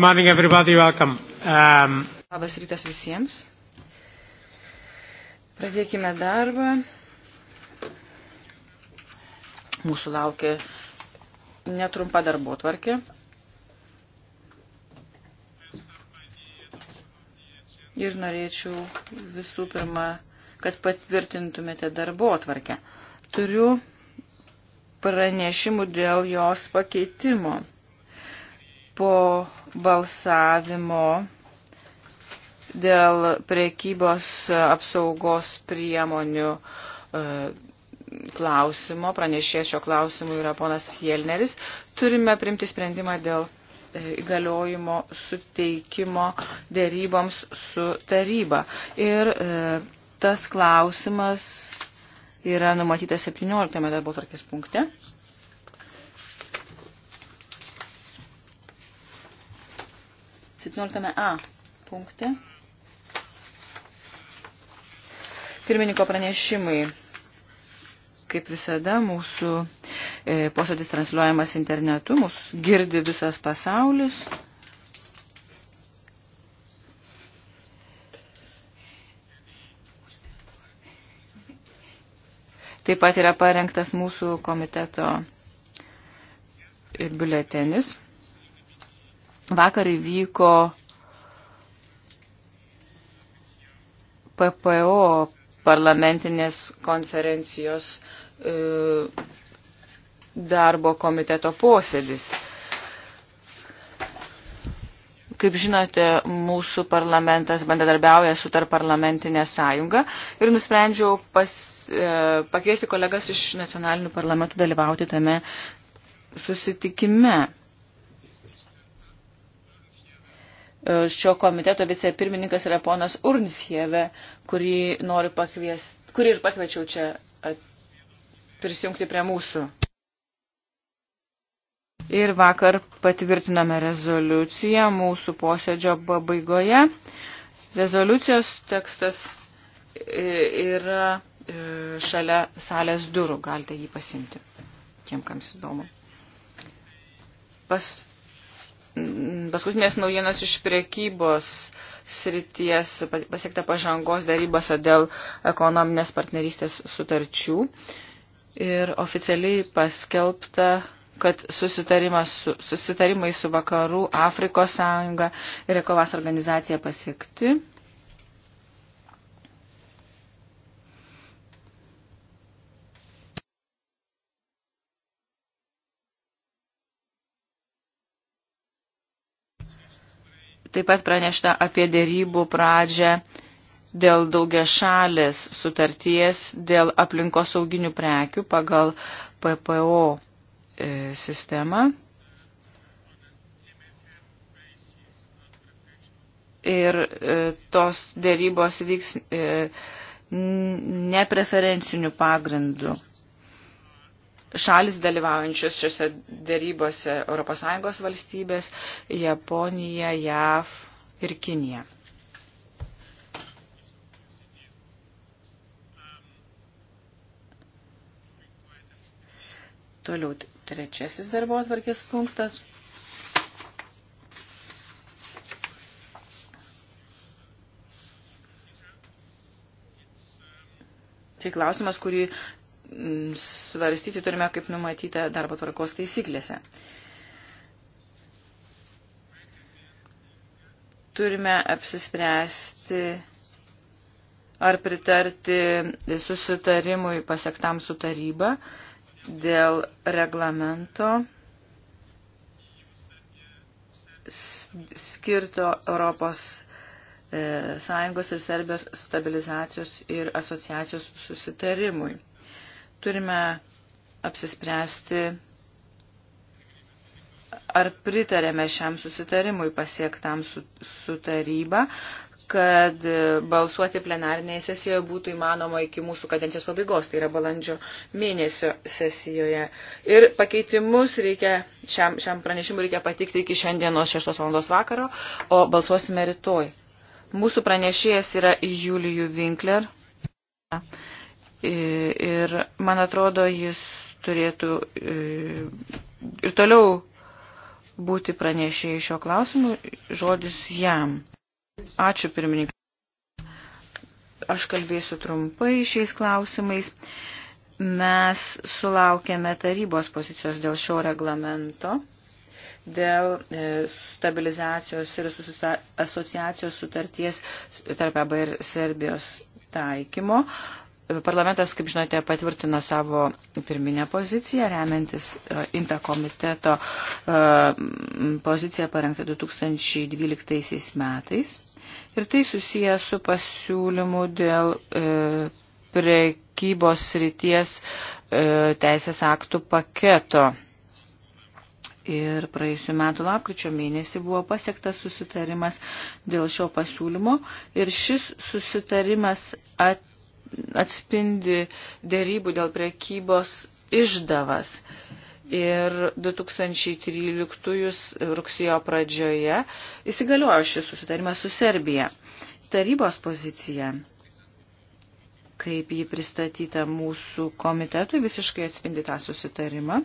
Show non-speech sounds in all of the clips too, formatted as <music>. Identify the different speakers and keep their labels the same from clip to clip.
Speaker 1: morning, everybody. Welcome.
Speaker 2: Um... Labas rytas visiems. Pradėkime darbą. Mūsų laukia netrumpa darbo tvarkė. Ir norėčiau visų pirma, kad patvirtintumėte darbo tvarkę. Turiu pranešimų dėl jos pakeitimo po balsavimo dėl priekybos apsaugos priemonių e, klausimo, pranešė šio klausimu yra ponas Fielneris, turime primti sprendimą dėl e, įgaliojimo suteikimo dėryboms su taryba. Ir e, tas klausimas yra numatytas 17 darbo tarkės punkte. 17a punkte. Pirmininko pranešimai. Kaip visada, mūsų e, posėdis transliuojamas internetu, mūsų girdi visas pasaulis. Taip pat yra parengtas mūsų komiteto biuletenis. Vakar įvyko PPO parlamentinės konferencijos e, darbo komiteto posėdis. Kaip žinote, mūsų parlamentas bendradarbiauja su tarparlamentinė sąjunga ir nusprendžiau pas, e, pakviesti kolegas iš nacionalinių parlamentų dalyvauti tame susitikime. E, šio komiteto vicepirmininkas yra ponas Urnfieve, kurį noriu pakviesti, kurį ir pakviečiau čia e, prisijungti prie mūsų. Ir vakar patvirtiname rezoliuciją mūsų posėdžio pabaigoje. Rezoliucijos tekstas e, yra šalia salės durų, galite jį pasimti, tiem, kam įdomu. Pas, paskutinės naujienos iš priekybos srities pasiekta pažangos darybose dėl ekonominės partnerystės sutarčių ir oficialiai paskelbta, kad su, susitarimai su Vakarų Afrikos sąjunga ir Ekovas organizacija pasiekti. Taip pat pranešta apie dėrybų pradžią dėl daugia šalės sutarties dėl aplinkosauginių prekių pagal PPO e, sistemą. Ir e, tos dėrybos vyks e, nepreferencinių pagrindų šalis dalyvaujančius šiuose dėrybose ES valstybės - Japonija, JAV ir Kinija. Toliau trečiasis darbo atvarkės punktas. Tai klausimas, kurį Mm, svarstyti turime kaip numatyta darbo tvarkos taisyklėse. Turime apsispręsti, ar pritarti susitarimui pasiektam su taryba dėl reglamento skirto Europos e, Sąjungos ir Serbijos stabilizacijos ir asociacijos susitarimui. Turime apsispręsti, ar pritarėme šiam susitarimui pasiektam su, su taryba, kad balsuoti plenarinėje sesijoje būtų įmanoma iki mūsų kadencijos pabaigos, tai yra balandžio mėnesio sesijoje. Ir pakeitimus reikia, šiam, šiam pranešimui reikia patikti iki šiandienos 6 val. vakaro, o balsuosime rytoj. Mūsų pranešėjas yra Julijų Winkler. Ir man atrodo, jis turėtų ir toliau būti pranešėjai šio klausimu, žodis jam. Ačiū pirmininkai. Aš kalbėsiu trumpai šiais klausimais. Mes sulaukėme tarybos pozicijos dėl šio reglamento, dėl e, stabilizacijos ir asociacijos sutarties tarp EB ir Serbijos taikymo. Parlamentas, kaip žinote, patvirtino savo pirminę poziciją, remiantis e, INTA komiteto poziciją parengtą 2012 metais. Ir tai susiję su pasiūlymu dėl e, prekybos ryties e, teisės aktų paketo. Ir praėjusiu metu lapkričio mėnesį buvo pasiektas susitarimas dėl šio pasiūlymo ir šis susitarimas at atspindi dėrybų dėl prekybos išdavas. Ir 2013 rugsėjo pradžioje įsigaliojo šis susitarimas su Serbija. Tarybos pozicija, kaip jį pristatyta mūsų komitetui, visiškai atspindi tą susitarimą.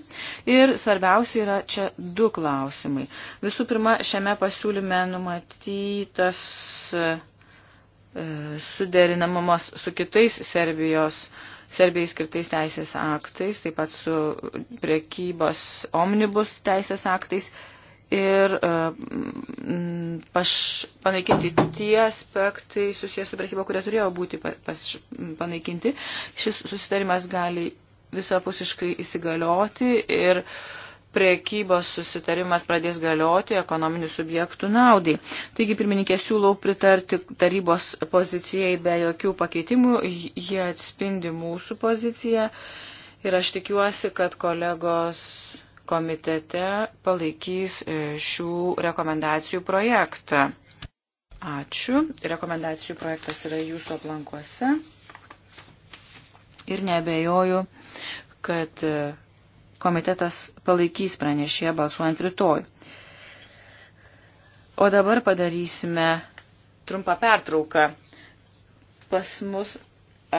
Speaker 2: Ir svarbiausia yra čia du klausimai. Visų pirma, šiame pasiūlyme numatytas E, suderinamumos su kitais Serbijos, Serbijai skirtais teisės aktais, taip pat su priekybos omnibus teisės aktais ir e, paš, panaikinti tie aspektai susijęs su priekyba, kurie turėjo būti pas, panaikinti. Šis susitarimas gali visapusiškai įsigalioti ir uh, priekybos susitarimas pradės galioti ekonominių subjektų naudai. Taigi, pirmininkė, siūlau pritarti tarybos pozicijai be jokių pakeitimų, jie atspindi mūsų poziciją ir aš tikiuosi, kad kolegos komitete palaikys e, šių rekomendacijų projektą. Ačiū. Rekomendacijų projektas yra jūsų aplankuose. Ir nebejoju, kad e, Komitetas palaikys pranešėją balsuojant rytoj. O dabar padarysime trumpą pertrauką. Pas mus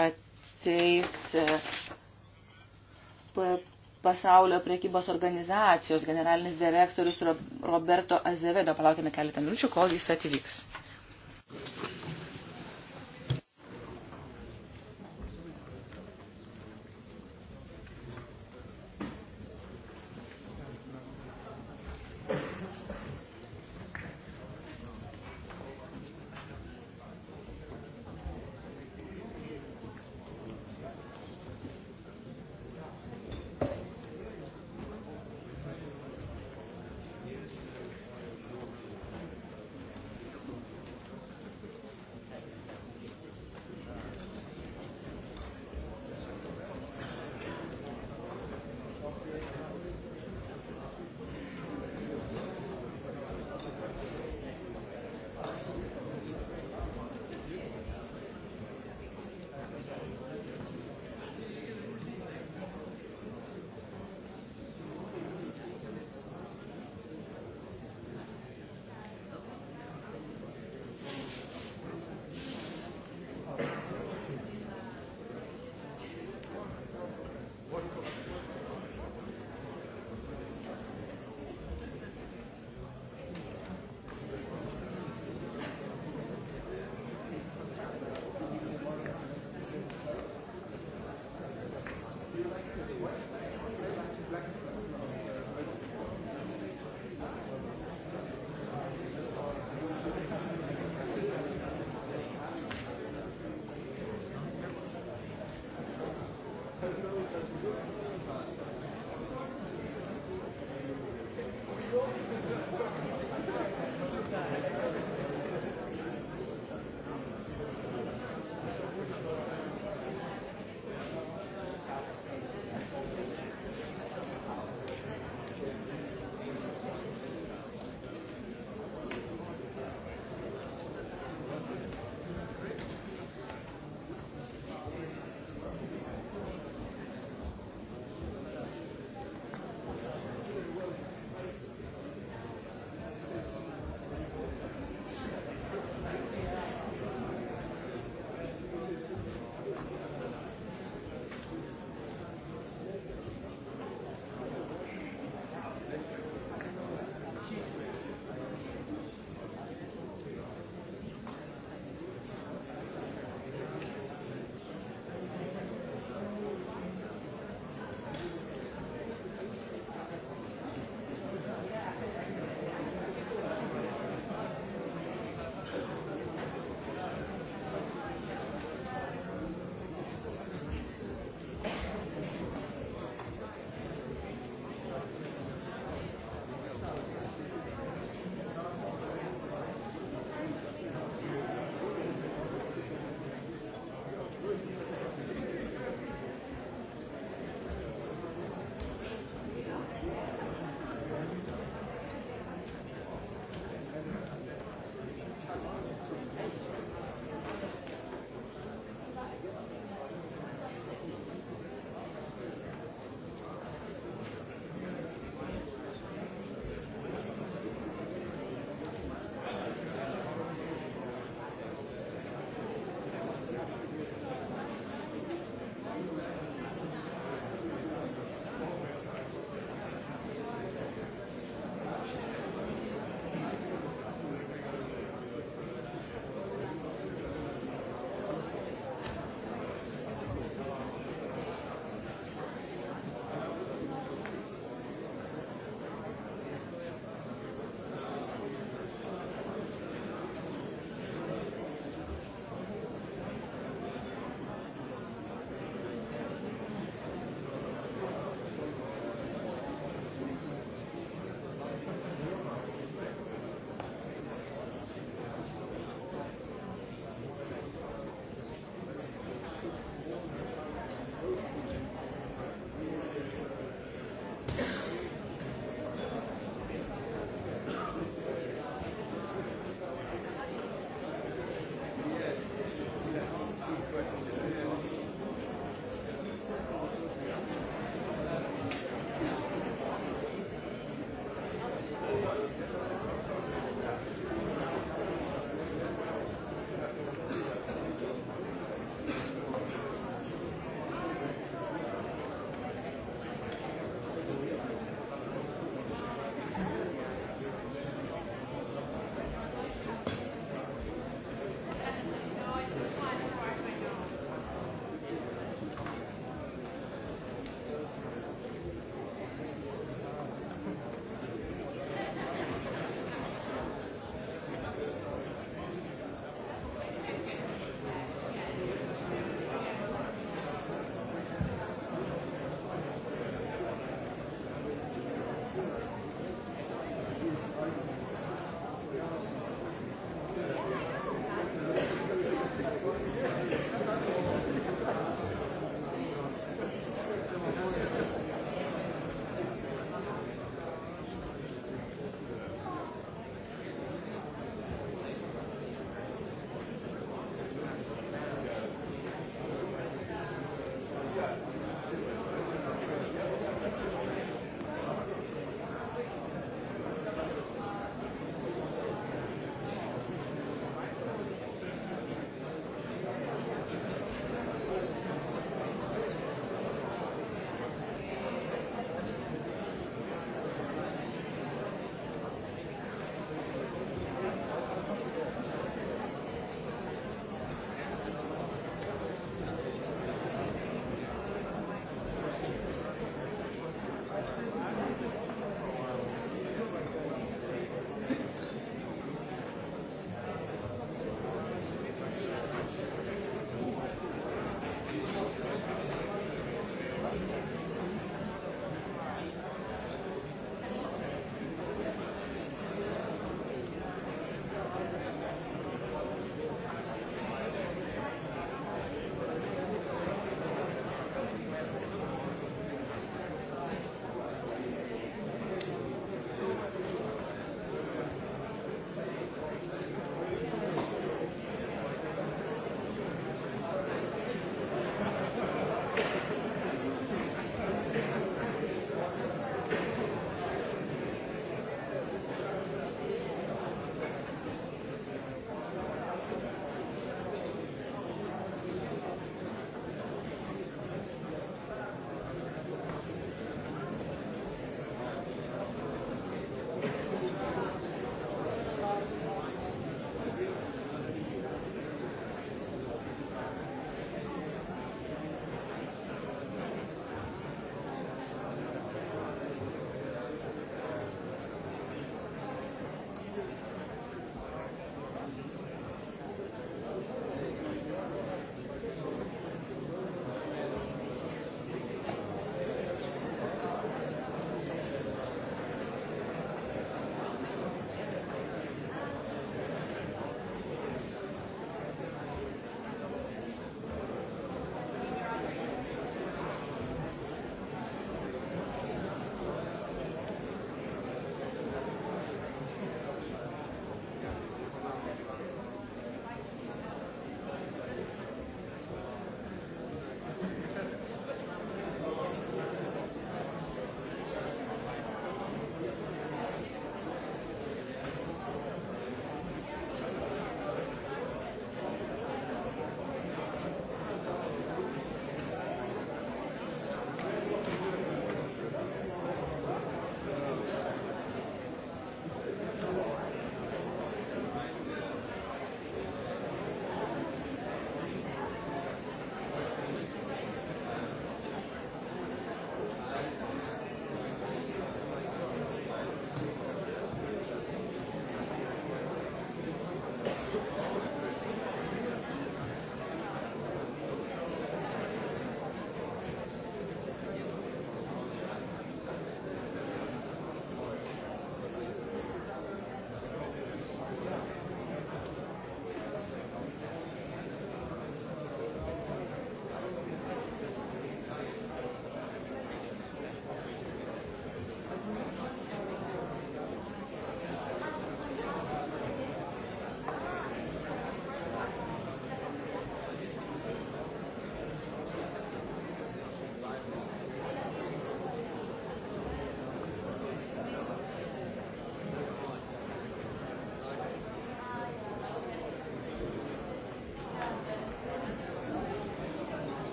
Speaker 2: ateis e, pasaulio priekybos organizacijos generalinis direktorius Roberto Azevedo. Palaukime keletą minučių, kol jis atvyks.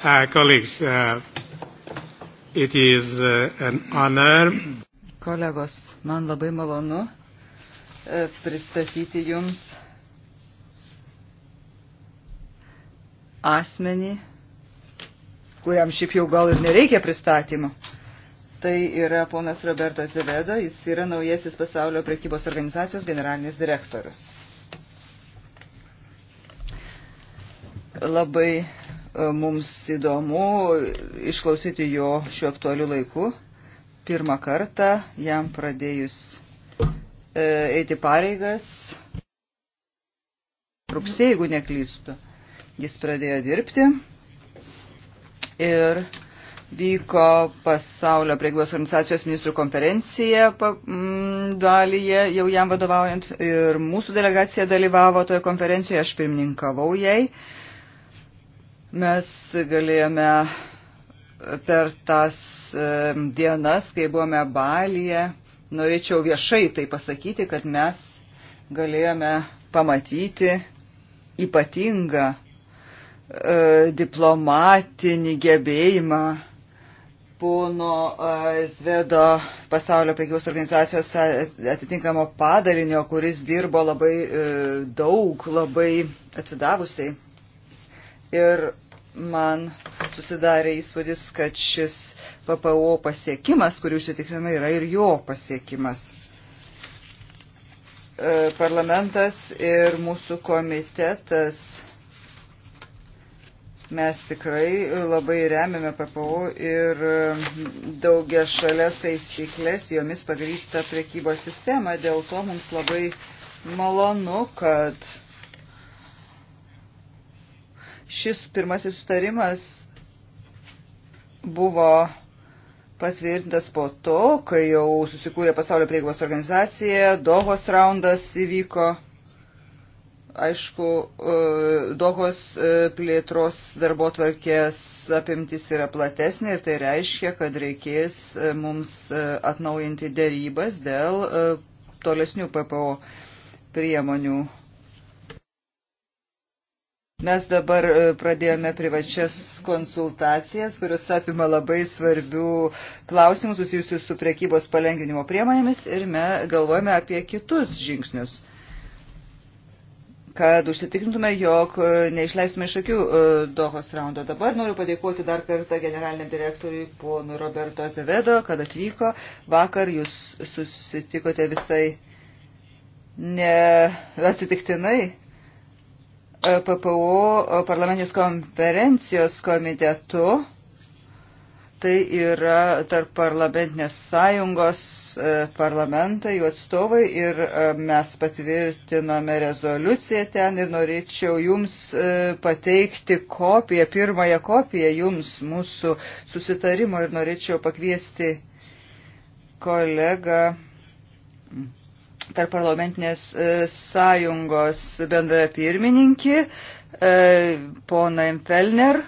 Speaker 1: Uh, colleagues, uh, it is uh, an honor. Kolegos, man labai malonu uh, pristatyti jums asmenį, kuriam šiaip jau gal ir nereikia pristatymo. Tai yra ponas Roberto Zevedo, jis yra naujasis pasaulio prekybos organizacijos generalinis direktorius. Labai mums įdomu išklausyti jo šiuo aktualiu laiku. Pirmą kartą jam pradėjus e, eiti pareigas rugsėjai, jeigu neklystu. Jis pradėjo dirbti ir vyko pasaulio priegybos organizacijos ministrų konferencija mm, dalyje, jau jam vadovaujant, ir mūsų delegacija dalyvavo toje konferencijoje, aš pirmininkavau jai. Mes galėjome per tas e, dienas, kai buvome Balyje, norėčiau viešai tai pasakyti, kad mes galėjome pamatyti ypatingą e, diplomatinį gebėjimą pono e, Zvedo pasaulio prekybos organizacijos atitinkamo padalinio, kuris dirbo labai daug, labai atsidavusiai ir man susidarė įspūdis, kad šis PPO pasiekimas, kurį užsitikriname, yra ir jo pasiekimas. E, parlamentas ir mūsų komitetas mes tikrai labai remiame PPO ir daugia šalias taisyklės, jomis pagrįsta priekybos sistema. Dėl to mums labai malonu, kad Šis pirmasis sustarimas buvo patvirtintas po to, kai jau susikūrė pasaulio prieigos organizacija, Dohos raundas įvyko, aišku, e, Dohos e, plėtros darbo tvarkės apimtis yra platesnė ir tai reiškia, kad reikės e, mums atnaujinti dėrybas dėl tolesnių PPO priemonių Mes dabar e, pradėjome privačias konsultacijas, kurios apima labai svarbių klausimų susijusių su prekybos palengvinimo priemonėmis ir mes galvojame apie kitus žingsnius, kad užsitikrintume, jog e, neišleistume iš akių e, Dohos raundo. Dabar noriu padėkoti dar kartą generaliniam direktoriui ponui Roberto Azevedo, kad atvyko. Vakar jūs susitikote visai ne atsitiktinai PPO parlamentinės konferencijos komitetu. Tai yra tarp parlamentinės sąjungos e, parlamentai, jų atstovai ir e, mes patvirtinome rezoliuciją ten ir norėčiau jums e, pateikti kopiją, pirmąją kopiją jums mūsų susitarimo ir norėčiau pakviesti kolegą tarp parlamentinės e, sąjungos bendra pirmininkį, e, pona Imfelner.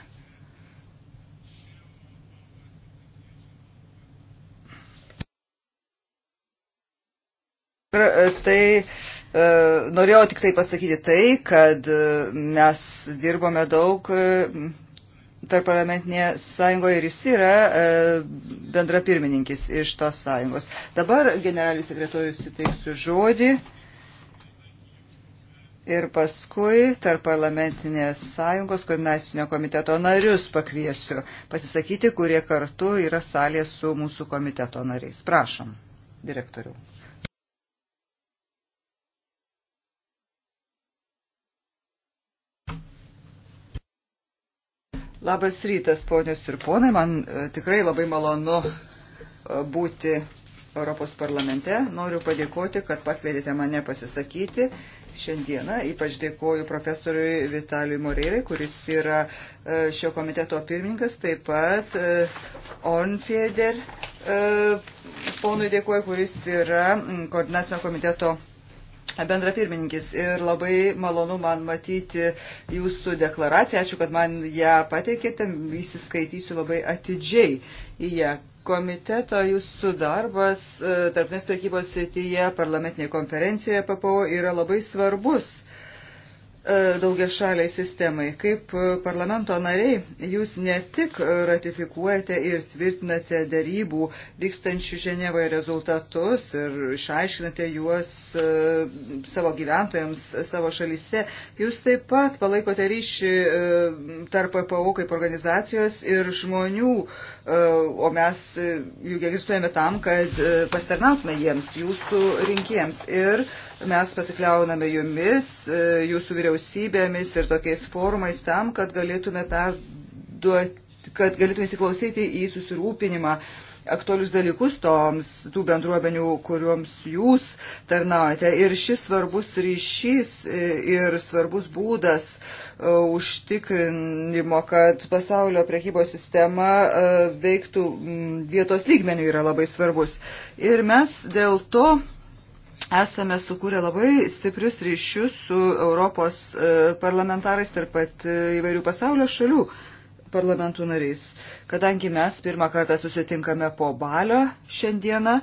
Speaker 1: Ir e, tai norėjau tik tai pasakyti tai, kad mes dirbome daug tarp parlamentinėje sąjungoje ir jis yra e, bendra pirmininkis iš tos sąjungos. Dabar generalius sekretorius suteiksiu žodį ir paskui tarp parlamentinės sąjungos koordinacinio komiteto narius pakviesiu pasisakyti, kurie kartu yra salė su mūsų komiteto nariais. Prašom, direktoriu. Labas rytas, ponios ir ponai. Man e, tikrai labai malonu e, būti Europos parlamente. Noriu padėkoti, kad pakvietėte mane pasisakyti šiandieną. Ypač dėkoju profesoriui Vitaliui Moreirai, kuris yra e, šio komiteto pirmininkas, taip pat Ornfjeder ponui dėkoju, kuris yra koordinacinio komiteto bendrapirmininkis ir labai malonu man matyti jūsų deklaraciją. Ačiū, kad man ją pateikėte, įsiskaitysiu labai atidžiai į ją. Komiteto jūsų darbas e, tarpnės prekybos srityje parlamentinėje konferencijoje PPO yra labai svarbus. Uh, E, daugia šaliai sistemai. Kaip e, parlamento nariai, jūs ne tik ratifikuojate ir tvirtinate darybų vykstančių Ženevoje rezultatus ir išaiškinate juos e, savo gyventojams savo šalyse, jūs taip pat palaikote ryšį tarp PPO kaip organizacijos ir žmonių, o mes juk egzistuojame tam, kad pastarnautume jiems, jūsų rinkėjams ir mes pasikliauname jumis, jūsų vyriausybėms vyriausybėmis ir tokiais formais tam, kad galėtume perduoti kad galėtume įsiklausyti į susirūpinimą aktualius dalykus toms tų bendruomenių, kuriuoms jūs tarnaujate. Ir šis svarbus ryšys e, ir svarbus būdas e, užtikrinimo, kad pasaulio prekybos sistema e, veiktų vietos lygmenių yra labai svarbus. Ir mes dėl to esame sukūrę labai stiprius ryšius su Europos e, parlamentarais, tarp pat e, įvairių pasaulio šalių parlamentų nariais. Kadangi mes pirmą kartą susitinkame po balio šiandieną,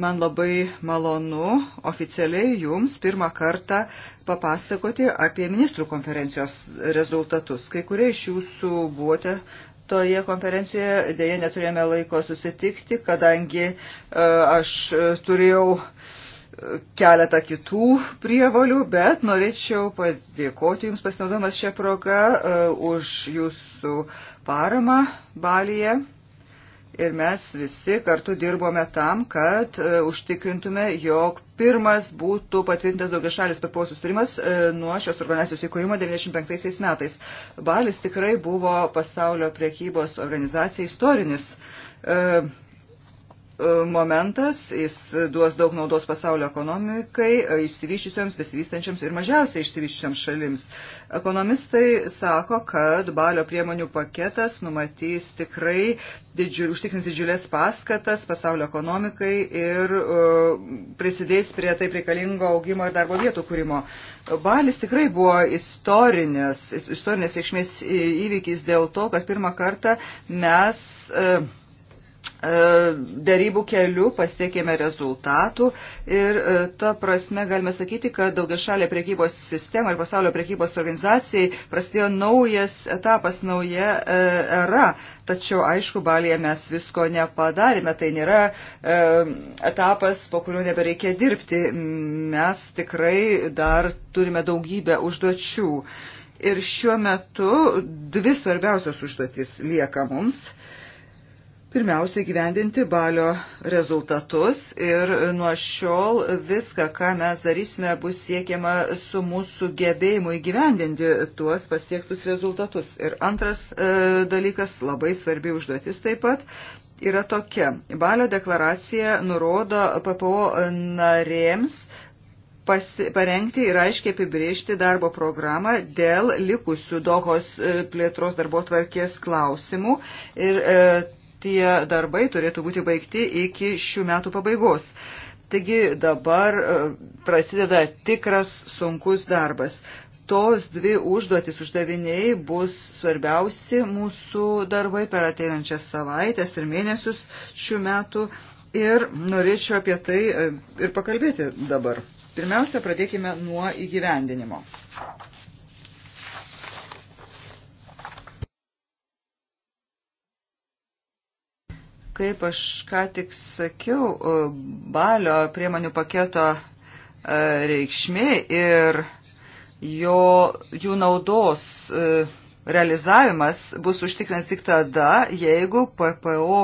Speaker 1: man labai malonu oficialiai jums pirmą kartą papasakoti apie ministrų konferencijos rezultatus. Kai kurie iš jūsų buvote toje konferencijoje, dėje neturėjome laiko susitikti, kadangi e, aš turėjau uh, keletą kitų prievalių, bet norėčiau padėkoti Jums pasinaudodamas šią progą e, už Jūsų paramą Balyje. Ir mes visi kartu dirbome tam, kad e, užtikrintume, jog pirmas būtų patvirtintas daugiašalis PPO sustarimas e, nuo šios organizacijos įkūrimo 1995 metais. Balis tikrai buvo pasaulio priekybos organizacija istorinis momentas, jis duos daug naudos pasaulio ekonomikai, išsivyščiusiams, besivystančiams ir mažiausiai išsivyščiusiams šalims. Ekonomistai sako, kad balio priemonių paketas numatys tikrai, didžiul, užtikrins didžiulės paskatas pasaulio ekonomikai ir uh, prisidės prie taip reikalingo augimo ir darbo vietų kūrimo. Balis tikrai buvo istorinės, istorinės reikšmės įvykis dėl to, kad pirmą kartą mes uh, E, darybų keliu pasiekėme rezultatų ir e, ta prasme galime sakyti, kad daugiašalė prekybos sistema ir pasaulio prekybos organizacijai prasidėjo naujas etapas, nauja e, era. Tačiau, aišku, Balėje mes visko nepadarėme. Tai nėra etapas, po kurio nebereikia dirbti. Mes tikrai dar turime daugybę užduočių. Ir šiuo metu dvi svarbiausios užduotis lieka mums. Uh, pirmiausia gyvendinti balio rezultatus ir nuo šiol viską, ką mes darysime, bus siekiama su mūsų gebėjimu įgyvendinti tuos pasiektus rezultatus. Ir antras e, dalykas, labai svarbi užduotis taip pat, yra tokia. Balio deklaracija nurodo PPO narėms pasi, parengti ir aiškiai apibriežti darbo programą dėl likusių Dohos e, plėtros darbo tvarkės klausimų. Ir, e, tie darbai turėtų būti baigti iki šių metų pabaigos. Taigi dabar e, prasideda tikras sunkus darbas. Tos dvi užduotis uždaviniai bus svarbiausi mūsų darbai per ateinančias savaitės ir mėnesius šių metų ir norėčiau apie tai e, ir pakalbėti dabar. Pirmiausia, pradėkime nuo įgyvendinimo. Kaip aš ką tik sakiau, e, balio priemonių paketo e, reikšmė ir jo, jų naudos e, realizavimas bus užtikrins tik tada, jeigu PPO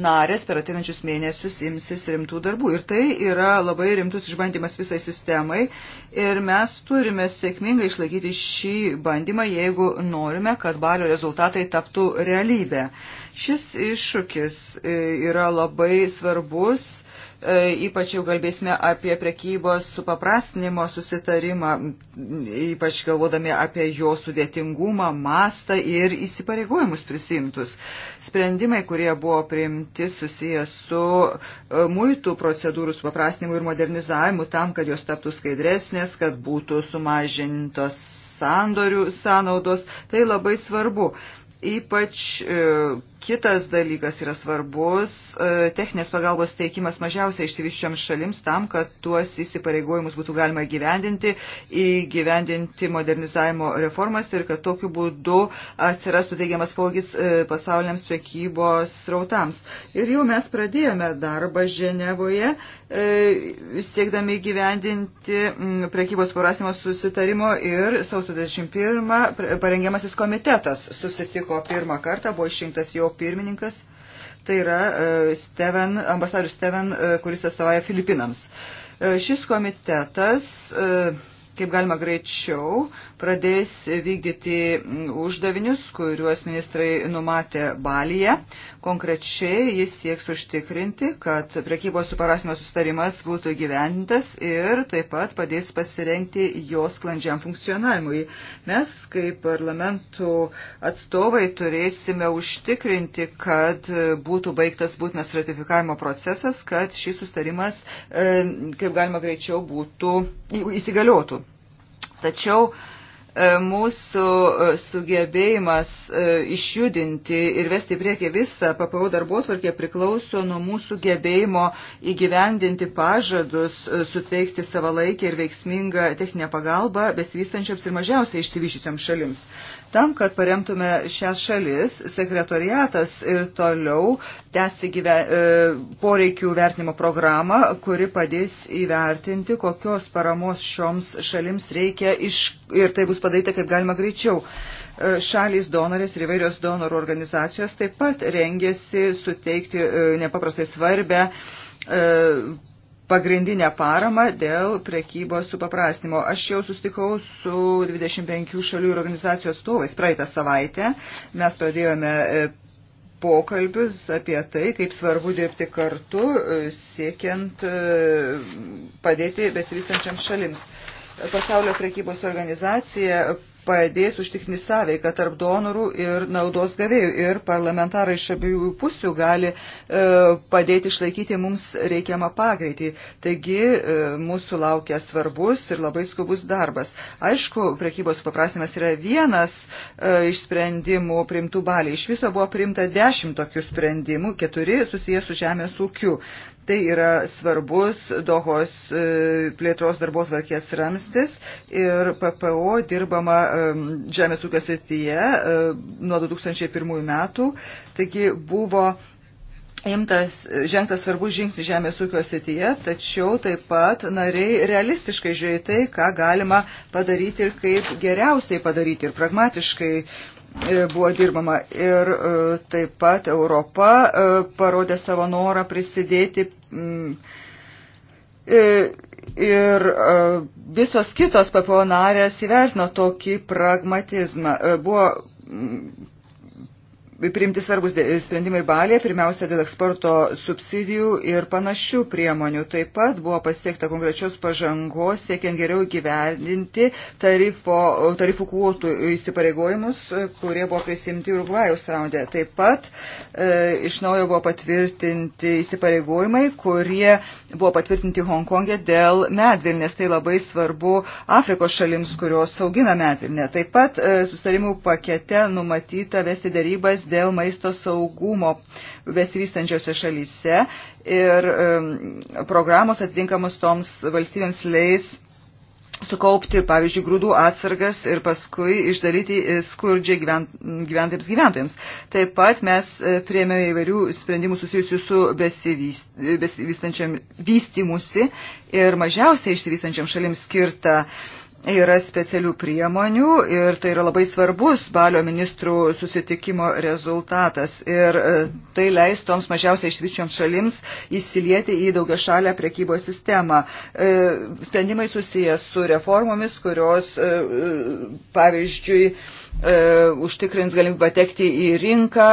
Speaker 1: narės per ateinančius mėnesius imsis rimtų darbų. Ir tai yra labai rimtus išbandymas visai sistemai. Ir mes turime sėkmingai išlaikyti šį bandymą, jeigu norime, kad balio rezultatai taptų realybę. Šis iššūkis e, yra labai svarbus E, ypač jau kalbėsime apie prekybos supaprastinimo susitarimą, ypač galvodami apie jo sudėtingumą, mastą ir įsipareigojimus prisimtus. Sprendimai, kurie buvo priimti susijęs su e, muitų procedūrų supaprastinimu ir modernizavimu tam, kad jos taptų skaidresnės, kad būtų sumažintos sandorių sąnaudos, tai labai svarbu ypač e, Kitas dalykas yra svarbus e, - techninės pagalbos teikimas mažiausiai išsivyščiams šalims tam, kad tuos įsipareigojimus būtų galima gyvendinti, įgyvendinti modernizavimo reformas ir kad tokiu būdu atsirastų teigiamas poveikis e, pasauliniams prekybos srautams. Ir jau mes pradėjome darbą Ženevoje, e, siekdami gyvendinti prekybos parasimo susitarimo ir sausio 21 parengiamasis komitetas susitiko pirmą kartą, buvo išrinktas jo pirmininkas, tai yra e, Steven, ambasadorius Steven, e, kuris atstovauja Filipinams. E, šis komitetas, kaip galima greičiau, pradės vykdyti uždavinius, kuriuos ministrai numatė Balyje. Konkrečiai jis sieks užtikrinti, kad prekybos suparasimo sustarimas būtų gyvendintas ir taip pat padės pasirengti jos sklandžiam funkcionavimui. Mes, kaip parlamentų atstovai, turėsime užtikrinti, kad būtų baigtas būtinas ratifikavimo procesas, kad šis sustarimas e, kaip galima greičiau būtų įsigaliotų. Tačiau E, mūsų e, sugebėjimas e, išjudinti ir vesti priekį visą PPO darbotvarkę priklauso nuo mūsų gebėjimo įgyvendinti pažadus, suteikti savalaikę ir veiksmingą techninę pagalbą besivystančiams ir mažiausiai išsivyščiusiams šalims. Tam, kad paremtume šias šalis, sekretoriatas ir toliau tęsti gyve, e, poreikių vertinimo programą, kuri padės įvertinti, kokios paramos šioms šalims reikia iš, ir tai bus padaryta kaip galima greičiau e, šalys donorės ir įvairios donorų organizacijos taip pat rengėsi suteikti e, nepaprastai svarbę e, pagrindinę paramą dėl prekybos supaprastinimo. Aš jau sustikau su 25 šalių ir organizacijų atstovais praeitą savaitę. Mes pradėjome e, pokalbius apie tai, kaip svarbu dirbti kartu, e, siekiant e, padėti besivystančiams šalims. Pasaulio prekybos organizacija padės užtikrinti sąveiką tarp donorų ir naudos gavėjų. Ir parlamentarai iš abiejų pusių gali e, padėti išlaikyti mums reikiamą pagreitį. Taigi e, mūsų laukia svarbus ir labai skubus darbas. Aišku, prekybos paprasinimas yra vienas e, iš sprendimų primtų baliai. Iš viso buvo primta dešimt tokių sprendimų, keturi susijęs su žemės ūkiu. Tai yra svarbus Dohos e, plėtros darbos varkės ramstis ir PPO dirbama žemės ūkio srityje e, nuo 2001 metų. Taigi buvo imtas žengtas svarbus žingsnis žemės ūkio srityje, tačiau taip pat nariai realistiškai žiūrėjo tai, ką galima padaryti ir kaip geriausiai padaryti ir pragmatiškai E, buvo dirbama. Ir e, taip pat Europa e, parodė savo norą prisidėti. Ir visos kitos PPO narės įvertino tokį pragmatizmą. Buvo priimti svarbus sprendimai Balėje, pirmiausia dėl eksporto subsidijų ir panašių priemonių. Taip pat buvo pasiekta konkrečios pažangos, siekiant geriau gyvendinti tarifo, tarifų kvotų įsipareigojimus, kurie buvo prisimti Urugvajaus raundė. Taip pat e, iš naujo buvo patvirtinti įsipareigojimai, kurie buvo patvirtinti Hongkongė e dėl medvilnės. Tai labai svarbu Afrikos šalims, kurios augina medvilnę. Taip pat e, sustarimų pakete numatyta vesti darybas dėl maisto saugumo besivystančiose šalyse ir programos atitinkamos toms valstybėms leis sukaupti, pavyzdžiui, grūdų atsargas ir paskui išdalyti skurdžiai gyvent, gyventams gyventojams. Taip pat mes e, prieėmėme įvairių sprendimų susijusių su besivystančiam vystimusi ir mažiausiai išsivystančiam šalim skirtą yra specialių priemonių ir tai yra labai svarbus balio ministrų susitikimo rezultatas. Ir e, tai leis toms mažiausiai išvyčioms šalims įsilieti į daugia šalę prekybos sistemą. E, sprendimai susijęs su reformomis, kurios, e, pavyzdžiui, užtikrins galimybę patekti į rinką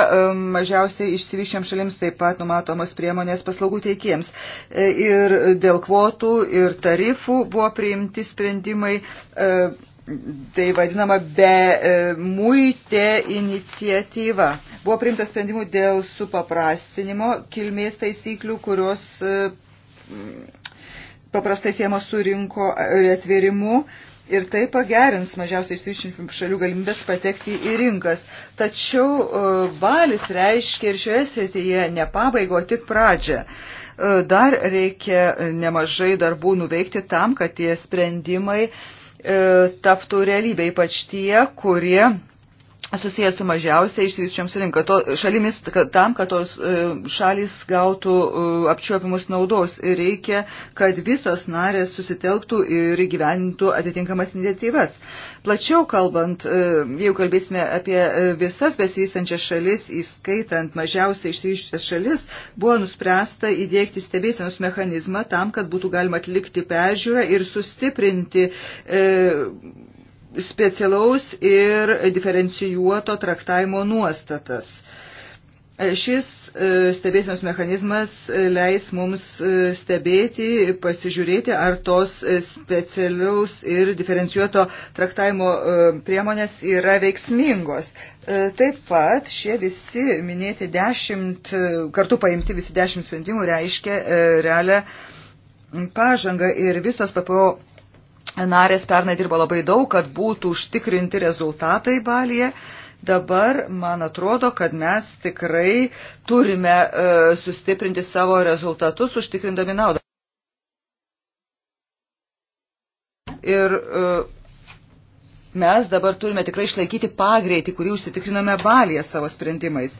Speaker 1: mažiausiai išsivyščiam šalims, taip pat numatomos priemonės paslaugų teikėjams. Ir dėl kvotų ir tarifų buvo priimti sprendimai E, tai vadinama be e, muitė iniciatyva. Buvo priimtas sprendimų dėl supaprastinimo kilmės taisyklių, kurios e, paprastai siemos su rinko atvėrimu ir tai pagerins mažiausiai išsivyščiančių šalių galimybės patekti į rinkas. Tačiau valis reiškia ir šioje srityje ne pabaigo, tik pradžią. Dar reikia nemažai darbų nuveikti tam, kad tie sprendimai uh, E, taptų realybė, ypač tie, kurie susijęs su mažiausiai išsivyščiams rinka, to, šalimis tam, kad tos e, šalis gautų e, apčiuopimus naudos ir reikia, kad visos narės susitelktų ir gyvenintų atitinkamas iniciatyvas. Plačiau kalbant, e, jeigu kalbėsime apie visas besivystančias šalis, įskaitant mažiausiai išsivyščias šalis, buvo nuspręsta įdėkti stebėsenos mechanizmą tam, kad būtų galima atlikti peržiūrą ir sustiprinti e, specialaus ir diferencijuoto traktavimo nuostatas. Šis e, stebėsinos mechanizmas e, leis mums e, stebėti, pasižiūrėti, ar tos specialiaus ir diferencijuoto traktavimo priemonės yra veiksmingos. Taip pat šie visi minėti dešimt, kartu paimti visi dešimt sprendimų reiškia realią pažangą ir visos PPO narės pernai dirbo labai daug, kad būtų užtikrinti rezultatai balyje. Dabar man atrodo, kad mes tikrai turime e, sustiprinti savo rezultatus, užtikrindami naudą. Ir e, mes dabar turime tikrai išlaikyti pagreitį, kurį užsitikrinome balėje savo sprendimais.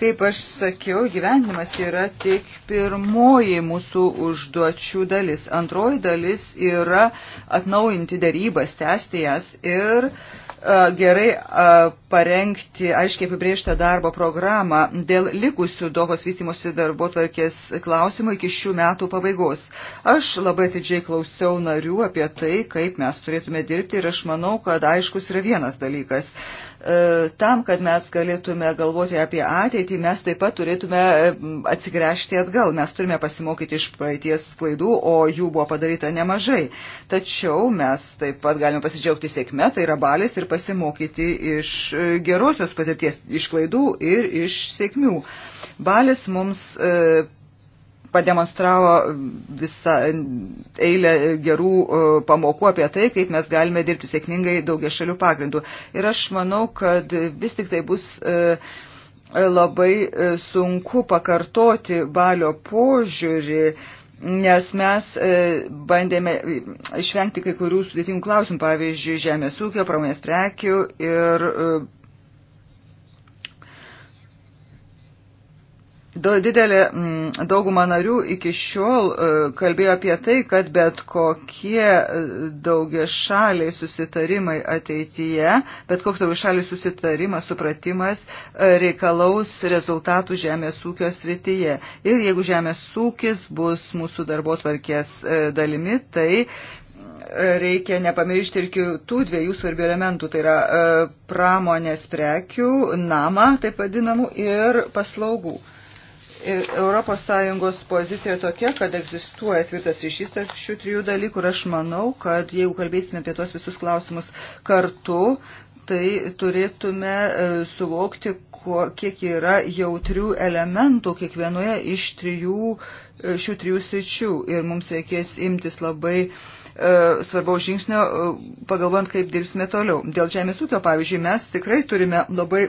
Speaker 1: Kaip aš sakiau, gyvenimas yra tik pirmoji mūsų užduočių dalis. Antroji dalis yra atnaujinti darybas, tęsti jas ir uh, gerai parengti aiškiai apibriežtą darbo programą dėl likusių Dohos vystimosi darbo tvarkės klausimų iki šių metų pabaigos. Aš labai atidžiai klausiau narių apie tai, kaip mes turėtume dirbti ir aš manau, kad aiškus yra vienas dalykas. E, tam, kad mes galėtume galvoti apie ateitį, mes taip pat turėtume e, atsigręžti atgal. Mes turime pasimokyti iš praeities klaidų, o jų buvo padaryta nemažai. Tačiau mes taip pat galime pasidžiaugti sėkme, tai yra balis ir gali pasimokyti iš e, gerosios patirties, iš klaidų ir iš sėkmių. Balis mums e, pademonstravo visą eilę gerų e, pamokų apie tai, kaip mes galime dirbti sėkmingai daugia šalių pagrindų. Ir aš manau, kad vis tik tai bus labai sunku pakartoti balio požiūrį nes mes e, bandėme e, išvengti kai kurių sudėtingų klausimų, pavyzdžiui, žemės ūkio, pramonės prekių ir e, Didelė mm, dauguma narių iki šiol e, kalbėjo apie tai, kad bet kokie e, daugia šaliai susitarimai ateityje, bet koks daugia šaliai susitarimas, supratimas e, reikalaus rezultatų žemės ūkio srityje. Ir jeigu žemės ūkis bus mūsų darbo tvarkės dalimi, tai reikia nepamiršti ir kitų dviejų svarbių elementų, tai yra pramonės prekių, namą, taip vadinamų, ir paslaugų. ES pozicija tokia, kad egzistuoja tvirtas ryšys tarp šių trijų dalykų ir aš manau, kad jeigu kalbėsime apie tuos visus klausimus kartu, tai turėtume e, suvokti, kiek yra jautrių elementų kiekvienoje iš trijų, e, šių trijų sričių ir mums reikės imtis labai e, svarbaus žingsnio, pagalvojant, kaip dirbsime toliau. Dėl žemės ūkio, pavyzdžiui, mes tikrai turime labai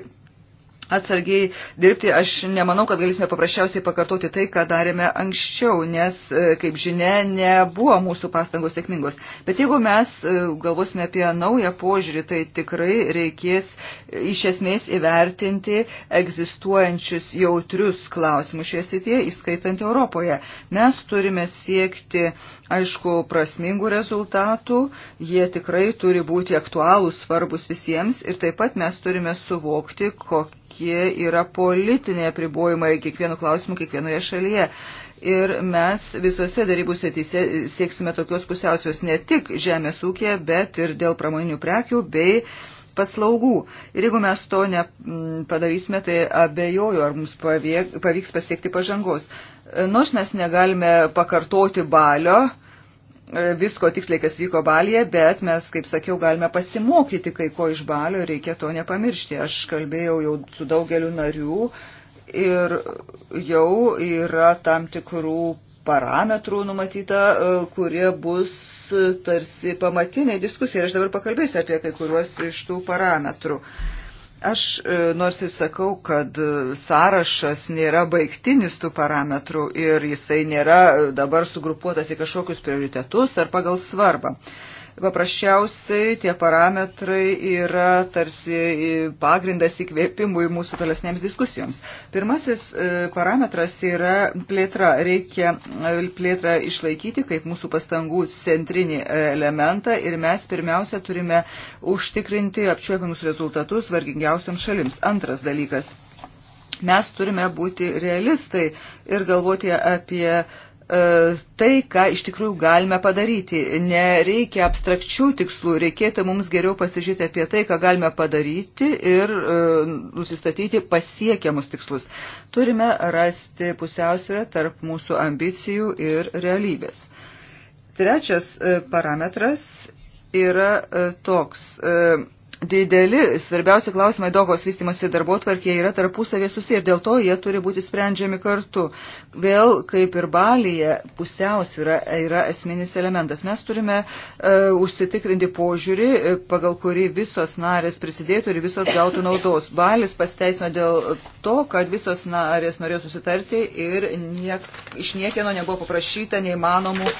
Speaker 1: atsargiai dirbti. Aš nemanau, kad galėsime paprasčiausiai pakartoti tai, ką darėme anksčiau, nes, e, kaip žinia, nebuvo mūsų pastangos sėkmingos. Bet jeigu mes e, galvosime apie naują požiūrį, tai tikrai reikės e, iš esmės įvertinti egzistuojančius jautrius klausimus šioje srityje, įskaitant Europoje. Mes turime siekti, aišku, prasmingų rezultatų, jie tikrai turi būti aktualūs, svarbus visiems ir taip pat mes turime suvokti, kokie kokie yra politiniai apribojimai kiekvienų klausimų kiekvienoje šalyje. Ir mes visose darybų sėtyse sieksime tokios pusiausvės ne tik žemės ūkė, bet ir dėl pramoninių prekių bei paslaugų. Ir jeigu mes to nepadarysime, tai abejoju, ar mums pavyks pasiekti pažangos. Nors mes negalime pakartoti balio, E, visko tiksliai, kas vyko balyje, bet mes, kaip sakiau, galime pasimokyti kai ko iš balio, reikia to nepamiršti. Aš kalbėjau jau su daugeliu narių ir jau yra tam tikrų parametrų numatyta, e, kurie bus tarsi pamatiniai diskusijai. Aš dabar pakalbėsiu apie kai kuriuos iš tų parametrų. Uh, Aš e, nors ir sakau, kad e, sąrašas nėra baigtinis tų parametrų ir jisai nėra e, dabar sugrupuotas į kažkokius prioritetus ar pagal svarbą. Uh, Paprasčiausiai tie parametrai yra tarsi pagrindas įkvėpimui mūsų tolesnėms diskusijoms. Pirmasis e, parametras yra plėtra. Reikia e, plėtrą išlaikyti kaip mūsų pastangų centrinį e, elementą ir mes pirmiausia turime užtikrinti apčiuopiamus rezultatus vargingiausiams šalims. Antras dalykas. Mes turime būti realistai ir galvoti apie uh, E, tai, ką iš tikrųjų galime padaryti. Nereikia abstrakčių tikslų, reikėtų mums geriau pasižiūrėti apie tai, ką galime padaryti ir e, nusistatyti pasiekiamus tikslus. Turime rasti pusiausvyrą tarp mūsų ambicijų ir realybės. Trečias e, parametras yra toks dideli svarbiausi klausimai Dogos vystimosi darbo tvarkėje yra tarpusavė susiję ir dėl to jie turi būti sprendžiami kartu. Vėl, kaip ir Balyje, pusiausvyra yra esminis elementas. Mes turime uh, užsitikrinti požiūrį, e, pagal kurį visos narės prisidėtų ir visos gautų naudos. Balis pasteisino dėl to, kad visos narės norėjo susitarti ir niek, iš niekieno nebuvo paprašyta neįmanomų e,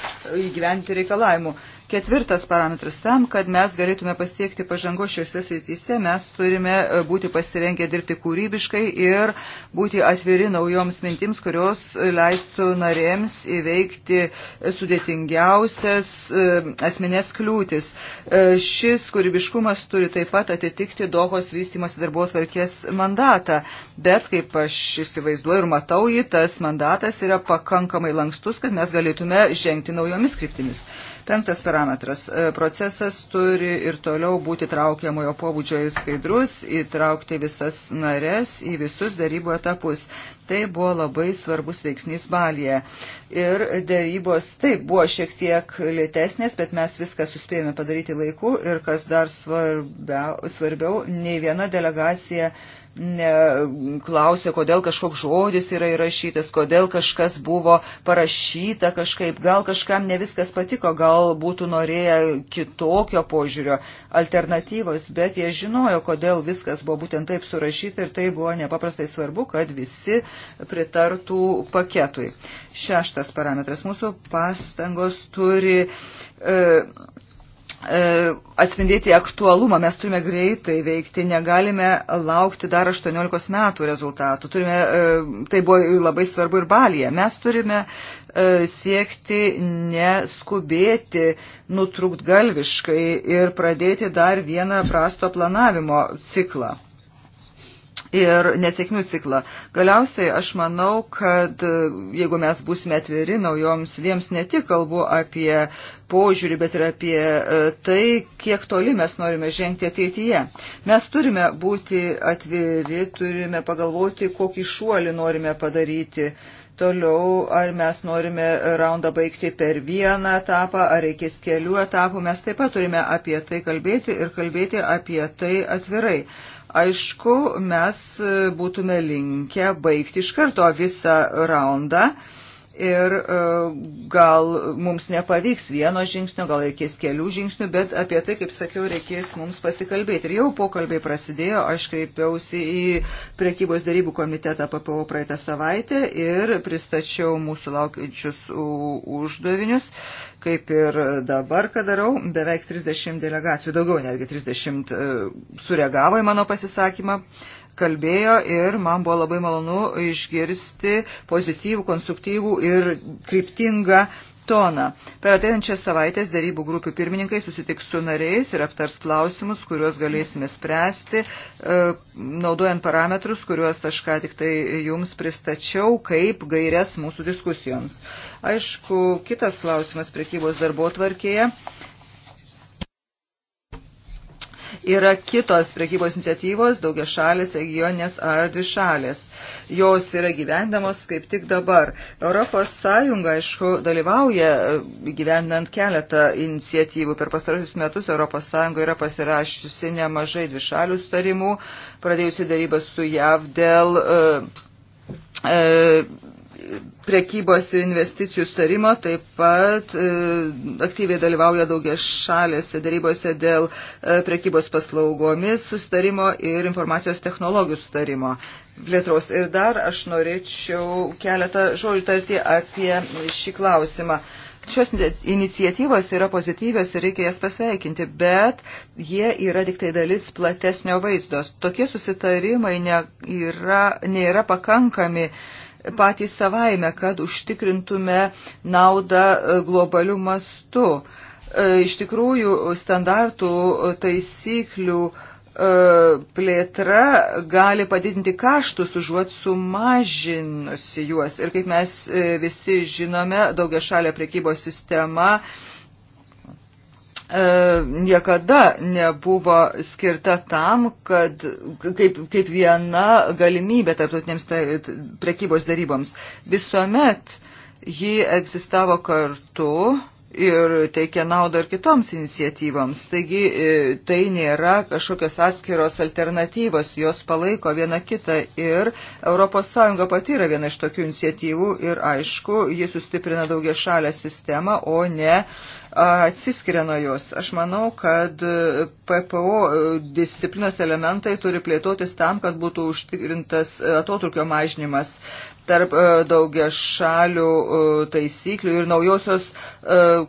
Speaker 1: įgyventi reikalavimų. Uh, Ketvirtas parametras tam, kad mes galėtume pasiekti pažango šiuose srityse, mes turime e, būti pasirengę dirbti kūrybiškai ir būti atviri naujoms mintims, kurios leistų narėms įveikti e, sudėtingiausias e, asmenės kliūtis. Šis kūrybiškumas turi taip pat atitikti Dohos vystimosi darbo tvarkės mandatą, bet kaip aš įsivaizduoju ir matau jį, tas mandatas yra pakankamai lankstus, kad mes galėtume žengti naujomis kryptimis. Penktas parametras. E, procesas turi ir toliau būti traukiamojo pobūdžio ir skaidrus, įtraukti visas nares į visus darybų etapus. Tai buvo labai svarbus veiksnys Balyje. Ir darybos taip buvo šiek tiek lėtesnės, bet mes viską suspėjome padaryti laiku ir kas dar svarbia, svarbiau, nei viena delegacija ne, klausė, kodėl kažkoks žodis yra įrašytas, kodėl kažkas buvo parašyta kažkaip, gal kažkam ne viskas patiko, gal būtų norėję kitokio požiūrio alternatyvos, bet jie žinojo, kodėl viskas buvo būtent taip surašyta ir tai buvo nepaprastai svarbu, kad visi pritartų paketui. Šeštas parametras. Mūsų pastangos turi. E, E, atspindėti aktualumą. Mes turime greitai veikti, negalime laukti dar 18 metų rezultatų. Turime, e, tai buvo labai svarbu ir balyje. Mes turime e, siekti neskubėti, nutrūkt galviškai ir pradėti dar vieną prasto planavimo ciklą ir nesėkmių ciklą. Galiausiai aš manau, kad e, jeigu mes būsime atviri naujoms idėjams, ne tik kalbu apie požiūrį, bet ir apie e, tai, kiek toli mes norime žengti ateityje. Mes turime būti atviri, turime pagalvoti, kokį šuolį norime padaryti. Toliau, ar mes norime raundą baigti per vieną etapą, ar reikės kelių etapų, mes taip pat turime apie tai kalbėti ir kalbėti apie tai atvirai. Aišku, mes e, būtume linkę baigti iš karto visą raundą. Uh, ir e, gal mums nepavyks vieno žingsnio, gal reikės kelių žingsnių, bet apie tai, kaip sakiau, reikės mums pasikalbėti. Ir jau pokalbiai prasidėjo, aš kreipiausi į priekybos darybų komitetą PPO praeitą savaitę ir pristačiau mūsų laukiančius uždavinius, kaip ir dabar, ką darau, beveik 30 delegacijų, daugiau netgi 30 e, sureagavo į mano pasisakymą kalbėjo ir man buvo labai malonu išgirsti pozityvų, konstruktyvų ir kryptingą toną. Per ateinančias savaitės darybų grupių pirmininkai susitiks su nariais ir aptars klausimus, kuriuos galėsime spręsti, e, naudojant parametrus, kuriuos aš ką tik tai jums pristačiau, kaip gairias mūsų diskusijoms. Aišku, kitas klausimas priekybos darbo tvarkėje yra kitos prekybos iniciatyvos, daugia šalės, regionės ar dvi šalės. Jos yra gyvendamos kaip tik dabar. Europos Sąjunga, aišku, dalyvauja e, gyvendant keletą iniciatyvų. Per pastarosius metus Europos Sąjunga yra pasirašysi nemažai dvi šalių starimų, pradėjusi darybas su JAV dėl. Uh, e, uh, e, prekybos ir investicijų sarimo, taip pat e, aktyviai dalyvauja daugia šalėse darybose dėl e, prekybos paslaugomis sustarimo ir informacijos technologijų sustarimo plėtros. Ir dar aš norėčiau keletą žodžių tarti apie šį klausimą. Šios iniciatyvos yra pozityvios ir reikia jas pasveikinti, bet jie yra tik tai dalis platesnio vaizdos. Tokie susitarimai ne, yra, nėra pakankami uh, patys savaime, kad užtikrintume naudą e, globalių mastų. E, iš tikrųjų, standartų taisyklių e, plėtra gali padidinti kaštus užuot sumažinusi juos. Ir kaip mes visi žinome, daugia šalia prekybos sistema E, niekada nebuvo skirta tam, kad kaip, kaip viena galimybė tarptautinėms prekybos daryboms. Visuomet ji egzistavo kartu ir teikia naudą ir kitoms iniciatyvoms. Taigi e, tai nėra kažkokios atskiros alternatyvos, jos palaiko viena kitą ir ES pati yra viena iš tokių iniciatyvų ir aišku, ji sustiprina daugia šalę sistemą, o ne uh, atsiskiria nuo jos. Aš manau, kad PPO disciplinos elementai turi plėtotis tam, kad būtų užtikrintas atotrukio mažinimas tarp e, daugia šalių e, taisyklių ir naujosios e,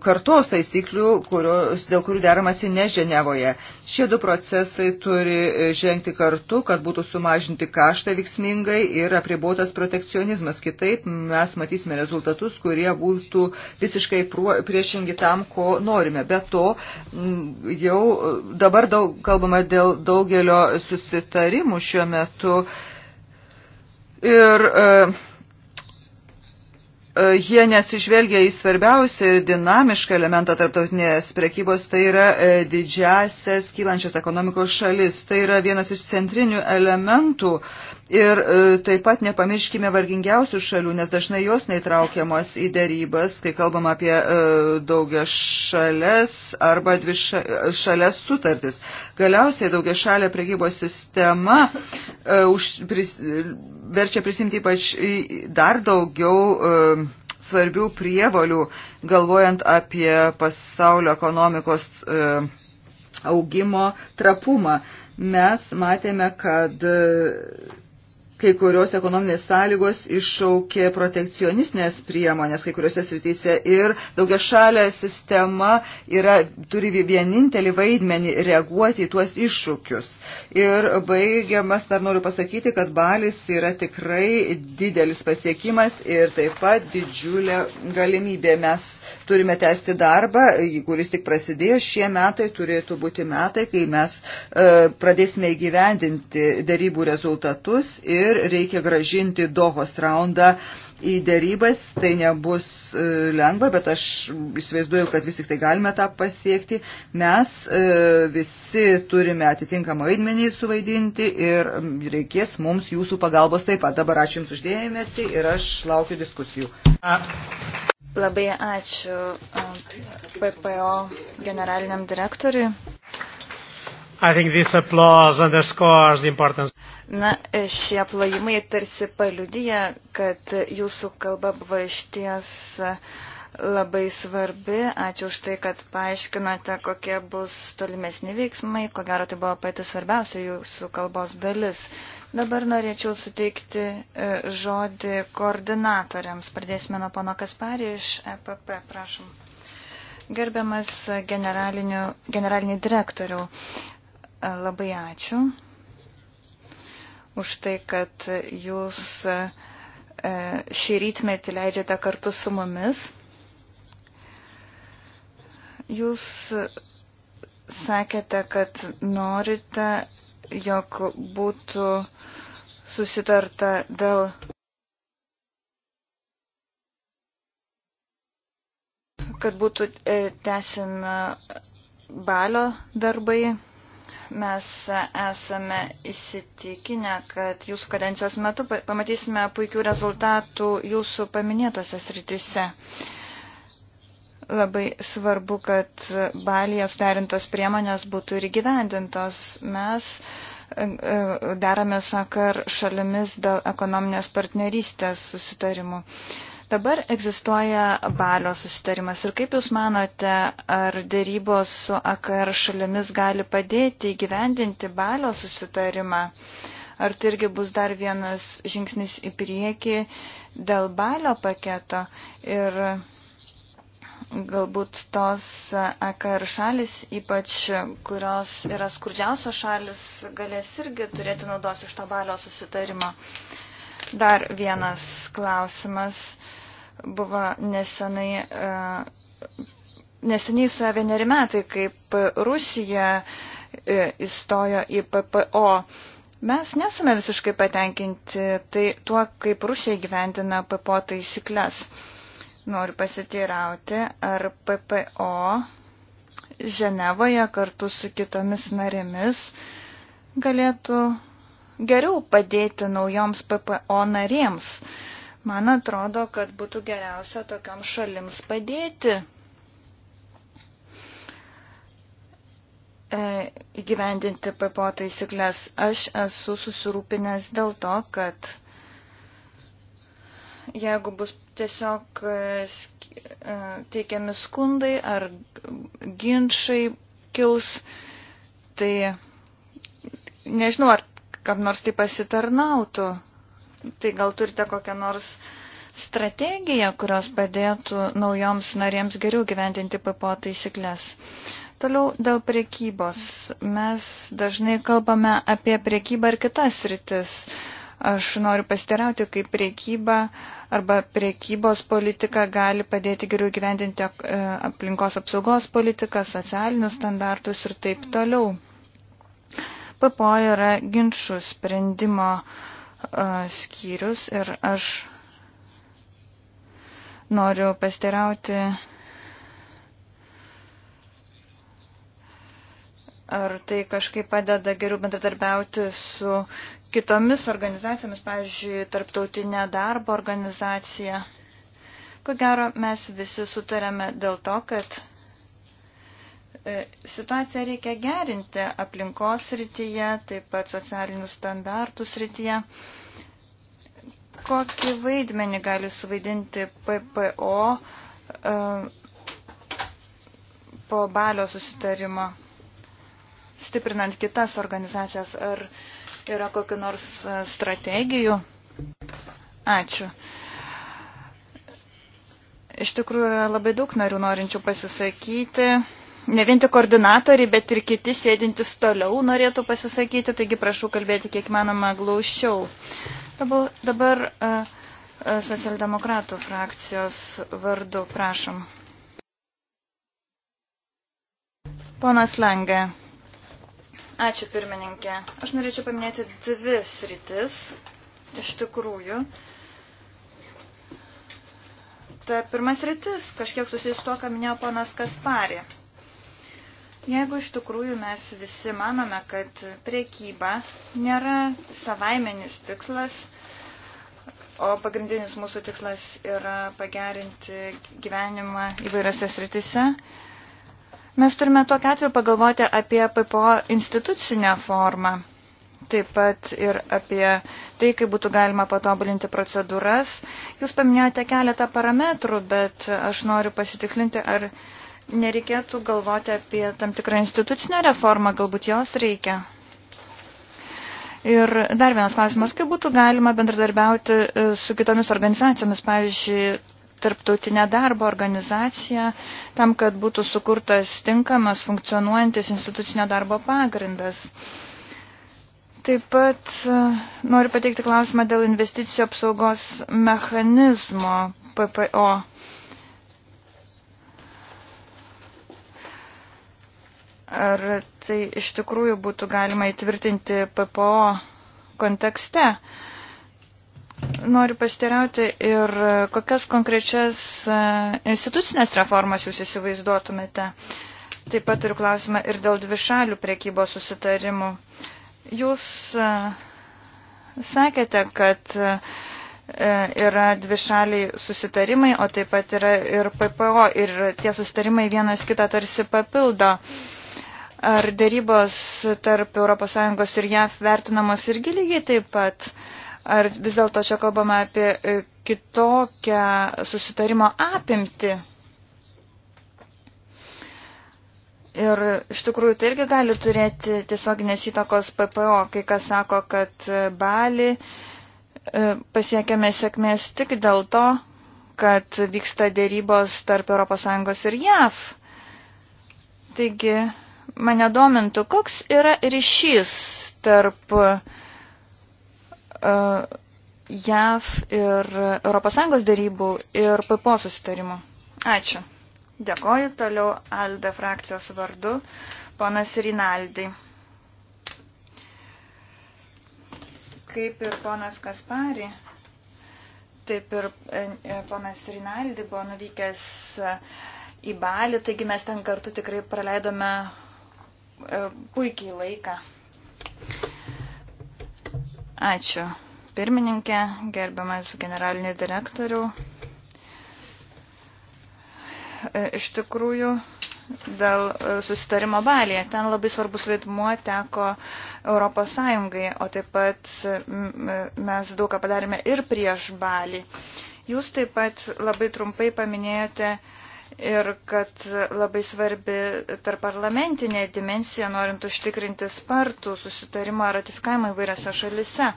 Speaker 1: kartos taisyklių, kurios, dėl kurių deramasi ne Ženevoje. Šie du procesai turi žengti kartu, kad būtų sumažinti kaštai veiksmingai ir apribotas protekcionizmas. Kitaip mes matysime rezultatus, kurie būtų visiškai priešingi tam, ko norime. Be to, jau dabar daug, kalbame dėl daugelio susitarimų šiuo metu. Ir e, E, jie neatsižvelgia į svarbiausią ir dinamišką elementą tarptautinės prekybos, tai yra e, didžiasias kylančios ekonomikos šalis. Tai yra vienas iš centrinių elementų Ir e, taip pat nepamirškime vargingiausių šalių, nes dažnai jos neįtraukiamos į dėrybas, kai kalbam apie e, daugia šalės arba dvi šalės sutartis. Galiausiai daugia šalė prekybos sistema e, už, pris, verčia prisimti ypač dar daugiau svarbių prievolių, galvojant apie pasaulio ekonomikos augimo trapumą. Mes matėme, kad Kai kurios ekonominės sąlygos iššaukė protekcionistinės priemonės kai kuriuose srityse ir daugia šalia sistema yra, turi vienintelį vaidmenį reaguoti į tuos iššūkius. Ir baigiamas dar noriu pasakyti, kad balis yra tikrai didelis pasiekimas ir taip pat didžiulė galimybė. Mes turime tęsti darbą, kuris tik prasidėjo. Šie metai turėtų būti metai, kai mes e, pradėsime įgyvendinti darybų rezultatus ir ir reikia gražinti Dohos raundą į dėrybas. Tai nebus e, lengva, bet aš įsivaizduoju, kad vis tik tai galime tą pasiekti. Mes e, visi turime atitinkamą vaidmenį suvaidinti ir reikės mums jūsų pagalbos taip pat. Dabar ačiū Jums uždėjimėsi ir aš laukiu diskusijų.
Speaker 3: Labai ačiū PPO generaliniam direktoriui. Na, šie plojimai tarsi paliudyja, kad jūsų kalba buvo išties labai svarbi. Ačiū už tai, kad paaiškinote, kokie bus tolimesni veiksmai. Ko gero, tai buvo pati svarbiausia jūsų kalbos dalis. Dabar norėčiau suteikti e, žodį koordinatoriams. Pradėsime nuo pono Kasparį iš EPP, prašom. Gerbiamas generalinį direktoriau, Labai ačiū už tai, kad jūs e, šį rytmetį leidžiate kartu su mumis. Jūs sakėte, kad norite, jog būtų susitarta dėl. kad būtų e, tęsime balio darbai Mes esame įsitikinę, kad jūsų kadencijos metu pamatysime puikių rezultatų jūsų paminėtose sritise. Labai svarbu, kad Balija sudarintos priemonės būtų ir gyvendintos. Mes e, e, deramės vakar šalimis dėl ekonominės partnerystės susitarimų. Uh, Dabar egzistuoja balio susitarimas ir kaip Jūs manote, ar dėrybos su AKR šalimis gali padėti įgyvendinti balio susitarimą? Ar tai irgi bus dar vienas žingsnis į priekį dėl balio paketo ir galbūt tos AKR šalis, ypač kurios yra skurdžiausios šalis, galės irgi turėti naudos iš to balio susitarimo. Dar vienas klausimas. Uh, Buvo nesenai, e, neseniai su vieneri metai, kaip Rusija e, įstojo į PPO. Mes nesame visiškai patenkinti tai tuo, kaip Rusija gyventina PPO taisyklės. Noriu pasiteirauti, ar PPO Ženevoje kartu su kitomis narėmis galėtų geriau padėti naujoms PPO narėms. Uh, Man atrodo, kad būtų geriausia tokiam šalims padėti e, įgyvendinti PPO taisyklės. Aš esu susirūpinęs dėl to, kad jeigu bus tiesiog e, e, teikiami skundai ar ginčiai kils, tai nežinau, ar kam nors tai pasitarnautų tai gal turite kokią nors strategiją, kurios padėtų naujoms narėms geriau gyventinti PPO taisyklės. Toliau dėl priekybos. Mes dažnai kalbame apie priekybą ir kitas rytis. Aš noriu pasiterauti, kaip priekyba arba priekybos politika gali padėti geriau gyvendinti e, aplinkos apsaugos politiką, socialinius standartus ir taip toliau. PPO yra ginčių sprendimo uh, skyrius ir aš noriu pasteriauti, ar tai kažkaip padeda geriau bendradarbiauti su kitomis organizacijomis, pavyzdžiui, tarptautinė darbo organizacija. Ko gero, mes visi sutarėme dėl to, kad E, situaciją reikia gerinti aplinkos srityje, taip pat socialinių standartų srityje. Kokį vaidmenį gali suvaidinti PPO e, po balio susitarimo, stiprinant kitas organizacijas, ar yra kokiu nors e, strategijų? Ačiū iš tikrųjų yra labai daug narių norinčių pasisakyti ne vien tik koordinatoriai, bet ir kiti sėdintis toliau norėtų pasisakyti, taigi prašau kalbėti kiek manoma glaušiau. Dabar, dabar e, e, socialdemokratų frakcijos vardu, prašom. Ponas Lengė. Ačiū pirmininkė. Aš norėčiau paminėti dvi sritis. Iš tikrųjų. Ta pirmas rytis kažkiek susijus to, ką minėjo ponas Kasparė. Jeigu iš tikrųjų mes visi manome, kad priekyba nėra savaimenis tikslas, o pagrindinis mūsų tikslas yra pagerinti gyvenimą įvairiose sritise, mes turime tokiu atveju pagalvoti apie PPO institucinę formą. Taip pat ir apie tai, kaip būtų galima patobulinti procedūras. Jūs paminėjote keletą parametrų, bet aš noriu pasitikslinti, ar nereikėtų galvoti apie tam tikrą institucinę reformą, galbūt jos reikia. Ir dar vienas klausimas, kaip būtų galima bendradarbiauti e, su kitomis organizacijomis, pavyzdžiui, tarptautinė darbo organizacija, tam, kad būtų sukurtas tinkamas funkcionuojantis institucinio darbo pagrindas. Taip pat e, noriu pateikti klausimą dėl investicijų apsaugos mechanizmo PPO. Ar tai iš tikrųjų būtų galima įtvirtinti PPO kontekste? Noriu pasiteirauti ir kokias konkrečias e, institucinės reformas jūs įsivaizduotumėte. Taip pat turiu klausimą ir dėl dvišalių priekybos susitarimų. Jūs e, sakėte, kad e, yra dvišaliai susitarimai, o taip pat yra ir PPO ir tie susitarimai vienas kitą tarsi papildo. Uh, Ar darybos tarp ES ir JAF vertinamos irgi lygiai taip pat? Ar vis dėlto čia kalbame apie e, kitokią susitarimo apimti? Ir iš tikrųjų tai irgi gali turėti tiesioginės įtakos PPO, kai kas sako, kad Bali e, pasiekėme sėkmės tik dėl to, kad vyksta dėrybos tarp ES ir JAF. Taigi, mane domintų, koks yra ryšys tarp uh, JAV ir ES darybų ir PPO susitarimo. Ačiū. Dėkoju toliau Alde frakcijos vardu, ponas Rinaldi. Kaip ir ponas Kaspari, taip ir e, e, ponas Rinaldi buvo nuvykęs į Balį, taigi mes ten kartu tikrai praleidome E, puikiai laiką. Ačiū. Pirmininkė, gerbiamas generalinė direktorių. E, iš tikrųjų, dėl susitarimo balėje, ten labai svarbus vaidmuo teko Europos Sąjungai, o taip pat mes daugą padarėme ir prieš balį. Jūs taip pat labai trumpai paminėjote uh, ir kad labai svarbi tarp parlamentinė dimensija, norint užtikrinti spartų susitarimą ratifikavimą įvairiose šalise.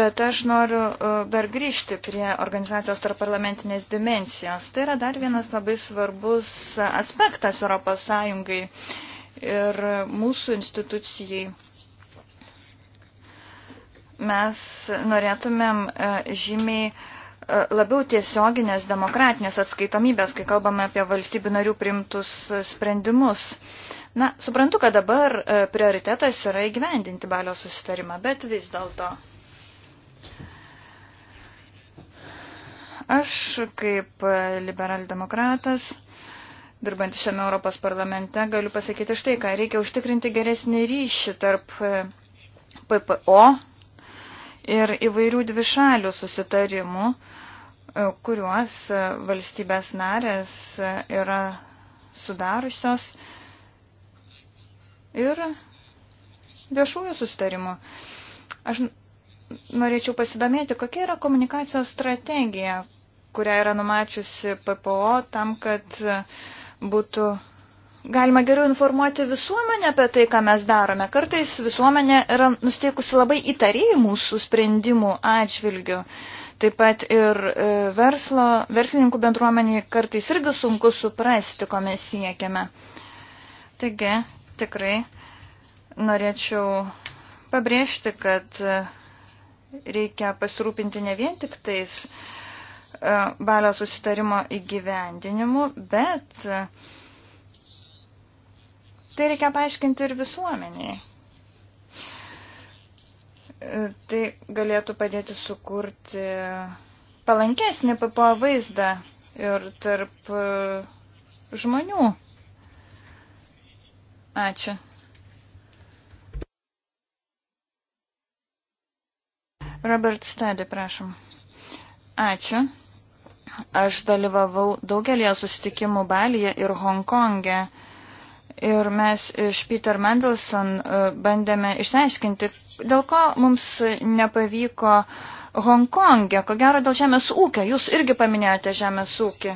Speaker 3: Bet aš noriu e, dar grįžti prie organizacijos tarp parlamentinės dimensijos. Tai yra dar vienas labai svarbus aspektas Europos Sąjungai ir mūsų institucijai mes norėtumėm e, žymiai E, labiau tiesioginės demokratinės atskaitomybės, kai kalbame apie valstybių narių primtus e, sprendimus. Na, suprantu, kad dabar e, prioritetas yra įgyvendinti balio susitarimą, bet vis dėlto. Aš kaip liberaldemokratas, dirbant šiame Europos parlamente, galiu pasakyti štai ką. Reikia užtikrinti geresnį ryšį tarp PPO ir įvairių dvišalių susitarimų, e, kuriuos e, valstybės narės e, yra sudarusios ir viešųjų susitarimų. Aš norėčiau pasidomėti, kokia yra komunikacijos strategija, kurią yra numačiusi PPO tam, kad būtų galima geriau informuoti visuomenę apie tai, ką mes darome. Kartais visuomenė yra nusteikusi labai įtariai mūsų sprendimų atžvilgiu. Taip pat ir e, verslo, verslininkų bendruomenė kartais irgi sunku suprasti, ko mes siekiame. Taigi, tikrai norėčiau pabrėžti, kad e, reikia pasirūpinti ne vien tik tais e, balio susitarimo įgyvendinimu, bet Tai reikia paaiškinti ir visuomeniai. E, tai galėtų padėti sukurti palankesnį PPO vaizdą ir tarp e, žmonių. Ačiū. Robert Stadi, prašom. Ačiū. Aš dalyvavau daugelie susitikimų Balyje ir Hongkonge. Ir mes iš Peter Mandelson e, bandėme išsiaiškinti, dėl ko mums nepavyko Hongkongė, ko gero dėl žemės ūkio. Jūs irgi paminėjote žemės ūkį.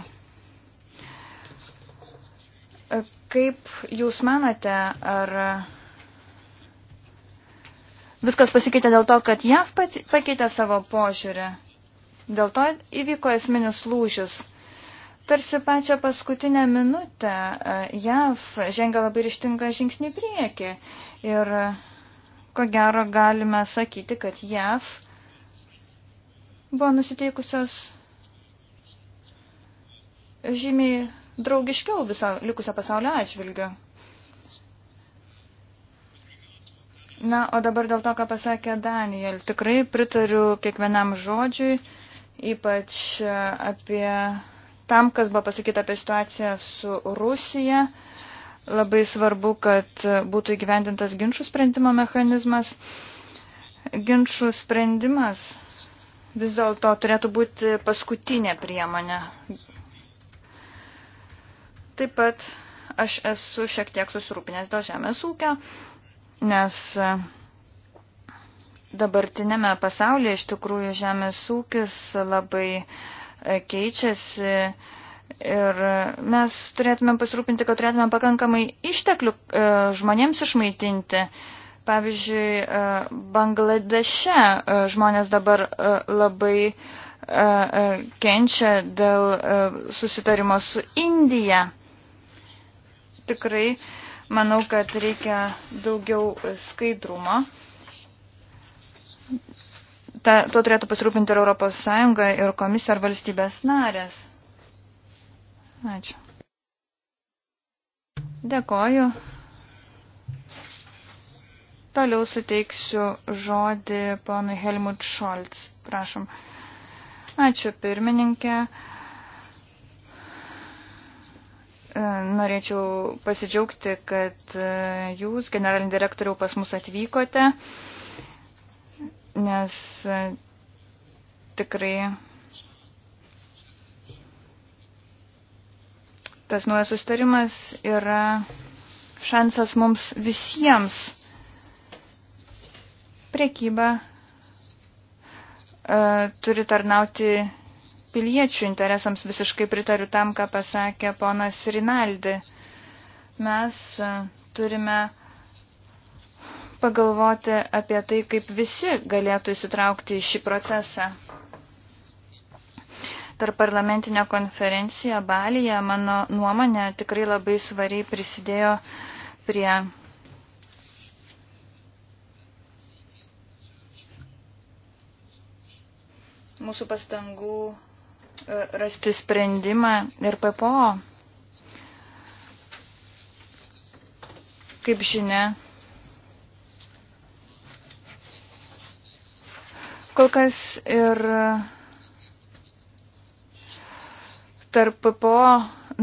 Speaker 3: E, kaip jūs manote, ar viskas pasikeitė dėl to, kad JAV pakeitė savo požiūrį? Dėl to įvyko esminis lūžis tarsi pačią paskutinę minutę e, JAV žengia labai ryštingą žingsnį priekį. Ir ko gero galime sakyti, kad JAV buvo nusiteikusios žymiai draugiškiau viso likusio pasaulio atžvilgiu. Na, o dabar dėl to, ką pasakė Daniel, tikrai pritariu kiekvienam žodžiui, ypač apie tam, kas buvo pasakyta apie situaciją su Rusija. Labai svarbu, kad būtų įgyvendintas ginčių sprendimo mechanizmas. Ginčių sprendimas vis dėlto turėtų būti paskutinė priemonė. Taip pat aš esu šiek tiek susirūpinęs dėl žemės ūkio, nes dabartinėme pasaulyje iš tikrųjų žemės ūkis labai uh, keičiasi ir mes turėtume pasirūpinti, kad turėtume pakankamai išteklių e, žmonėms išmaitinti. Pavyzdžiui, e, Bangladeše e, žmonės dabar labai kenčia dėl susitarimo su Indija. Tikrai manau, kad reikia daugiau skaidrumo ta, tuo turėtų pasirūpinti ir Europos Sąjunga, ir komisija, ir valstybės narės. Ačiū. Dėkoju. Toliau suteiksiu žodį ponui Helmut Scholz. Prašom. Ačiū pirmininkė. E, norėčiau pasidžiaugti, kad e, jūs, generalinį direktoriau, pas mus atvykote nes e, tikrai tas naujas sustarimas yra šansas mums visiems. Priekyba e, turi tarnauti piliečių interesams. Visiškai pritariu tam, ką pasakė ponas Rinaldi. Mes e, turime pagalvoti apie tai, kaip visi galėtų įsitraukti į šį procesą. Tarp parlamentinę konferenciją Balyje, mano nuomonė, tikrai labai svariai prisidėjo prie mūsų pastangų e, rasti sprendimą ir PPO. Kaip žinia, Kol kas ir tarp PPO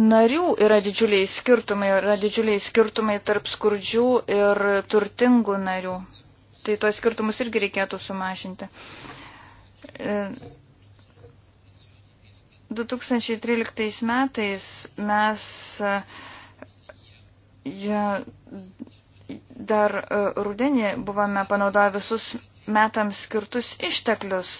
Speaker 3: narių yra didžiuliai skirtumai, yra didžiuliai skirtumai tarp skurdžių ir turtingų narių. Tai tuos skirtumus irgi reikėtų sumažinti. 2013 e, metais mes e, ja, dar e, rudenį buvome panaudoję visus metams skirtus išteklius.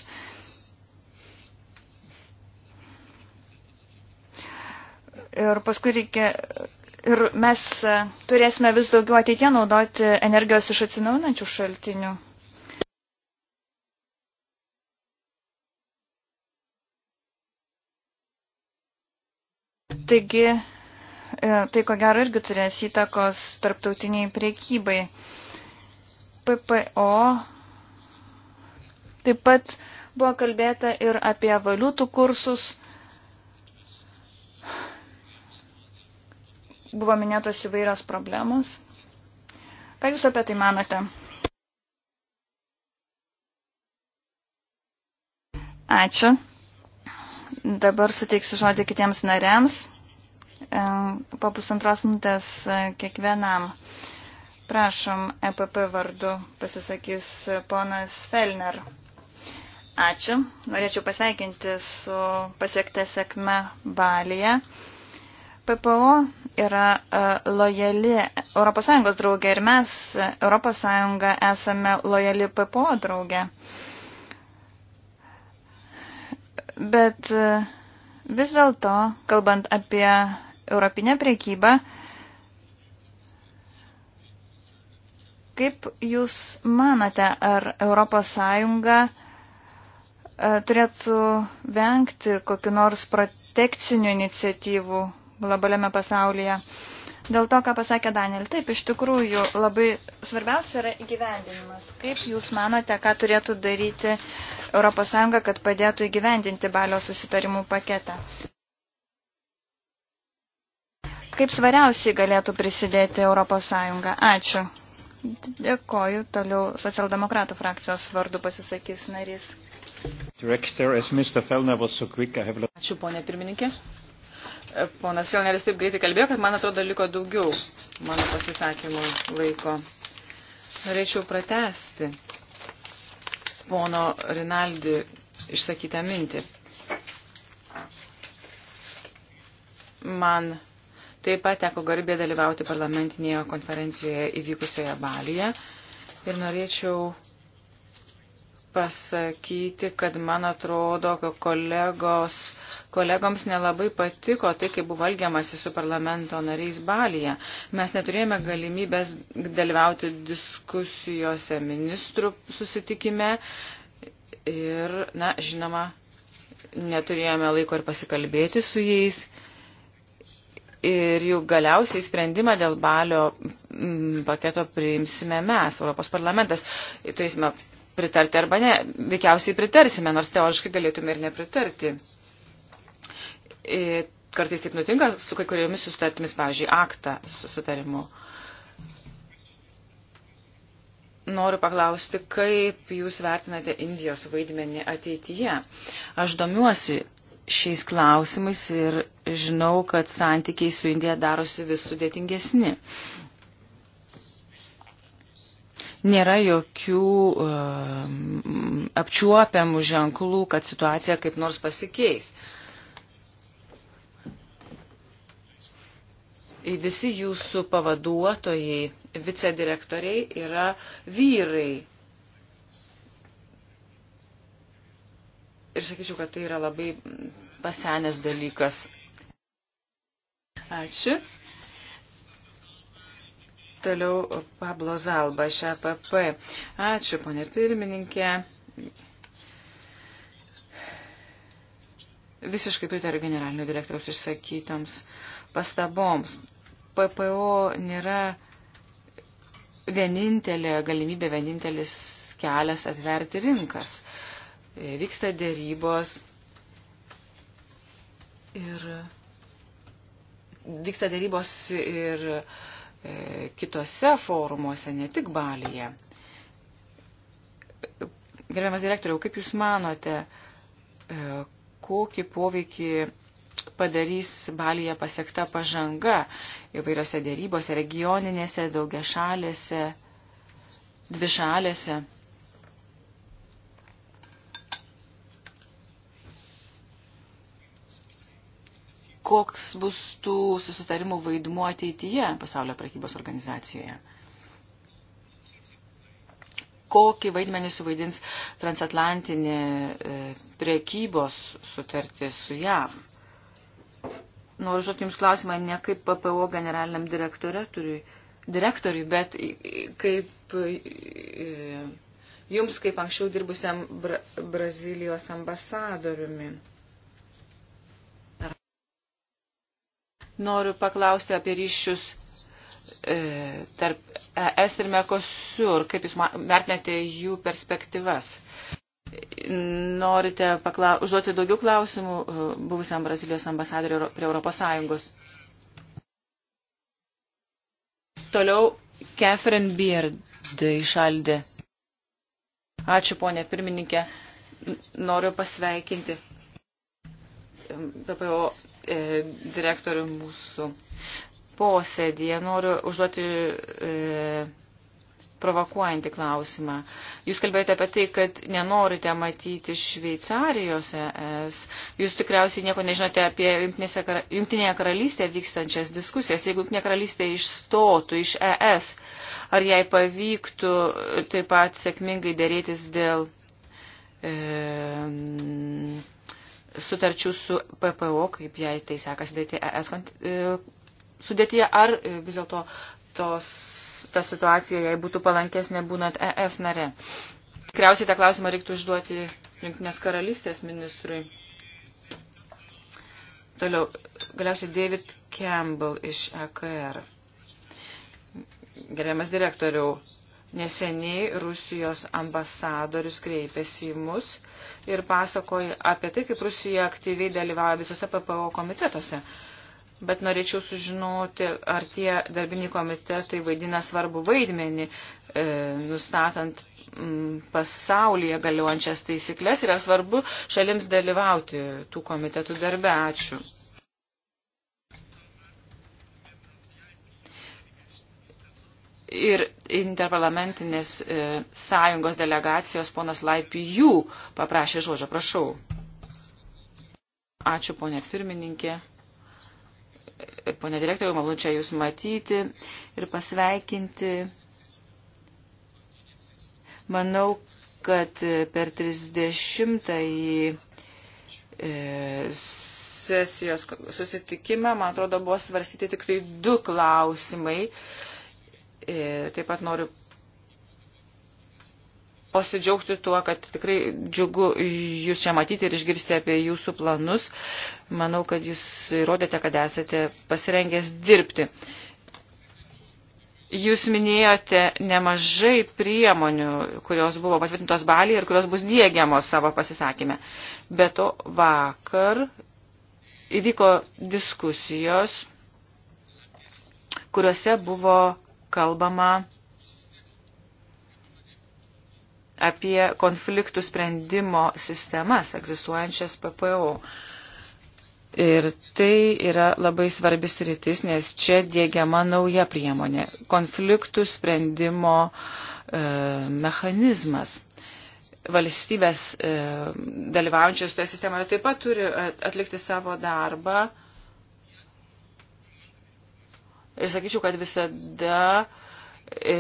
Speaker 3: Ir paskui reikia, ir mes turėsime vis daugiau ateitie naudoti energijos iš atsinaujinančių šaltinių. Taigi, e, tai ko gero irgi turės įtakos tarptautiniai priekybai. PPO Taip pat buvo kalbėta ir apie valiutų kursus. Buvo minėtos įvairios problemos. Ką Jūs apie tai manote? Ačiū. Dabar suteiksiu žodį kitiems nariams. Po pusantros minutės e, kiekvienam. Prašom, EPP vardu pasisakys e, ponas Felner. Ačiū. Norėčiau pasveikinti su pasiekta sėkme Balyje. PPO yra e, lojali ES draugė ir mes ES esame lojali PPO draugė. Bet e, vis dėlto, kalbant apie europinę priekybą, kaip Jūs manote, ar ES E, turėtų vengti kokiu nors protekcinių iniciatyvų globaliame pasaulyje. Dėl to, ką pasakė Daniel, taip, iš tikrųjų, labai svarbiausia yra įgyvendinimas. Kaip Jūs manote, ką turėtų daryti ES, kad padėtų įgyvendinti balio susitarimų paketą? Kaip svariausiai galėtų prisidėti ES? Ačiū. Dėkoju. Toliau socialdemokratų frakcijos vardu pasisakys narys Director, so quick, have... Ačiū, ponė pirmininkė.
Speaker 2: E, ponas Felneris taip greitai kalbėjo, kad man atrodo liko daugiau mano pasisakymo laiko. Norėčiau pratesti pono Rinaldi išsakytą mintį. Man taip pat teko garbė dalyvauti parlamentinėje konferencijoje įvykusioje Balyje ir norėčiau pasakyti, kad man atrodo, kad kolegos, kolegoms nelabai patiko tai, kaip buvo elgiamasi su parlamento nariais Balyje. Mes neturėjome galimybės dalyvauti diskusijose ministrų susitikime ir, na, žinoma, neturėjome laiko ir pasikalbėti su jais. Ir jų galiausiai sprendimą dėl balio mm, paketo priimsime mes, Europos parlamentas. Turėsime tai pritarti arba ne. Veikiausiai pritarsime, nors teoriškai galėtume ir nepritarti. Ir e, kartais taip nutinka su kai kuriomis susitartimis, pavyzdžiui, aktą susitarimu. Noriu paklausti, kaip jūs vertinate Indijos vaidmenį ateityje. Aš domiuosi šiais klausimais ir žinau, kad santykiai su Indija darosi vis sudėtingesni nėra jokių uh, apčiuopiamų ženklų, kad situacija kaip nors pasikeis. Visi jūsų pavaduotojai, vicedirektoriai yra vyrai. Ir sakyčiau, kad tai yra labai pasenęs dalykas. Ačiū. Toliau Pablo Zalba, šią PP. Ačiū, ponė pirmininkė. Visiškai pritariu generalinio direktoriaus išsakytoms pastaboms. PPO nėra vienintelė galimybė, vienintelis kelias atverti rinkas. Vyksta dėrybos ir vyksta dėrybos ir E, kitose forumuose, ne tik Balyje. Gerbiamas direktoriau, kaip Jūs manote, e, kokį poveikį padarys Balyje pasiekta pažanga įvairiose dėrybose, regioninėse, daugia šalėse, dvi šalėse? koks bus tų susitarimų vaidmuo ateityje pasaulio prekybos organizacijoje. Kokį vaidmenį suvaidins transatlantinė e, prekybos sutartis su JAV? Noriu žodžiu Jums klausimą ne kaip PPO generaliniam direktoriui, direktoriui bet kaip Jums kaip anksčiau dirbusiam Bra Brazilijos ambasadoriumi. Noriu paklausti apie ryšius e, tarp ES ir Mekosur, kaip jūs vertinate jų perspektyvas. Norite pakla... užduoti daugiau klausimų e, buvusiam Brazilijos ambasadoriui prie Europos Sąjungos. Toliau Catherine Beard išaldė. Ačiū, ponė pirmininkė. Noriu pasveikinti DPO e, direktorių mūsų posėdėje. Noriu užduoti e, provokuojantį klausimą. Jūs kalbėjote apie tai, kad nenorite matyti Šveicarijos ES. Jūs tikriausiai nieko nežinote apie Junktinėje karalystėje vykstančias diskusijas. Jeigu Junktinė karalystė išstotų iš ES, ar jai pavyktų taip pat sėkmingai dėrėtis dėl. E, sutarčių su PPO, kaip jai tai sekasi daryti ES e, sudėtyje, ar e, vis dėlto ta situacija, jei būtų palankesnė būnant ES nare. Tikriausiai tą klausimą reiktų užduoti Junktinės karalystės ministrui. Toliau, galiausiai David Campbell iš EKR. Gerbiamas direktoriau, Neseniai Rusijos ambasadorius kreipėsi į mus ir pasakoja apie tai, kaip Rusija aktyviai dalyvauja visose PPO komitetuose. Bet norėčiau sužinoti, ar tie darbiniai komitetai vaidina svarbu vaidmenį, e, nustatant m, pasaulyje galiuojančias taisyklės ir ar svarbu šalims dalyvauti tų komitetų darbe. Ačiū. ir interparlamentinės e, sąjungos delegacijos ponas Laipijų paprašė žodžio. Prašau. Ačiū, ponė pirmininkė. E, Pone direktoriau, malonu čia Jūs matyti ir pasveikinti. Manau, kad per 30-ąjį e, sesijos susitikimą, man atrodo, buvo svarstyti tik tai du klausimai Taip pat noriu pasidžiaugti tuo, kad tikrai džiugu jūs čia matyti ir išgirsti apie jūsų planus. Manau, kad jūs įrodėte, kad esate pasirengęs dirbti. Jūs minėjote nemažai priemonių, kurios buvo patvirtintos balį ir kurios bus dėgiamos savo pasisakymę. Bet to vakar įvyko diskusijos, kuriuose buvo kalbama apie konfliktų sprendimo sistemas egzistuojančias PPO. Ir tai yra labai svarbis rytis, nes čia dėgiama nauja priemonė - konfliktų sprendimo e, mechanizmas. Valstybės e, dalyvaujančios toje sistemoje taip pat turi atlikti savo darbą. E, ir sakyčiau, kad visada e,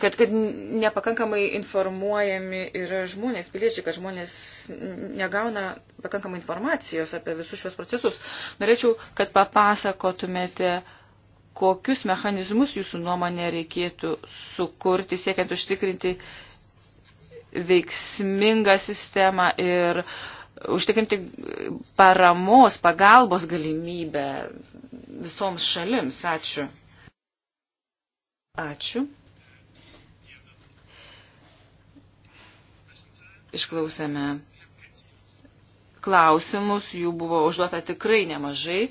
Speaker 2: kad, kad nepakankamai informuojami yra žmonės, piliečiai, kad žmonės negauna pakankamai informacijos apie visus šios procesus. Norėčiau, kad papasakotumėte, kokius mechanizmus jūsų nuomonė reikėtų sukurti, siekiant užtikrinti veiksmingą sistemą ir uh, užtikrinti paramos, pagalbos galimybę visoms šalims. Ačiū. Ačiū. Išklausėme klausimus, jų buvo užduota tikrai nemažai.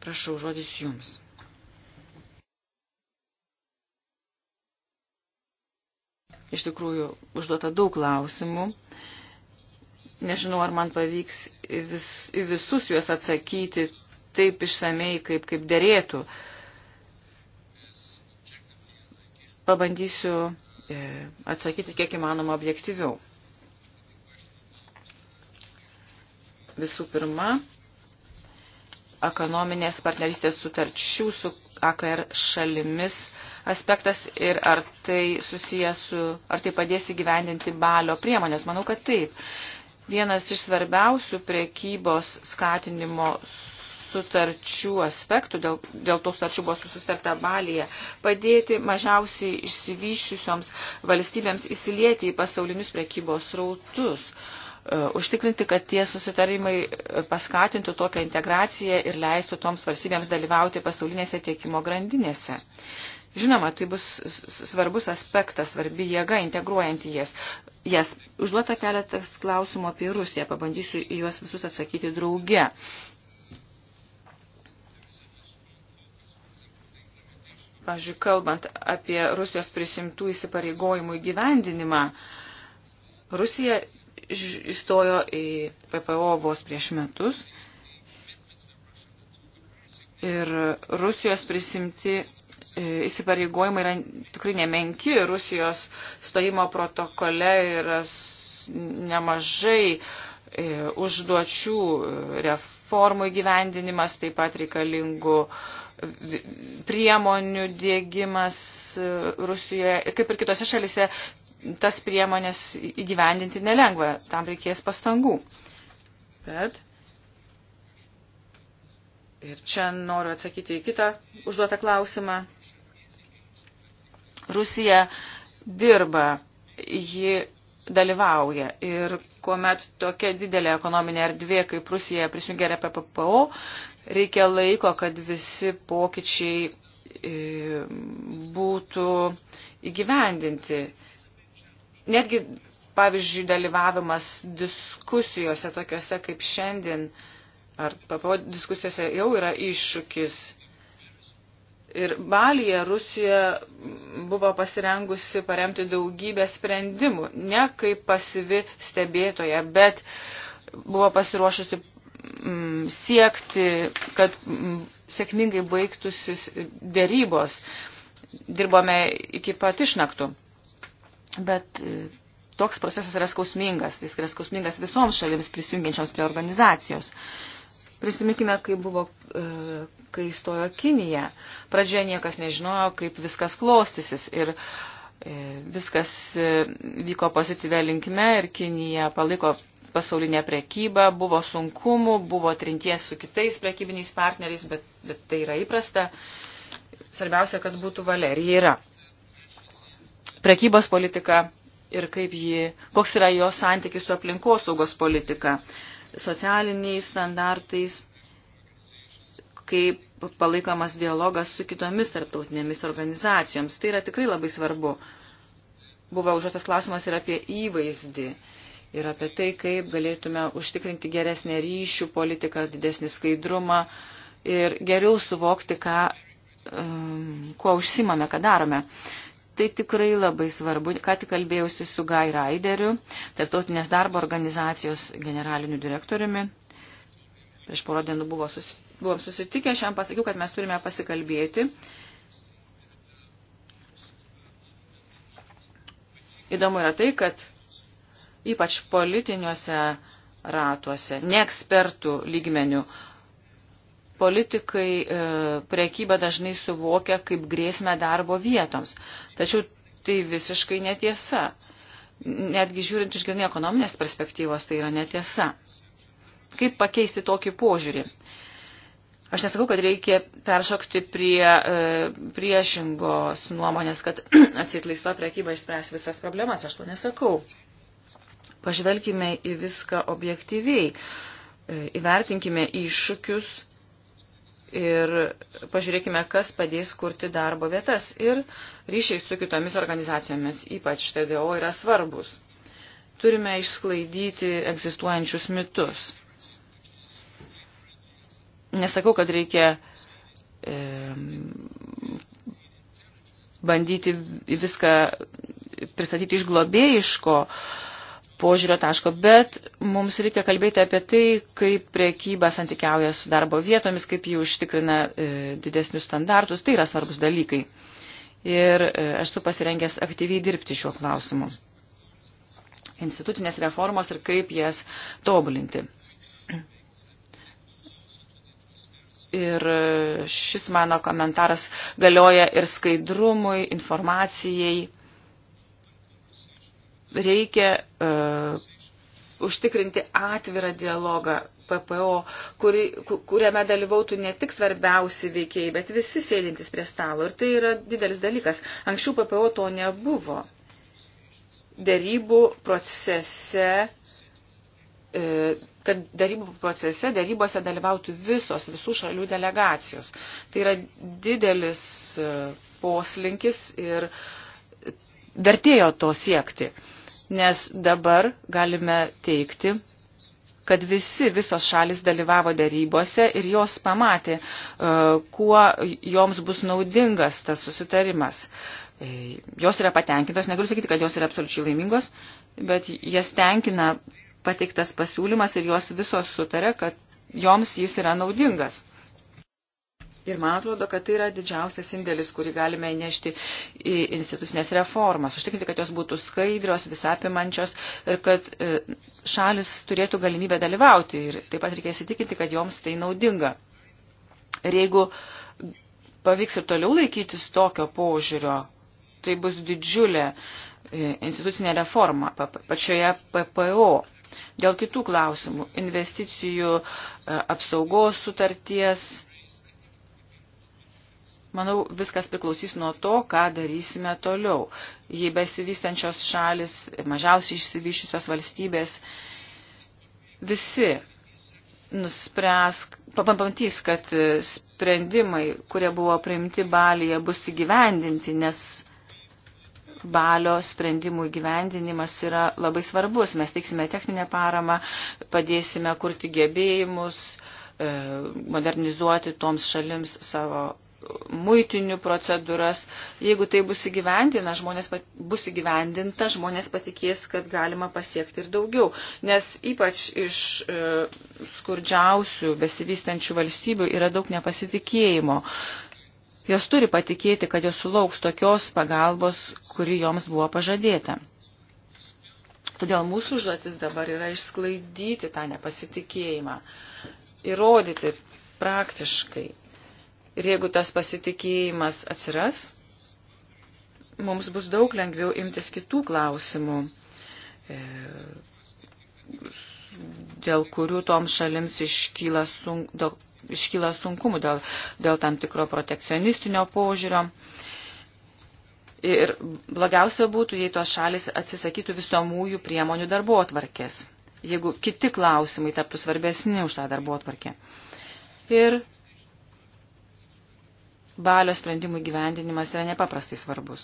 Speaker 2: Prašau, žodis jums. Iš tikrųjų, užduota daug klausimų. Nežinau, ar man pavyks į, vis, į visus juos atsakyti taip išsamei, kaip, kaip dėrėtų. Pabandysiu e, atsakyti kiek įmanoma objektyviau. Visų pirma, ekonominės partnerystės sutarčių su AKR šalimis aspektas ir ar tai susijęs su, ar tai padės įgyvendinti balio priemonės. Manau, kad taip. Vienas iš svarbiausių priekybos skatinimo sutarčių aspektų, dėl, dėl to sutarčių buvo susitarta Balyje, padėti mažiausiai išsivyščiusioms valstybėms įsilieti į pasaulinius priekybos rautus. Uh, E, užtikrinti, kad tie susitarimai e, paskatintų tokią integraciją ir leistų toms valstybėms dalyvauti pasaulinėse tiekimo grandinėse. Žinoma, tai bus svarbus aspektas, svarbi jėga integruojant į jas. jas. Užduota keletas klausimų apie Rusiją, pabandysiu į juos visus atsakyti drauge. Pavyzdžiui, kalbant apie Rusijos prisimtų įsipareigojimų įgyvendinimą, Rusija įstojo į PPO vos prieš metus ir Rusijos prisimti e, įsipareigojimai yra tikrai nemenki. Rusijos stojimo protokole yra nemažai e, užduočių e, reformų įgyvendinimas, taip pat reikalingų priemonių dėgymas Rusijoje, kaip ir kitose šalise, tas priemonės įgyvendinti nelengva, tam reikės pastangų. Bet ir čia noriu atsakyti į kitą užduotą klausimą. Rusija dirba, ji dalyvauja ir kuomet tokia didelė ekonominė erdvė, kaip Rusija prisijungia prie PPO, reikia laiko, kad visi pokyčiai e, būtų įgyvendinti netgi, pavyzdžiui, dalyvavimas diskusijose tokiuose kaip šiandien, ar PPO diskusijose jau yra iššūkis. Ir Balija Rusija buvo pasirengusi paremti daugybę sprendimų, ne kaip pasivi stebėtoja, bet buvo pasiruošusi mm, siekti, kad mm, sėkmingai baigtųsi dėrybos. Dirbome iki pat išnaktų. Bet e, toks procesas yra skausmingas, jis yra skausmingas visoms šalims prisijungiančioms prie organizacijos. Prisiminkime, e, kai buvo, kai stojo Kinija. Pradžioje niekas nežinojo, kaip viskas klostysis ir e, viskas vyko pozityvę linkme ir Kinija paliko pasaulinė prekyba, buvo sunkumų, buvo trinties su kitais prekybiniais partneriais, bet, bet tai yra įprasta. Svarbiausia, kad būtų valerija yra prekybos politika ir kaip ji, koks yra jos santykis su aplinkosaugos politika, socialiniais standartais, kaip palaikomas dialogas su kitomis tarptautinėmis organizacijoms. Tai yra tikrai labai svarbu. Buvo užduotas klausimas ir apie įvaizdį, ir apie tai, kaip galėtume užtikrinti geresnę ryšių politiką, didesnį skaidrumą ir geriau suvokti, ką, um, kuo užsimame, ką darome. Uh, Tai tikrai labai svarbu. Ką tik kalbėjusi su Guy Raideriu, Tarptautinės darbo organizacijos generaliniu direktoriumi. Prieš porą dienų buvo susi, buvom susitikę, šiam pasakiau, kad mes turime pasikalbėti. Įdomu yra tai, kad ypač politiniuose ratuose, ne ekspertų lygmenių, uh, politikai e, priekybą dažnai suvokia kaip grėsmę darbo vietoms. Tačiau tai visiškai netiesa. Netgi žiūrint iš grinai ekonominės perspektyvos, tai yra netiesa. Kaip pakeisti tokį požiūrį? Aš nesakau, kad reikia peršokti prie e, priešingos nuomonės, kad <clears throat> atsit laisva prekyba išspręs visas problemas, aš to nesakau. Pažvelkime į viską objektyviai, e, įvertinkime iššūkius, ir pažiūrėkime, kas padės kurti darbo vietas. Ir ryšiai su kitomis organizacijomis, ypač TDO, yra svarbus. Turime išsklaidyti egzistuojančius mitus. Nesakau, kad reikia e, bandyti viską pristatyti iš globėjiško e, požiūrio taško, bet mums reikia kalbėti apie tai, kaip priekyba santykiauja su darbo vietomis, kaip jį užtikrina e, didesnius standartus, tai yra svarbus dalykai. Ir e, aš esu pasirengęs aktyviai dirbti šiuo klausimu. Institucinės reformos ir kaip jas tobulinti. Ir šis mano komentaras galioja ir skaidrumui, informacijai reikia uh, užtikrinti atvirą dialogą PPO, kuri, kuriame dalyvautų ne tik svarbiausi veikėjai, bet visi sėdintys prie stalo. Ir tai yra didelis dalykas. Anksčiau PPO to nebuvo. Darybų procese e, kad darybų procese, darybose dalyvautų visos, visų šalių delegacijos. Tai yra didelis e, poslinkis ir vertėjo to siekti. Uh, nes dabar galime teikti, kad visi, visos šalis dalyvavo darybose ir jos pamatė, e, kuo joms bus naudingas tas susitarimas. E, jos yra patenkintos, negaliu sakyti, kad jos yra absoliučiai laimingos, bet jas tenkina pateiktas pasiūlymas ir jos visos sutarė, kad joms jis yra naudingas. Ir man atrodo, kad tai yra didžiausias indėlis, kurį galime įnešti į institucinės reformas, užtikrinti, kad jos būtų skaidrios, visapimančios ir kad e, šalis turėtų galimybę dalyvauti. Ir taip pat reikia įsitikinti, kad joms tai naudinga. Ir jeigu pavyks ir toliau laikytis tokio požiūrio, tai bus didžiulė e, institucinė reforma pačioje PPO. Dėl kitų klausimų - investicijų e, apsaugos sutarties Manau, viskas priklausys nuo to, ką darysime toliau. Jei besivystančios šalis, mažiausiai išsivyščiusios valstybės, visi nuspręs, pamatys, kad sprendimai, kurie buvo priimti Balyje, bus įgyvendinti, nes balio sprendimų įgyvendinimas yra labai svarbus. Mes teiksime techninę paramą, padėsime kurti gebėjimus, e, modernizuoti toms šalims savo muitinių procedūras. Jeigu tai bus, įgyvendina, žmonės, bus įgyvendinta, žmonės patikės, kad galima pasiekti ir daugiau. Nes ypač iš e, skurdžiausių, besivystančių valstybių yra daug nepasitikėjimo. Jos turi patikėti, kad jos sulauks tokios pagalbos, kuri joms buvo pažadėta. Todėl mūsų užduotis dabar yra išsklaidyti tą nepasitikėjimą, įrodyti praktiškai, Ir jeigu tas pasitikėjimas atsiras, mums bus daug lengviau imtis kitų klausimų, e, dėl kurių toms šalims iškyla, sunk, dėl, iškyla sunkumų, dėl, dėl tam tikro protekcionistinio požiūrio. Ir blogiausia būtų, jei tos šalis atsisakytų visomųjų priemonių darbo atvarkės, jeigu kiti klausimai taptų svarbesni už tą darbo atvarkę. Ir balio sprendimų gyvendinimas yra nepaprastai svarbus.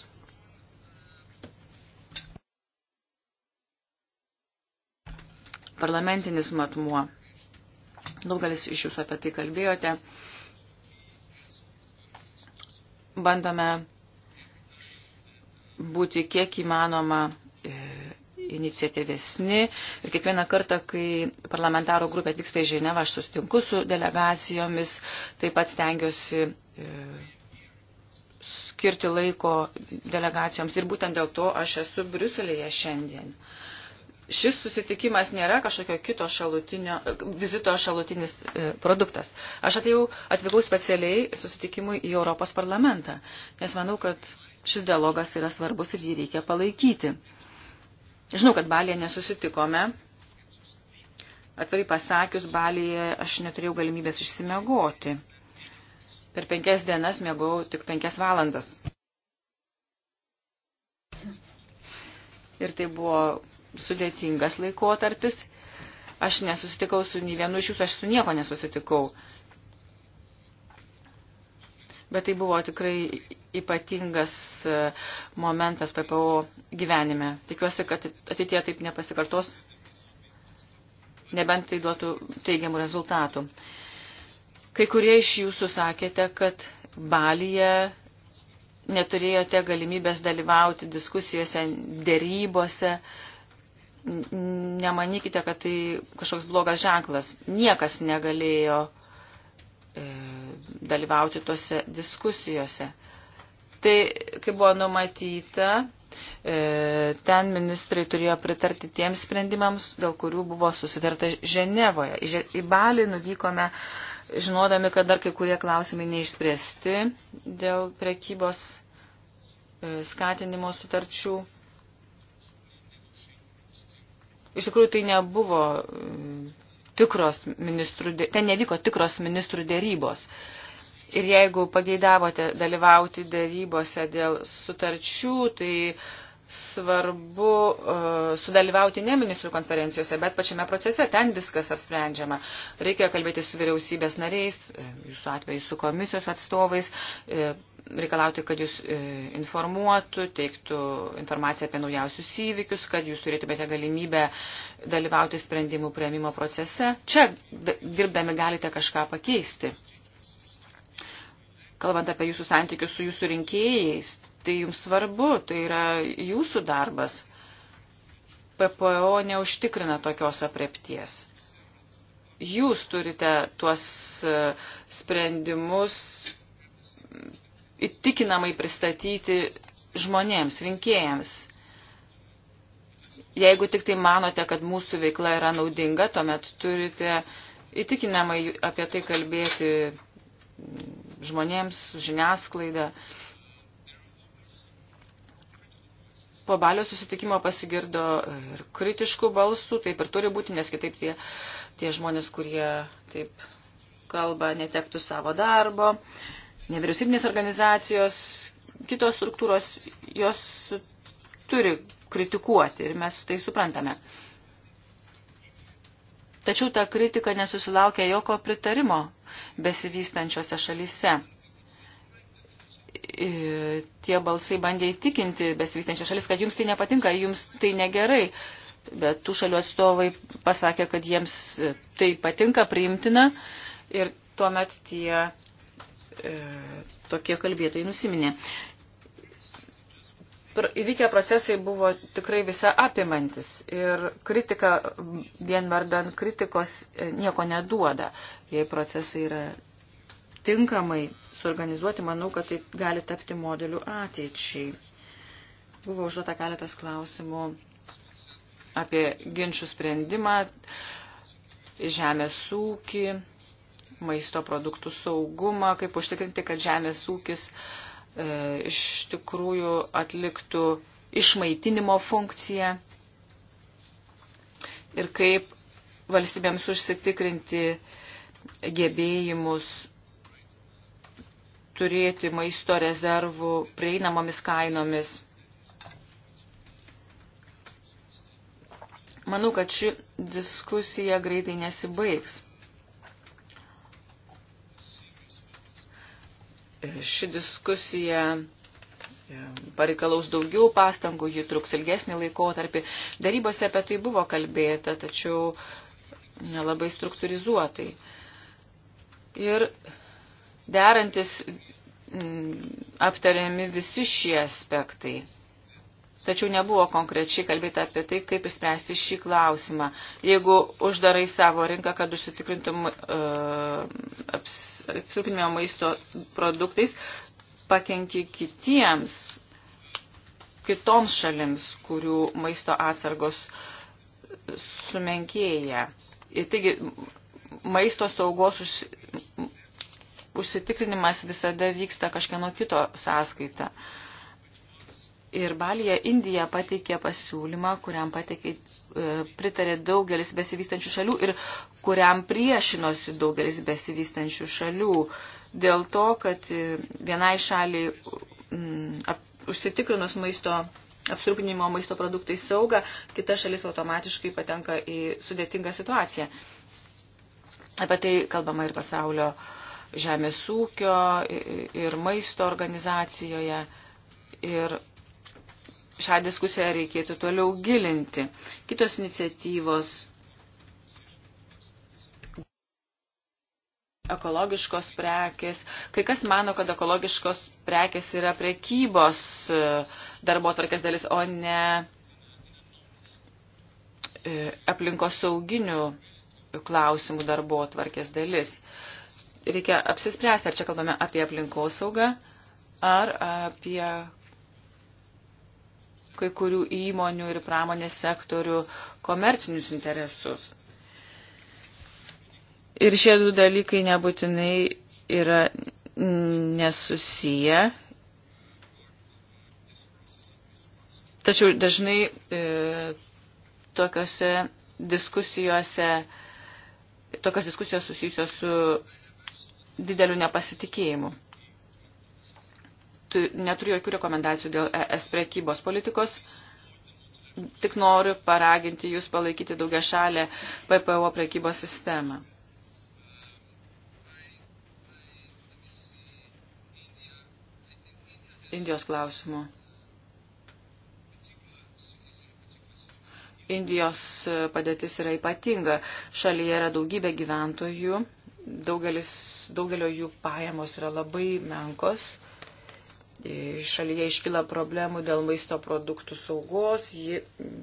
Speaker 2: Parlamentinis matmuo. Daugelis iš jūsų apie tai kalbėjote. Bandome būti kiek įmanoma iniciatyvesni. Ir kiekvieną kartą, kai parlamentaro grupė atvyksta į Ženevą, aš sustinku su delegacijomis, taip pat stengiuosi e, skirti laiko delegacijoms. Ir būtent dėl to aš esu Briuselėje šiandien. Šis susitikimas nėra kažkokio kito šalutinio, e, vizito šalutinis e, produktas. Aš atėjau, atvykau specialiai susitikimui į Europos parlamentą, nes manau, kad šis dialogas yra svarbus ir jį reikia palaikyti. Žinau, kad Balėje nesusitikome. Atvirai pasakius, Balėje aš neturėjau galimybės išsimegoti. Per penkias dienas mėgau tik penkias valandas. Ir tai buvo sudėtingas laikotarpis. Aš nesusitikau su nei vienu iš jūsų, aš su nieko nesusitikau bet tai buvo tikrai ypatingas e, momentas PPO gyvenime. Tikiuosi, kad ateitie taip nepasikartos, nebent tai duotų teigiamų rezultatų. Kai kurie iš jūsų sakėte, kad Balyje neturėjote galimybės dalyvauti diskusijose, dėrybose. Nemanykite, kad tai kažkoks blogas ženklas. Niekas negalėjo e, dalyvauti tose diskusijose. Tai, kaip buvo numatyta, e, ten ministrai turėjo pritarti tiems sprendimams, dėl kurių buvo susitarta Ženevoje. Į Balį nuvykome, žinodami, kad dar kai kurie klausimai neišspręsti dėl prekybos e, skatinimo sutarčių. Iš tikrųjų, tai nebuvo e, tikros ministrų, ten nevyko tikros ministrų dėrybos. Ir jeigu pageidavote dalyvauti darybose dėl sutarčių, tai svarbu uh, sudalyvauti ne ministrų konferencijose, bet pačiame procese ten viskas apsprendžiama. Reikia kalbėti su vyriausybės nariais, uh, jūsų atveju su komisijos atstovais, uh, reikalauti, kad jūs uh, informuotų, teiktų informaciją apie naujausius įvykius, kad jūs turėtumėte galimybę dalyvauti sprendimų prieimimo procese. Čia dirbdami galite kažką pakeisti kalbant apie jūsų santykius su jūsų rinkėjais, tai jums svarbu, tai yra jūsų darbas. PPO neužtikrina tokios aprepties. Jūs turite tuos e, sprendimus įtikinamai pristatyti žmonėms, rinkėjams. Jeigu tik tai manote, kad mūsų veikla yra naudinga, tuomet turite įtikinamai apie tai kalbėti žmonėms, su žiniasklaida. Po balio susitikimo pasigirdo ir kritiškų balsų, taip ir turi būti, nes kitaip tie, tie žmonės, kurie taip kalba, netektų savo darbo. Nevyriausybinės organizacijos, kitos struktūros, jos turi kritikuoti ir mes tai suprantame. Tačiau ta kritika nesusilaukia joko pritarimo besivystančiose šalise. E, tie balsai bandė įtikinti besivystančią šalis, kad jums tai nepatinka, jums tai negerai, bet tų šalių atstovai pasakė, kad jiems tai patinka, priimtina ir tuomet tie e, tokie kalbėtojai nusiminė įvykę procesai buvo tikrai visa apimantis ir kritika vien vardan kritikos e, nieko neduoda. Jei procesai yra tinkamai suorganizuoti, manau, kad tai gali tapti modeliu ateičiai. Buvo užduota keletas klausimų apie ginčių sprendimą, žemės ūkį, maisto produktų saugumą, kaip užtikrinti, kad žemės ūkis uh, E, iš tikrųjų atliktų išmaitinimo funkciją ir kaip valstybėms užsitikrinti gebėjimus turėti maisto rezervų prieinamomis kainomis. Manau, kad ši diskusija greitai nesibaigs. ši diskusija e, pareikalaus daugiau pastangų, ji truks ilgesnį laikotarpį. Darybose apie tai buvo kalbėta, tačiau nelabai struktūrizuotai. Ir derantis aptariami visi šie aspektai tačiau nebuvo konkrečiai kalbėta apie tai, kaip išspręsti šį klausimą. Jeigu uždarai savo rinką, kad užsitikrintum uh, aps, apsirūpinimo maisto produktais, pakenki kitiems, kitoms šalims, kurių maisto atsargos sumenkėja. Ir taigi, maisto saugos už, užsitikrinimas visada vyksta kažkieno kito sąskaita. Uh, ir Balija Indija pateikė pasiūlymą, kuriam pateikė, e, pritarė daugelis besivystančių šalių ir kuriam priešinosi daugelis besivystančių šalių dėl to, kad e, vienai šaliai m, mm, ap, užsitikrinus maisto apsirūpinimo maisto produktai saugą, kita šalis automatiškai patenka į sudėtingą situaciją. Apie tai kalbama ir pasaulio žemės ūkio ir maisto organizacijoje. Ir šią diskusiją reikėtų toliau gilinti. Kitos iniciatyvos ekologiškos prekės. Kai kas mano, kad ekologiškos prekės yra prekybos e, darbo tvarkės dalis, o ne e, aplinkos sauginių klausimų darbo tvarkės dalis. Reikia apsispręsti, ar čia kalbame apie aplinkos saugą, ar apie kai kurių įmonių ir pramonės sektorių komercinius interesus. Ir šie du dalykai nebūtinai yra nesusiję.
Speaker 1: Tačiau dažnai
Speaker 2: e, tokiuose diskusijose, tokios diskusijos susijusios su dideliu nepasitikėjimu neturiu jokių rekomendacijų dėl ES prekybos politikos. Tik noriu paraginti jūs palaikyti daugia šalę PPO prekybos sistemą. Indijos klausimu. Indijos padėtis yra ypatinga. Šalyje yra daugybė gyventojų, daugelis, daugelio jų pajamos yra labai menkos šalyje iškyla problemų dėl maisto produktų saugos, ji mm,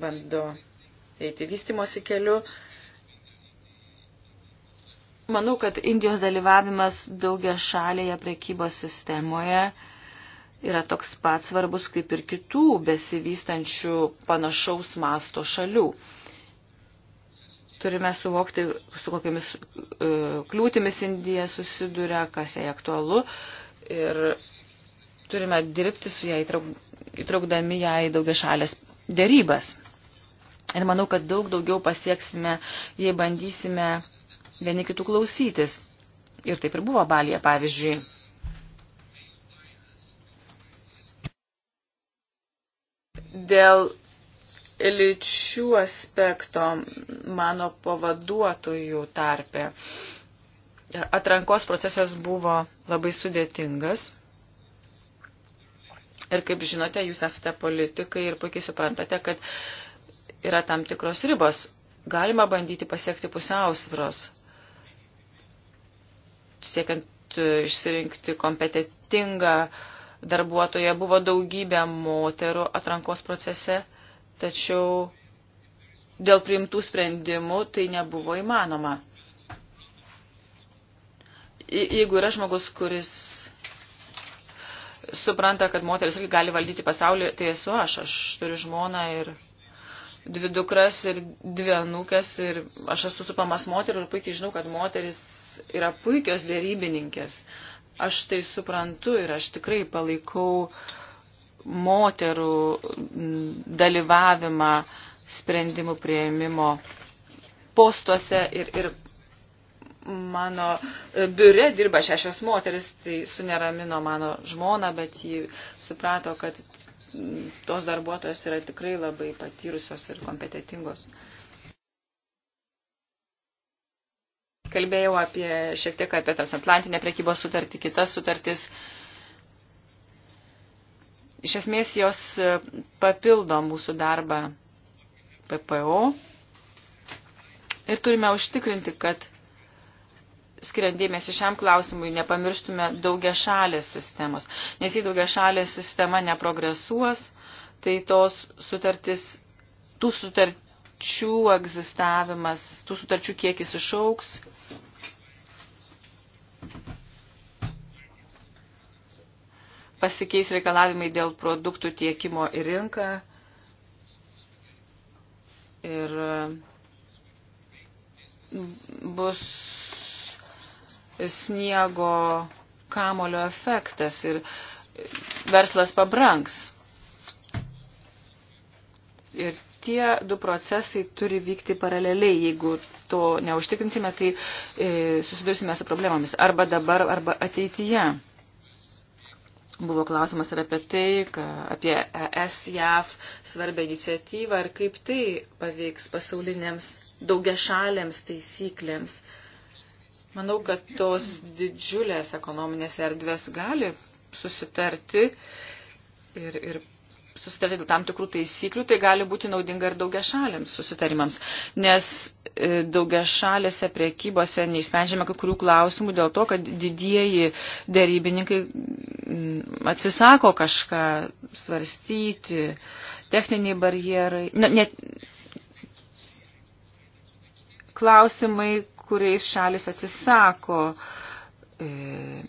Speaker 2: bando eiti vystimosi keliu. Manau, kad Indijos dalyvavimas daugia šalėje prekybos sistemoje yra toks pat svarbus kaip ir kitų besivystančių panašaus masto šalių. Turime suvokti, su kokiamis e, kliūtimis Indija susiduria, kas jai aktualu ir turime dirbti su ją įtraukdami ją į daugia šalės dėrybas. Ir manau, kad daug daugiau pasieksime, jei bandysime vieni kitų klausytis. Ir taip ir buvo Balija, pavyzdžiui. Dėl lyčių aspekto mano pavaduotojų tarpe atrankos procesas buvo labai sudėtingas. Ir kaip žinote, jūs esate politikai ir puikiai suprantate, kad yra tam tikros ribos. Galima bandyti pasiekti pusiausvros, siekiant e, išsirinkti kompetitingą darbuotoją. Buvo daugybė moterų atrankos procese, tačiau dėl priimtų sprendimų tai nebuvo įmanoma. Jeigu yra žmogus, kuris supranta, kad moteris irgi gali valdyti pasaulį, tai esu aš, aš turiu žmoną ir dvi dukras ir dvi anūkes ir aš esu supamas moterų ir puikiai žinau, kad moteris yra puikios dėrybininkės. Aš tai suprantu ir aš tikrai palaikau moterų dalyvavimą sprendimų prieimimo postuose ir, ir mano e, biure dirba šešios moteris, tai suneramino mano žmoną, bet ji suprato, kad tos darbuotojos yra tikrai labai patyrusios ir kompetitingos. Kalbėjau apie, šiek tiek apie transatlantinę prekybos sutartį, kitas sutartis. Iš esmės jos e, papildo mūsų darbą PPO ir turime užtikrinti, kad skiriant dėmesį šiam klausimui, nepamirštume daugia šalės sistemos. Nes jei daugia šalės sistema neprogresuos, tai tos sutartis, tų sutarčių egzistavimas, tų sutarčių kiekis išauks. Pasikeis reikalavimai dėl produktų tiekimo į rinką. Ir mm, bus sniego kamolio efektas ir verslas pabranks. Ir tie du procesai turi vykti paraleliai. Jeigu to neužtikrinsime, tai e, susidursime su problemomis arba dabar, arba ateityje. Buvo klausimas ir apie tai, ka, apie ES-JAF svarbę iniciatyvą ir kaip tai paveiks pasauliniams daugiašalėms taisyklėms. E, Manau, kad tos didžiulės ekonominės erdvės gali susitarti ir, ir susitarti dėl tam tikrų taisyklių, tai gali būti naudinga ir daugia šalėms susitarimams, nes e, daugia šalėse priekybose neįsprendžiame kai kurių klausimų dėl to, kad didieji dėrybininkai mm, atsisako kažką svarstyti, techniniai barjerai, na, net klausimai, kuriais šalis atsisako e,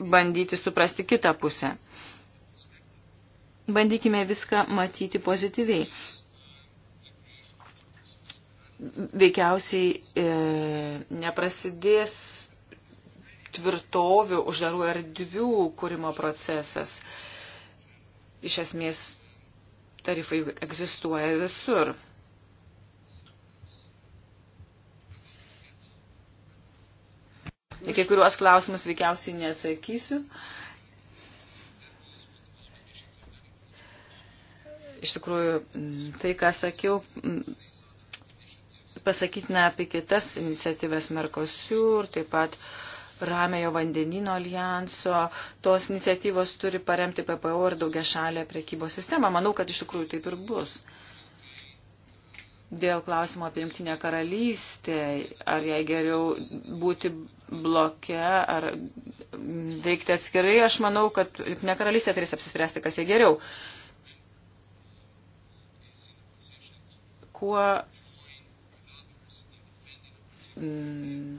Speaker 2: bandyti suprasti kitą pusę. Bandykime viską matyti pozityviai. Veikiausiai e, neprasidės tvirtovių, uždarų erdvių kūrimo procesas. Iš esmės tarifai egzistuoja visur. į kai kuriuos klausimus veikiausiai neatsakysiu. Iš tikrųjų, tai, ką sakiau, pasakytina apie kitas iniciatyvas Merkosiur, taip pat Ramėjo vandenino alijanso, tos iniciatyvos turi paremti PPO ir daugia šalę prekybos sistemą. Manau, kad iš tikrųjų taip ir bus. Uh, dėl klausimo apie jungtinę karalystę, ar jai geriau būti bloke, ar veikti atskirai, aš manau, kad jungtinė karalystė turės apsispręsti, kas jai geriau. Kuo, mm,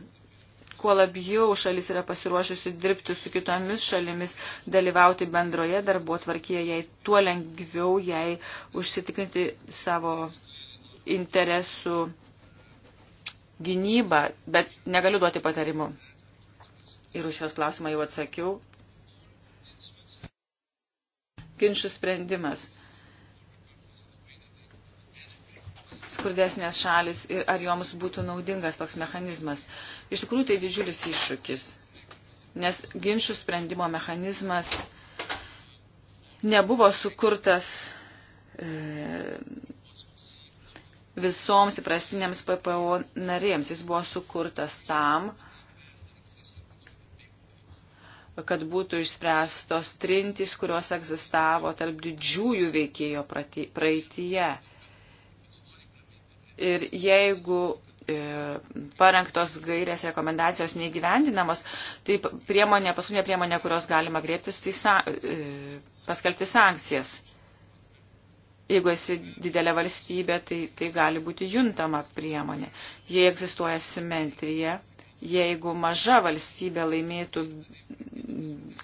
Speaker 2: kuo labiau šalis yra pasiruošusi dirbti su kitomis šalimis, dalyvauti bendroje darbo tvarkyje, jai tuo lengviau jai užsitikrinti savo interesų gynybą, bet negaliu duoti patarimų. Ir už šios klausimą jau atsakiau. Ginčių sprendimas. Skurdesnės šalis ir ar joms būtų naudingas toks mechanizmas. Iš tikrųjų tai didžiulis iššūkis, nes ginčių sprendimo mechanizmas nebuvo sukurtas e, visoms įprastinėms PPO narėms. Jis buvo sukurtas tam, kad būtų išspręstos trintys, kurios egzistavo tarp didžiųjų veikėjo praeitie. Ir jeigu e, parengtos gairės rekomendacijos neįgyvendinamos, tai priemonė, paskutinė priemonė, kurios galima greiptis, tai sa, e, paskelbti sankcijas. Jeigu esi didelė valstybė, tai, tai gali būti juntama priemonė. Jei egzistuoja simetrija, jeigu maža valstybė laimėtų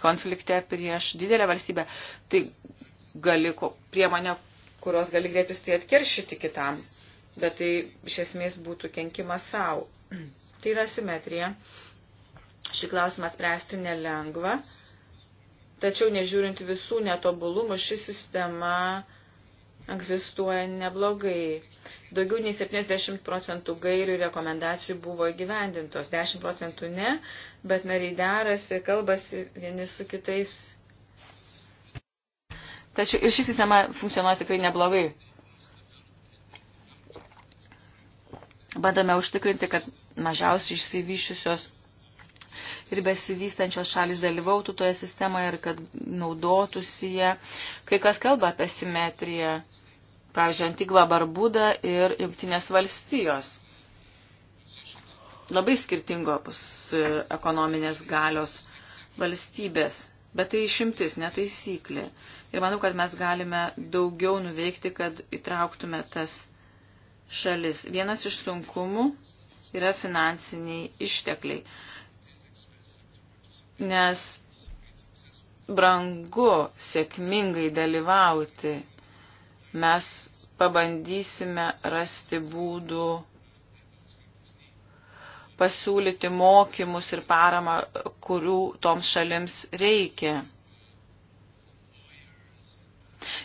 Speaker 2: konflikte prieš didelę valstybę, tai gali priemonę, kurios gali griebtis, tai atkeršyti kitam. Bet tai iš esmės būtų kenkimas savo. <clears throat> Tai yra simetrija. Šį klausimą spręsti nelengva. Tačiau nežiūrint visų netobulumų, ši sistema egzistuoja neblogai. Daugiau nei 70 procentų gairių rekomendacijų buvo įgyvendintos, 10 procentų ne, bet nariai derasi, kalbasi vieni su kitais. Tačiau ir ši sistema funkcionuoja tikrai neblogai. Bandome užtikrinti, kad mažiausiai išsivyščiusios ir besivystančios šalis dalyvautų toje sistemoje ir kad naudotųsi ją. Kai kas kalba apie simetriją, pavyzdžiui, Antigva Barbuda ir Junktinės valstijos. Labai skirtingos e, ekonominės galios valstybės, bet tai išimtis, netaisyklė. Ir manau, kad mes galime daugiau nuveikti, kad įtrauktume tas šalis. Vienas iš sunkumų yra finansiniai ištekliai nes brangu sėkmingai dalyvauti. Mes pabandysime rasti būdų pasiūlyti mokymus ir paramą, kurių toms šalims reikia.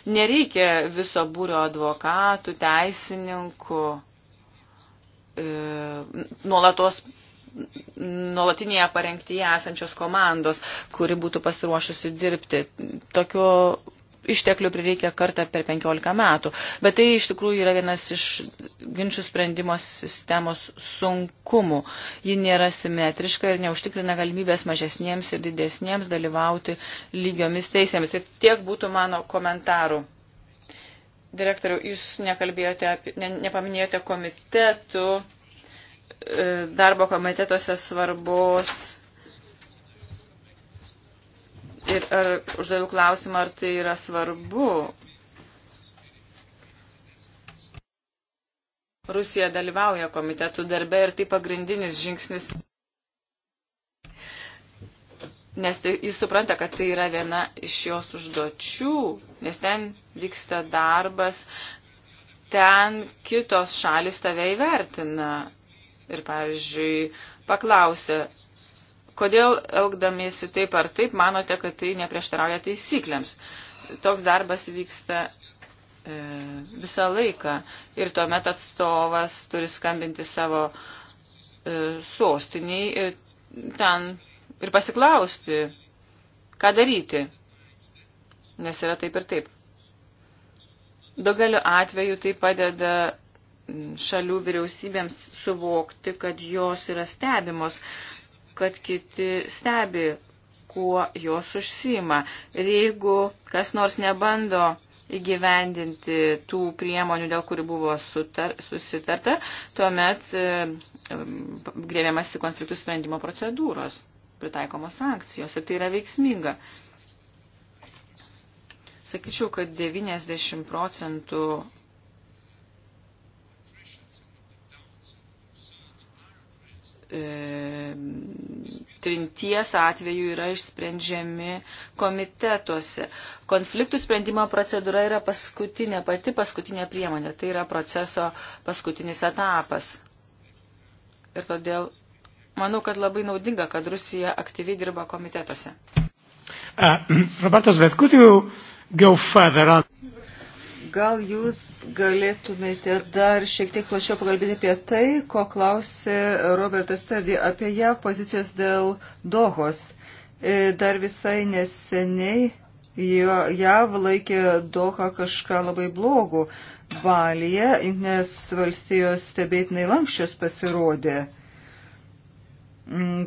Speaker 2: Nereikia viso būrio advokatų, teisininkų, e, nuolatos nuolatinėje parengtyje esančios komandos, kuri būtų pasiruošusi dirbti. Tokio išteklių prireikia kartą per 15 metų. Bet tai iš tikrųjų yra vienas iš ginčių sprendimo sistemos sunkumų. Ji nėra simetriška ir neužtikrina galimybės mažesniems ir didesniems dalyvauti lygiomis teisėmis. Tai tiek būtų mano komentarų. Direktoriau, jūs nekalbėjote, apie, ne, nepaminėjote komitetų E, darbo komitetuose svarbos ir ar uždaviau klausimą, ar tai yra svarbu. Rusija dalyvauja komitetų darbe ir tai pagrindinis žingsnis, nes tai, jis supranta, kad tai yra viena iš jos užduočių, nes ten vyksta darbas, ten kitos šalis tave įvertina ir, pavyzdžiui, paklausė, kodėl elgdamiesi taip ar taip manote, kad tai neprieštarauja taisyklėms. Toks darbas vyksta e, visą laiką ir tuomet atstovas turi skambinti savo e, sostiniai ir ten ir pasiklausti, ką daryti, nes yra taip ir taip. Daugeliu atveju tai padeda šalių vyriausybėms suvokti, kad jos yra stebimos, kad kiti stebi, kuo jos užsima. Ir jeigu kas nors nebando įgyvendinti tų priemonių, dėl kurių buvo sutar, susitarta, tuomet e, grėmėmasi konfliktų sprendimo procedūros, pritaikomos sankcijos ir tai yra veiksminga. Sakyčiau, kad 90 procentų e, trinties atveju yra išsprendžiami komitetuose. Konfliktų sprendimo procedūra yra paskutinė, pati paskutinė priemonė, tai yra proceso paskutinis etapas. Ir todėl manau, kad labai naudinga, kad Rusija aktyviai dirba komitetuose. Uh, <clears throat> Robertas
Speaker 1: Vetkutiu,
Speaker 2: go further on.
Speaker 1: Gal jūs galėtumėte dar šiek tiek plačiau pakalbėti apie tai, ko klausė Robertas Tardy apie ją pozicijos dėl Dohos. E, dar visai neseniai JAV laikė Doha kažką labai blogų. Balyje, nes valstijos stebėtinai lankščios pasirodė,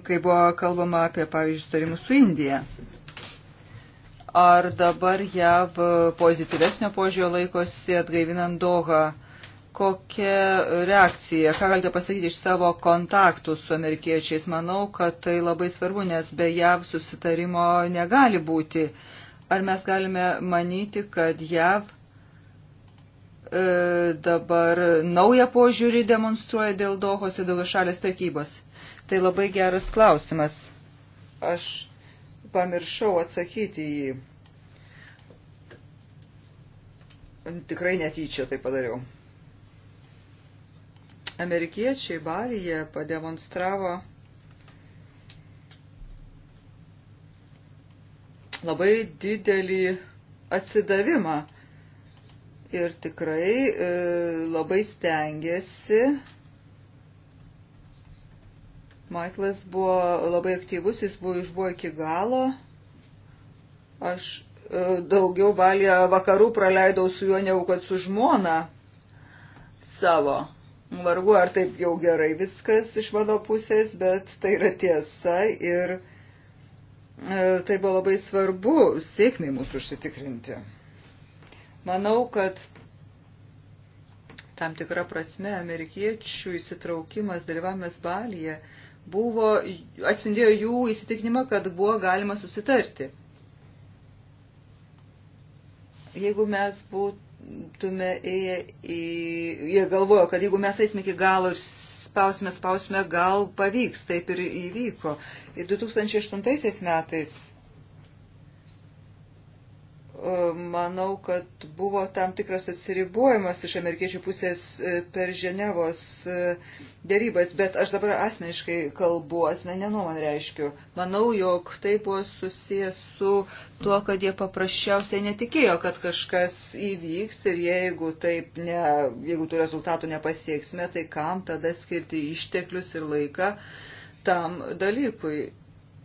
Speaker 1: kai buvo kalbama apie, pavyzdžiui, tarimus su Indija. Ar dabar JAV pozityvesnio požiūrio laikosi atgaivinant Doha? Kokia reakcija, ką galite pasakyti iš savo kontaktų su amerikiečiais? Manau, kad tai labai svarbu, nes be JAV susitarimo negali būti. Ar mes galime manyti, kad JAV e, dabar naują požiūrį demonstruoja dėl Dohos ir daugia šalės prekybos? Tai labai geras klausimas. Aš pamiršau atsakyti į jį. Tikrai netyčia tai padariau. Amerikiečiai Balyje pademonstravo labai didelį atsidavimą ir tikrai e, labai stengiasi Maiklas buvo labai aktyvus, jis buvo išbuvo iki galo. Aš e, daugiau valį vakarų praleidau su juo negu kad su žmona savo. Vargu ar taip jau gerai viskas iš mano pusės, bet tai yra tiesa ir e, tai buvo labai svarbu sėkmiai mūsų užsitikrinti. Manau, kad tam tikra prasme amerikiečių įsitraukimas dalyvavimas balyje buvo, atspindėjo jų įsitikinimą, kad buvo galima susitarti. Jeigu mes būtume ėję į... Jie galvojo, kad jeigu mes eisime iki galo ir spausime, spausime, gal pavyks. Taip ir įvyko. Ir 2008 metais manau, kad buvo tam tikras atsiribojimas iš amerikiečių pusės e, per Ženevos e, dėrybas, bet aš dabar asmeniškai kalbu, asmenė nuomonė reiškiu. Manau, jog tai buvo susijęs su tuo, kad jie paprasčiausiai netikėjo, kad kažkas įvyks ir jeigu, taip ne, jeigu tų rezultatų nepasieksime, tai kam tada skirti išteklius ir laiką tam dalykui.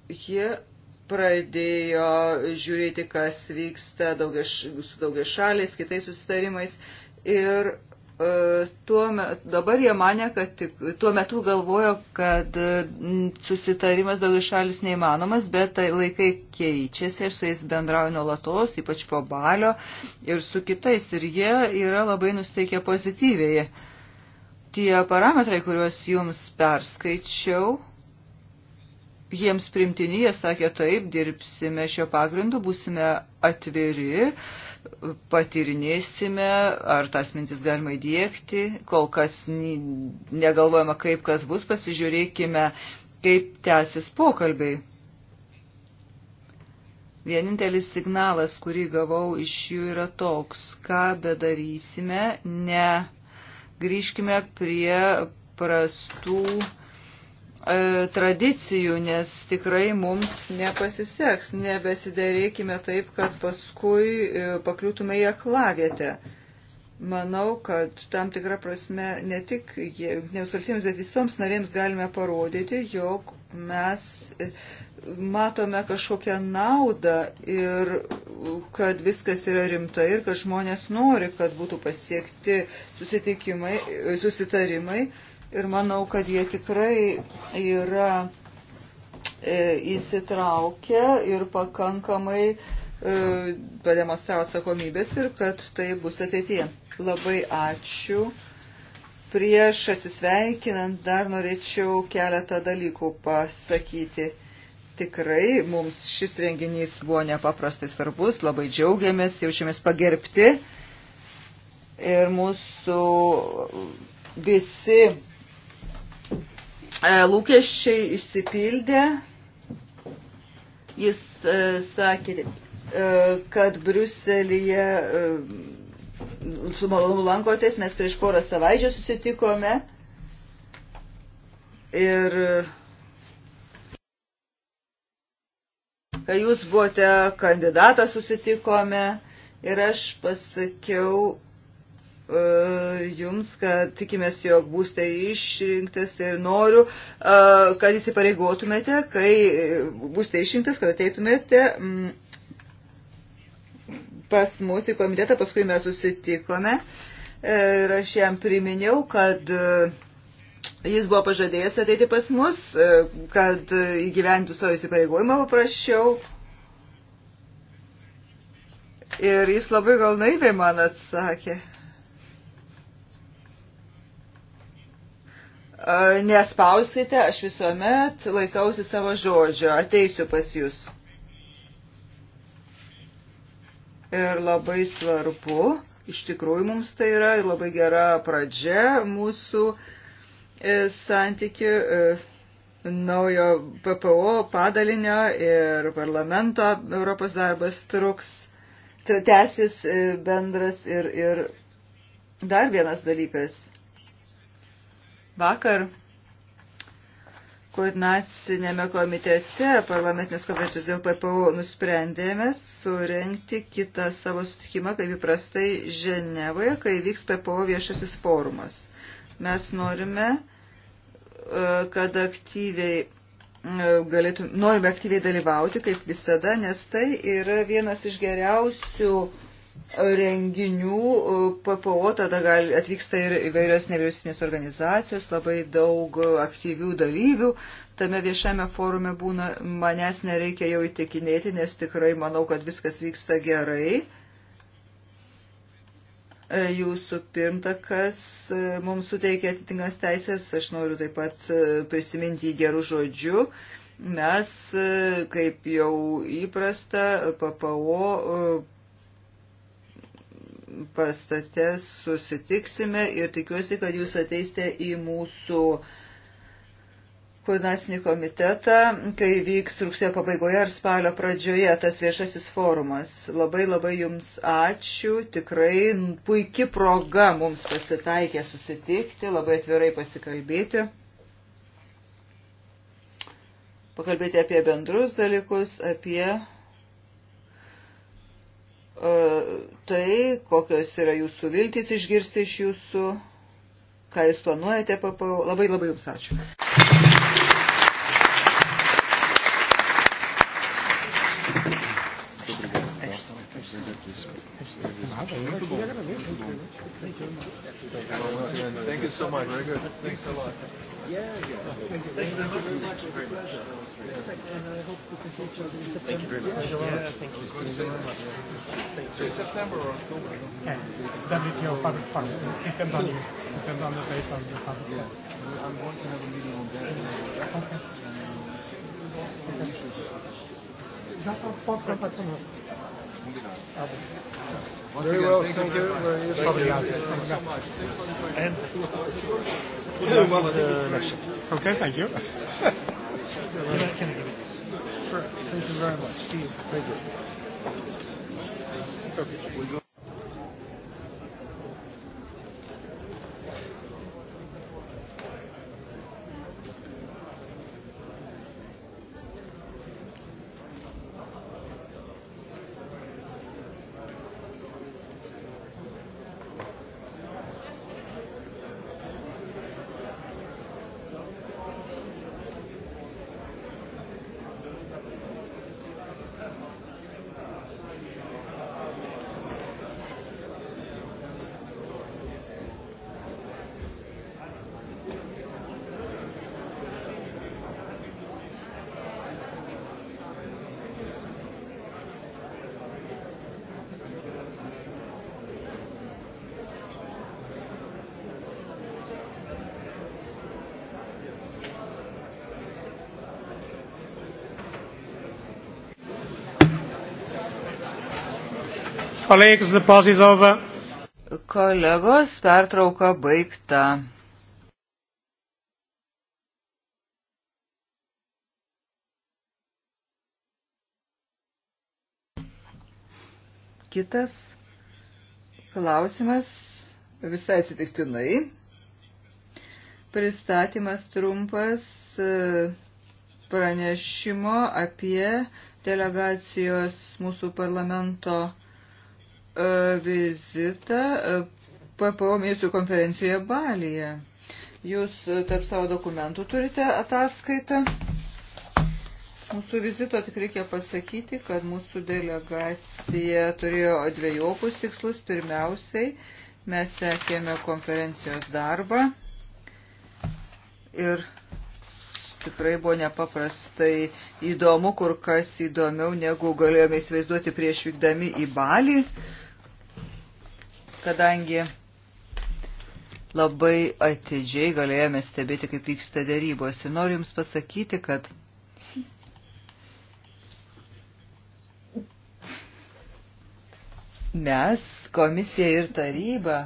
Speaker 1: Jie pradėjo žiūrėti, kas vyksta daugia, su daugia šaliais, kitais susitarimais. Ir e, tuo met, dabar jie mane, kad tik, tuo metu galvojo, kad susitarimas daugia šalis neįmanomas, bet tai laikai keičiasi, aš su jais bendrauju nuolatos, ypač po balio ir su kitais, ir jie yra labai nusteikę pozityviai. Tie parametrai, kuriuos jums perskaičiau, jiems primtini, jie sakė taip, dirbsime šio pagrindu, būsime atviri, patirinėsime, ar tas mintis galima įdėkti, kol kas negalvojama, kaip kas bus, pasižiūrėkime, kaip tęsis pokalbiai. Vienintelis signalas, kurį gavau iš jų, yra toks, ką bedarysime, ne grįžkime prie prastų E, tradicijų, nes tikrai mums nepasiseks. Nebesidarėkime taip, kad paskui e, pakliūtume į aklavietę. Manau, kad tam tikrą prasme ne tik jungtinėms valstybėms, bet visoms narėms galime parodyti, jog mes e, matome kažkokią naudą ir kad viskas yra rimta ir kad žmonės nori, kad būtų pasiekti susitikimai, susitarimai ir manau, kad jie tikrai yra e, įsitraukę ir pakankamai e, pademonstravo atsakomybės ir kad tai bus ateityje. Labai ačiū. Prieš atsisveikinant dar norėčiau keletą dalykų pasakyti. Tikrai mums šis renginys buvo nepaprastai svarbus, labai džiaugiamės, jaučiamės pagerbti ir mūsų visi E, lūkesčiai išsipildė. Jis e, sakė, e, kad Briuselyje su malonumu lankotės, mes prieš porą savaičių susitikome ir kai jūs buvote kandidatas susitikome ir aš pasakiau, E, jums, kad tikimės, jog būsite išrinktas ir noriu, e, kad įsipareigotumėte, kai būsite išrinktas, kad ateitumėte mm, pas mus į komitetą, paskui mes susitikome e, ir aš jam priminiau, kad jis buvo pažadėjęs ateiti pas mus, kad įgyventų savo įsipareigojimą paprašiau. Ir jis labai gal naiviai man atsakė. Nespauskite, aš visuomet laikausi savo žodžio, ateisiu pas jūs. Ir labai svarbu, iš tikrųjų mums tai yra labai gera pradžia mūsų e, santykių e, naujo PPO padalinio ir parlamento Europos darbas truks, tęsis e, bendras ir, ir dar vienas dalykas Vakar koordinacinėme komitete parlamentinės konvencijos dėl PPO nusprendėme surenkti kitą savo sutikimą, kaip įprastai Ženevoje, kai vyks PPO viešasis forumas. Mes norime, e, kad aktyviai e, galėtum, norime aktyviai dalyvauti, kaip visada, nes tai yra vienas iš geriausių renginių e, PPO, tada gal, atvyksta ir įvairios nevyriausybinės organizacijos, labai daug aktyvių dalyvių. Tame viešame forume būna, manęs nereikia jau įtikinėti, nes tikrai manau, kad viskas vyksta gerai e, jūsų pirmtakas e, mums suteikė atitinkamas teisės, aš noriu taip pat prisiminti jį gerų žodžių. Mes, kaip jau įprasta, PPO pastate susitiksime ir tikiuosi, kad jūs ateisite į mūsų koordinacinį komitetą, kai vyks rugsėjo pabaigoje ar spalio pradžioje tas viešasis forumas. Labai labai jums ačiū, tikrai puikia proga mums pasitaikė susitikti, labai atvirai pasikalbėti. Pakalbėti apie bendrus dalykus, apie E, tai, kokios yra jūsų viltys išgirsti iš jūsų, ką jūs planuojate, PPO. Labai labai jums ačiū. Thank you so much. Very good. Thanks a lot. Yeah, yeah. Thank you very much. Thank you very much.
Speaker 3: Yes, and I hope we can see each other in September. Thank you very much. Yeah, thank you. Thank you very much. So
Speaker 2: September or October?
Speaker 3: Yeah. WTO public forum. It depends on you. It depends on the date of the public forum.
Speaker 2: Yeah. I'm going to have a meeting on that. Okay. Já são poucos para conosco. Combinado. Tá bom. Very well, thank you. Very useful. Thank you so much. And
Speaker 3: Good luck well, with the election. Okay, thank you. can I, can
Speaker 2: I give it? Sure. Thank you very much. See you. Thank you. Okay.
Speaker 1: Colleagues, the pause is over. Kolegos, pertrauka baigta. Kitas klausimas visai atsitiktinai. Pristatymas trumpas e, pranešimo apie delegacijos mūsų parlamento vizitą e, PPO mėsų konferencijoje Balyje. Jūs e, tarp savo dokumentų turite ataskaitą. Mūsų vizito tik reikia pasakyti, kad mūsų delegacija turėjo dviejopus tikslus. Pirmiausiai mes sekėme konferencijos darbą ir tikrai buvo nepaprastai įdomu, kur kas įdomiau, negu galėjome įsivaizduoti prieš vykdami į Balį. Uh, kadangi labai atidžiai galėjome stebėti, kaip vyksta dėrybos. Ir noriu Jums pasakyti, kad mes, komisija ir taryba,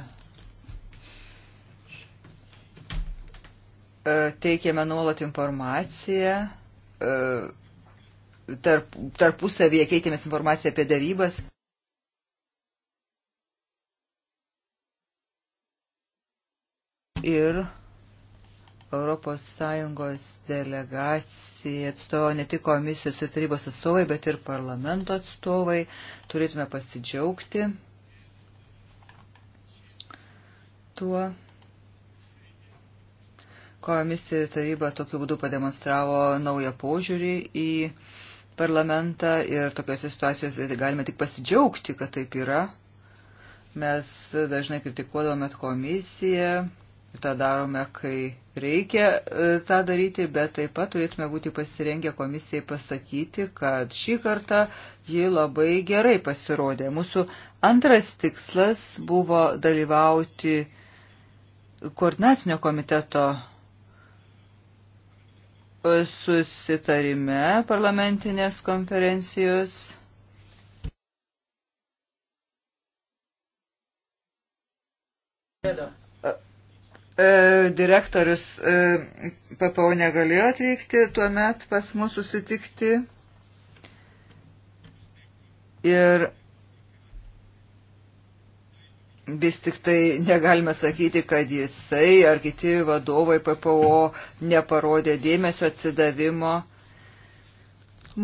Speaker 1: e, teikėme nuolat informaciją, e, tarp, tarpusavėje keitėmės informaciją apie darybas. ir ES delegacija atstovo ne tik komisijos ir tarybos atstovai, bet ir parlamento atstovai. Turėtume pasidžiaugti tuo. Komisija ir taryba tokiu būdu pademonstravo naują požiūrį į parlamentą ir tokiuose situacijose galime tik pasidžiaugti, kad taip yra. Mes dažnai kritikuodavome komisiją, tą darome, kai reikia e, tą daryti, bet taip pat turėtume būti pasirengę komisijai pasakyti, kad šį kartą ji labai gerai pasirodė. Mūsų antras tikslas buvo dalyvauti koordinacinio komiteto e, susitarime parlamentinės konferencijos. Hello. E, direktorius e, PPO negalėjo atvykti tuomet pas mus susitikti ir vis tik tai negalime sakyti, kad jisai ar kiti vadovai PPO neparodė dėmesio atsidavimo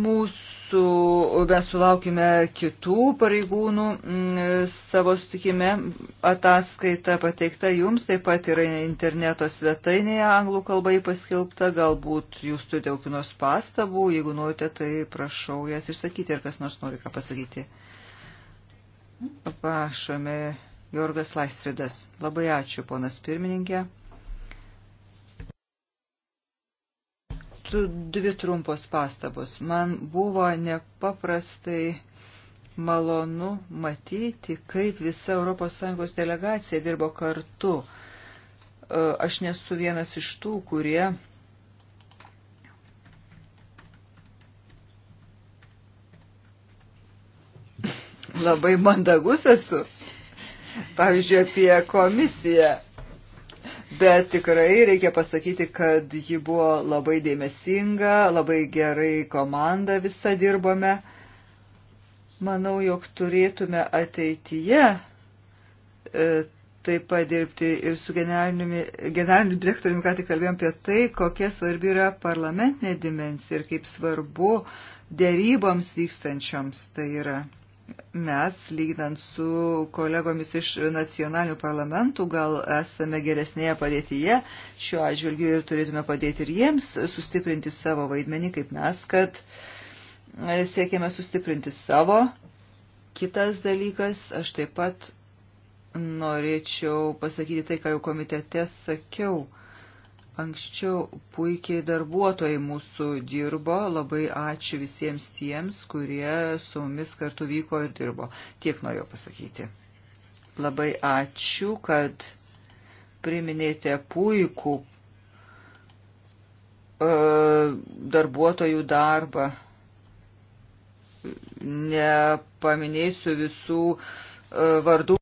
Speaker 1: mūsų su, mes sulaukime kitų pareigūnų mm, savo sutikime. Ataskaita pateikta jums, taip pat yra interneto svetainėje anglų kalbai paskelbta. Galbūt jūs turite kokių nors pastabų, jeigu norite, tai prašau jas išsakyti ir kas nors nori ką pasakyti. Prašome, Georgas Laisfridas. Labai ačiū, ponas pirmininkė. dvi trumpos pastabos. Man buvo nepaprastai malonu matyti, kaip visa ES delegacija dirbo kartu. E, aš nesu vienas iš tų, kurie <laughs> labai mandagus esu. Pavyzdžiui, apie komisiją Bet tikrai reikia pasakyti, kad ji buvo labai dėmesinga, labai gerai komanda visą dirbome. Manau, jog turėtume ateityje e, taip pat dirbti ir su generaliniu, generaliniu direktoriumi, ką tik kalbėjom apie tai, kokia svarbi yra parlamentinė dimensija ir kaip svarbu dėryboms vykstančioms tai yra mes, lyginant su kolegomis iš nacionalinių parlamentų, gal esame geresnėje padėtyje šiuo atžvilgiu ir turėtume padėti ir jiems sustiprinti savo vaidmenį, kaip mes, kad e, siekiame sustiprinti savo. Kitas dalykas, aš taip pat norėčiau pasakyti tai, ką jau komitete sakiau. Anksčiau puikiai darbuotojai mūsų dirbo, labai ačiū visiems tiems, kurie su mumis kartu vyko ir dirbo. Tiek norėjau pasakyti. Labai ačiū, kad priminėte puikų e, darbuotojų darbą. Nepaminėsiu visų e, vardų.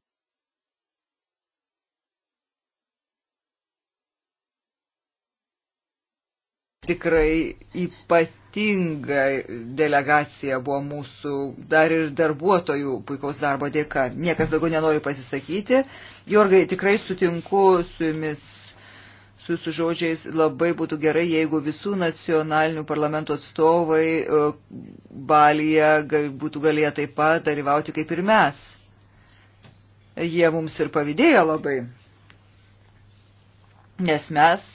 Speaker 1: tikrai ypatinga delegacija buvo mūsų, dar ir darbuotojų puikaus darbo dėka. Niekas daugiau nenori pasisakyti. Jorgai, tikrai sutinku su jumis, su jūsų žodžiais, labai būtų gerai, jeigu visų nacionalinių parlamento atstovai e, Balyje būtų galėję taip pat dalyvauti kaip ir mes. Jie mums ir pavydėjo labai. Nes mes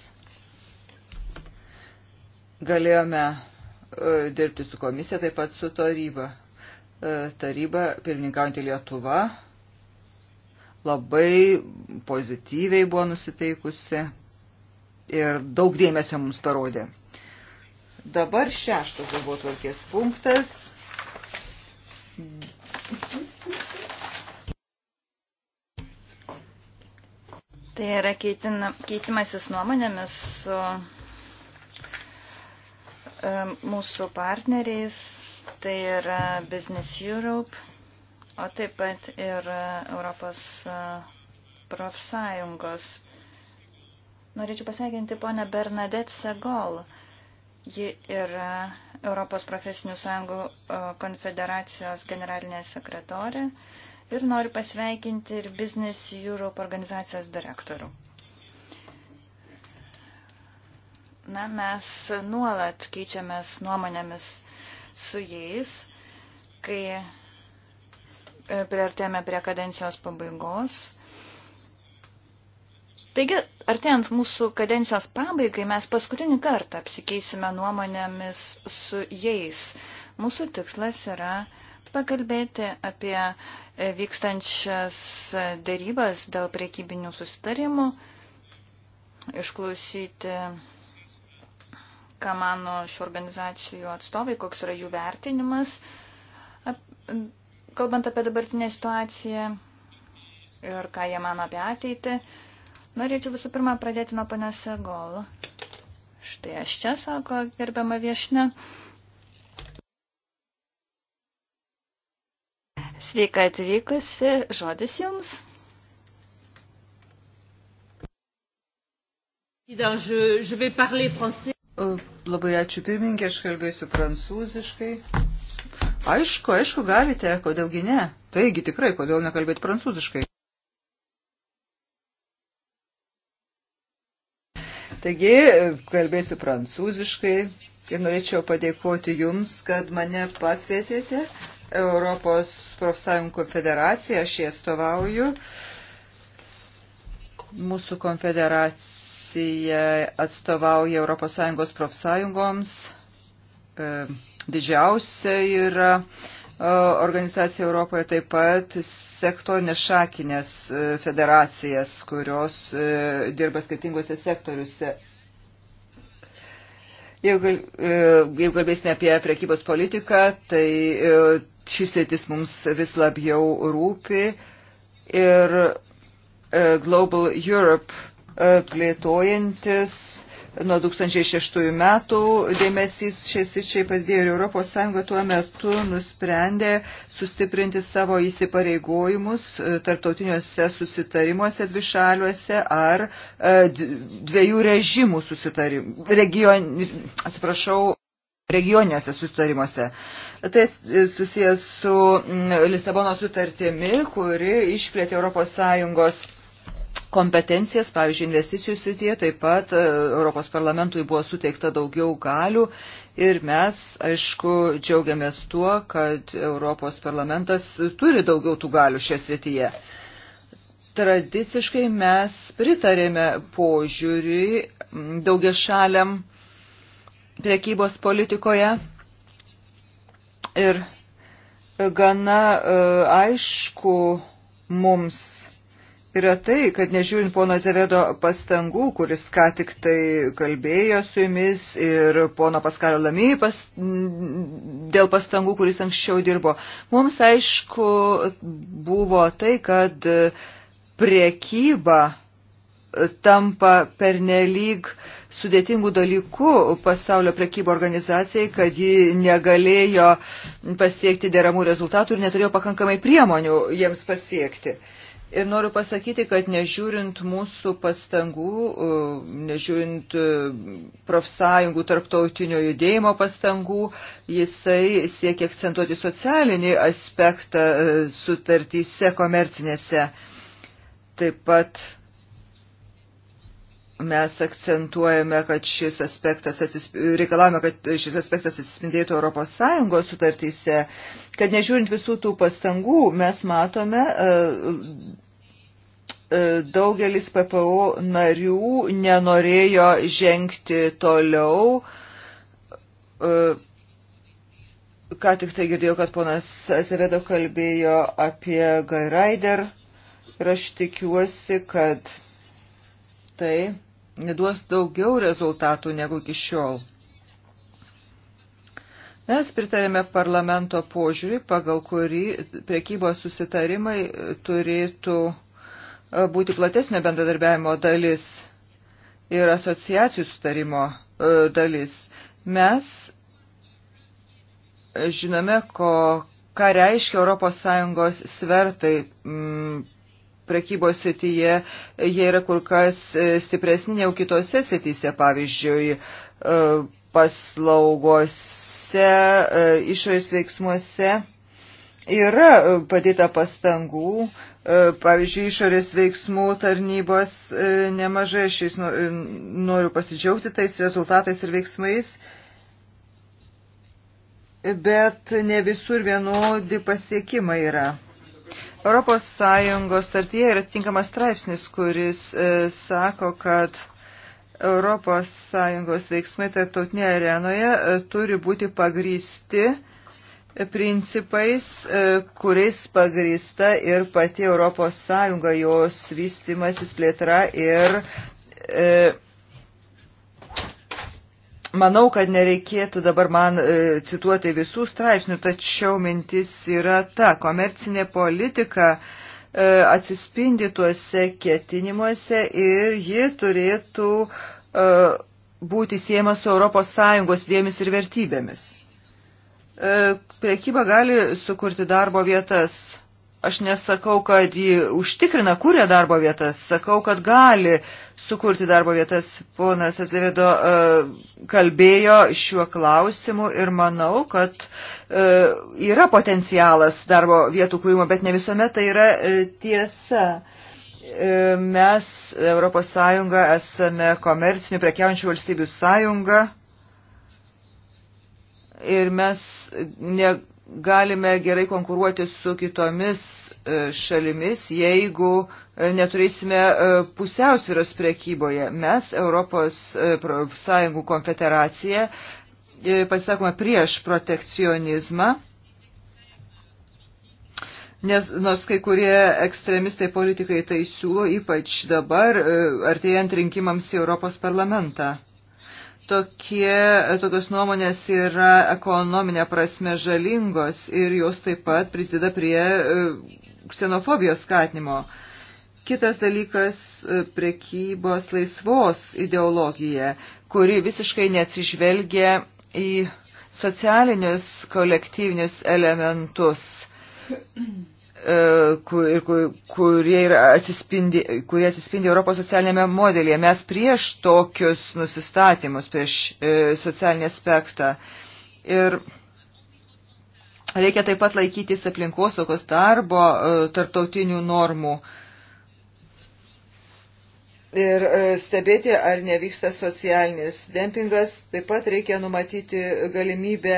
Speaker 1: Galėjome e, dirbti su komisija, taip pat su taryba. E, taryba, pirmininkaujantį Lietuvą, labai pozityviai buvo nusiteikusi ir daug dėmesio mums parodė. Dabar šeštas darbo tvarkės punktas.
Speaker 3: Tai yra keitina, keitimasis nuomonėmis su E, mūsų partneriais, tai yra Business Europe, o taip pat ir Europos e, profsąjungos. Norėčiau pasveikinti ponę Bernadette Segol. Ji yra Europos profesinių sąjungų e, konfederacijos generalinė sekretorė ir noriu pasveikinti ir Business Europe organizacijos direktorių. Na, mes nuolat keičiamės nuomonėmis su jais, kai e, priartėme prie kadencijos pabaigos. Taigi, artėjant mūsų kadencijos pabaigai, mes paskutinį kartą apsikeisime nuomonėmis su jais. Mūsų tikslas yra pakalbėti apie e, vykstančias darybas dėl priekybinių susitarimų, išklausyti ką mano šių organizacijų atstovai, koks yra jų vertinimas, ap, kalbant apie dabartinę situaciją ir ką jie mano apie ateitį. Norėčiau visų pirma pradėti nuo panės Segol. Štai aš čia, sako gerbiama viešne. Sveika atvykusi, žodis jums.
Speaker 1: Je, je vais parler français. Labai ačiū pirmininkė, aš kalbėsiu prancūziškai. Aišku, aišku, galite, kodėlgi ne. Taigi tikrai, kodėl nekalbėti prancūziškai. Taigi, kalbėsiu prancūziškai ir norėčiau padėkoti Jums, kad mane pakvietėte. Europos profsąjungų konfederacija, aš jį atstovauju. Mūsų konfederacija frakcija atstovauja ES profsąjungoms. E, didžiausia yra e, organizacija Europoje taip pat sektorinės šakinės e, federacijas, kurios dirba skirtingose sektoriuose. Jeigu, jeigu kalbėsime apie prekybos politiką, tai šis sėtis mums vis labiau rūpi ir Global Europe E, plėtojantis nuo 2006 metų dėmesys šiais ryčiai padėjo ir Europos Sąjunga tuo metu nusprendė sustiprinti savo įsipareigojimus e, tartautiniuose susitarimuose dvišaliuose ar e, dviejų režimų susitarimų, region, atsiprašau, regioniuose susitarimuose. Tai susijęs su Lisabono sutartimi, kuri išplėtė Europos Sąjungos kompetencijas, pavyzdžiui, investicijų srityje, taip pat e, Europos parlamentui buvo suteikta daugiau galių ir mes, aišku, džiaugiamės tuo, kad Europos parlamentas turi daugiau tų galių šią srityje. Tradiciškai mes pritarėme požiūriui daugia šaliam priekybos politikoje ir gana e, aišku mums yra tai, kad nežiūrint pono Zevedo pastangų, kuris ką tik tai kalbėjo su jumis ir pono Paskalio Lamy pas, dėl pastangų, kuris anksčiau dirbo, mums aišku buvo tai, kad priekyba tampa pernelyg sudėtingų dalykų pasaulio prekybo organizacijai, kad ji negalėjo pasiekti deramų rezultatų ir neturėjo pakankamai priemonių jiems pasiekti. Uh, Ir noriu pasakyti, kad nežiūrint mūsų pastangų, e, nežiūrint e, profsąjungų tarptautinio judėjimo pastangų, jisai siekia akcentuoti socialinį aspektą e, sutartyse komercinėse. Taip pat mes akcentuojame, kad šis aspektas atsisp... reikalavome, kad šis aspektas atsispindėtų ES sutartyse, kad nežiūrint visų tų pastangų, mes matome e, e, daugelis PPO narių nenorėjo žengti toliau. E, ką tik tai girdėjau, kad ponas Sevedo kalbėjo apie Gairaider ir aš tikiuosi, kad tai duos daugiau rezultatų negu iki šiol. Mes pritarėme parlamento požiūrį, pagal kurį prekybos susitarimai turėtų e, būti platesnio bendradarbiavimo dalis ir asociacijų sutarimo e, dalis. Mes žinome, ko, ką reiškia ES svertai m, prekybos sityje, jie yra kur kas e, stipresni negu kitose sityse, pavyzdžiui, e, paslaugose, e, išorės veiksmuose. Yra padėta pastangų, pavyzdžiui, išorės veiksmų tarnybos nemažai, aš jais noriu pasidžiaugti tais rezultatais ir veiksmais, bet ne visur vienodi pasiekimai yra. Europos Sąjungos startyje yra tinkamas straipsnis, kuris e, sako, kad Europos Sąjungos veiksmai tarptautinėje arenoje e, turi būti pagrysti e, principais, e, kuriais pagrįsta ir pati Europos Sąjunga, jos vystimasis plėtra ir e, Manau, kad nereikėtų dabar man e, cituoti visų straipsnių, tačiau mintis yra ta, komercinė politika e, atsispindi tuose ketinimuose ir ji turėtų e, būti siejama su ES dėmis ir vertybėmis. E, priekyba gali sukurti darbo vietas Aš nesakau, kad ji užtikrina, kuria darbo vietas, sakau, kad gali sukurti darbo vietas. Ponas Azevedo e, kalbėjo šiuo klausimu ir manau, kad e, yra potencialas darbo vietų kūrimo, bet ne visuomet tai yra e, tiesa mes Europos Sąjunga esame komercinių prekiaujančių valstybių sąjunga ir mes ne, galime gerai konkuruoti su kitomis e, šalimis, jeigu e, neturėsime e, pusiausvyros prekyboje. Mes, Europos Sąjungų konfederacija, pasisakome prieš protekcionizmą. Nes nors kai kurie ekstremistai politikai tai siūlo, ypač dabar, artėjant rinkimams į Europos parlamentą tokie, tokios nuomonės yra ekonominė prasme žalingos ir jos taip pat prisideda prie e, ksenofobijos skatinimo. Kitas dalykas e, - prekybos laisvos ideologija, kuri visiškai neatsižvelgia į socialinius kolektyvinius elementus. E, kurie, atsispindi, kurie atsispindi Europos socialinėme modelėje. Mes prieš tokius nusistatymus, prieš e, socialinį aspektą. Ir reikia taip pat laikytis aplinkosaugos darbo e, tarptautinių normų. Ir stebėti, ar nevyksta socialinis dempingas, taip pat reikia numatyti galimybę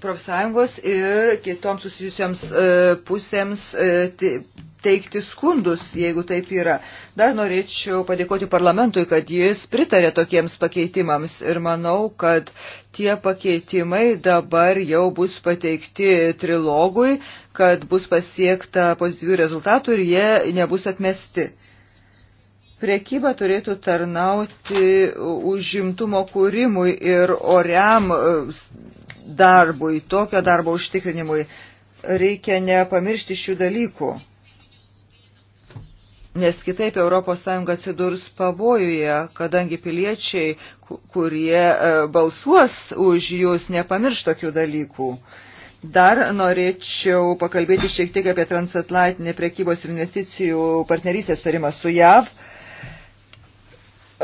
Speaker 1: profsąjungos ir kitoms susijusiams e, pusėms e, teikti skundus, jeigu taip yra. Dar norėčiau padėkoti parlamentui, kad jis pritarė tokiems pakeitimams ir manau, kad tie pakeitimai dabar jau bus pateikti trilogui, kad bus pasiekta pozityvių rezultatų ir jie nebus atmesti. Priekyba turėtų tarnauti užimtumo kūrimui ir oriam e, darbui, tokio darbo užtikrinimui. Reikia nepamiršti šių dalykų, nes kitaip ES atsidurs pavojuje, kadangi piliečiai, kurie e, balsuos už jūs, nepamirš tokių dalykų. Dar norėčiau pakalbėti šiek tiek apie transatlantinį prekybos ir investicijų partnerystės sutarimą su JAV. Uh,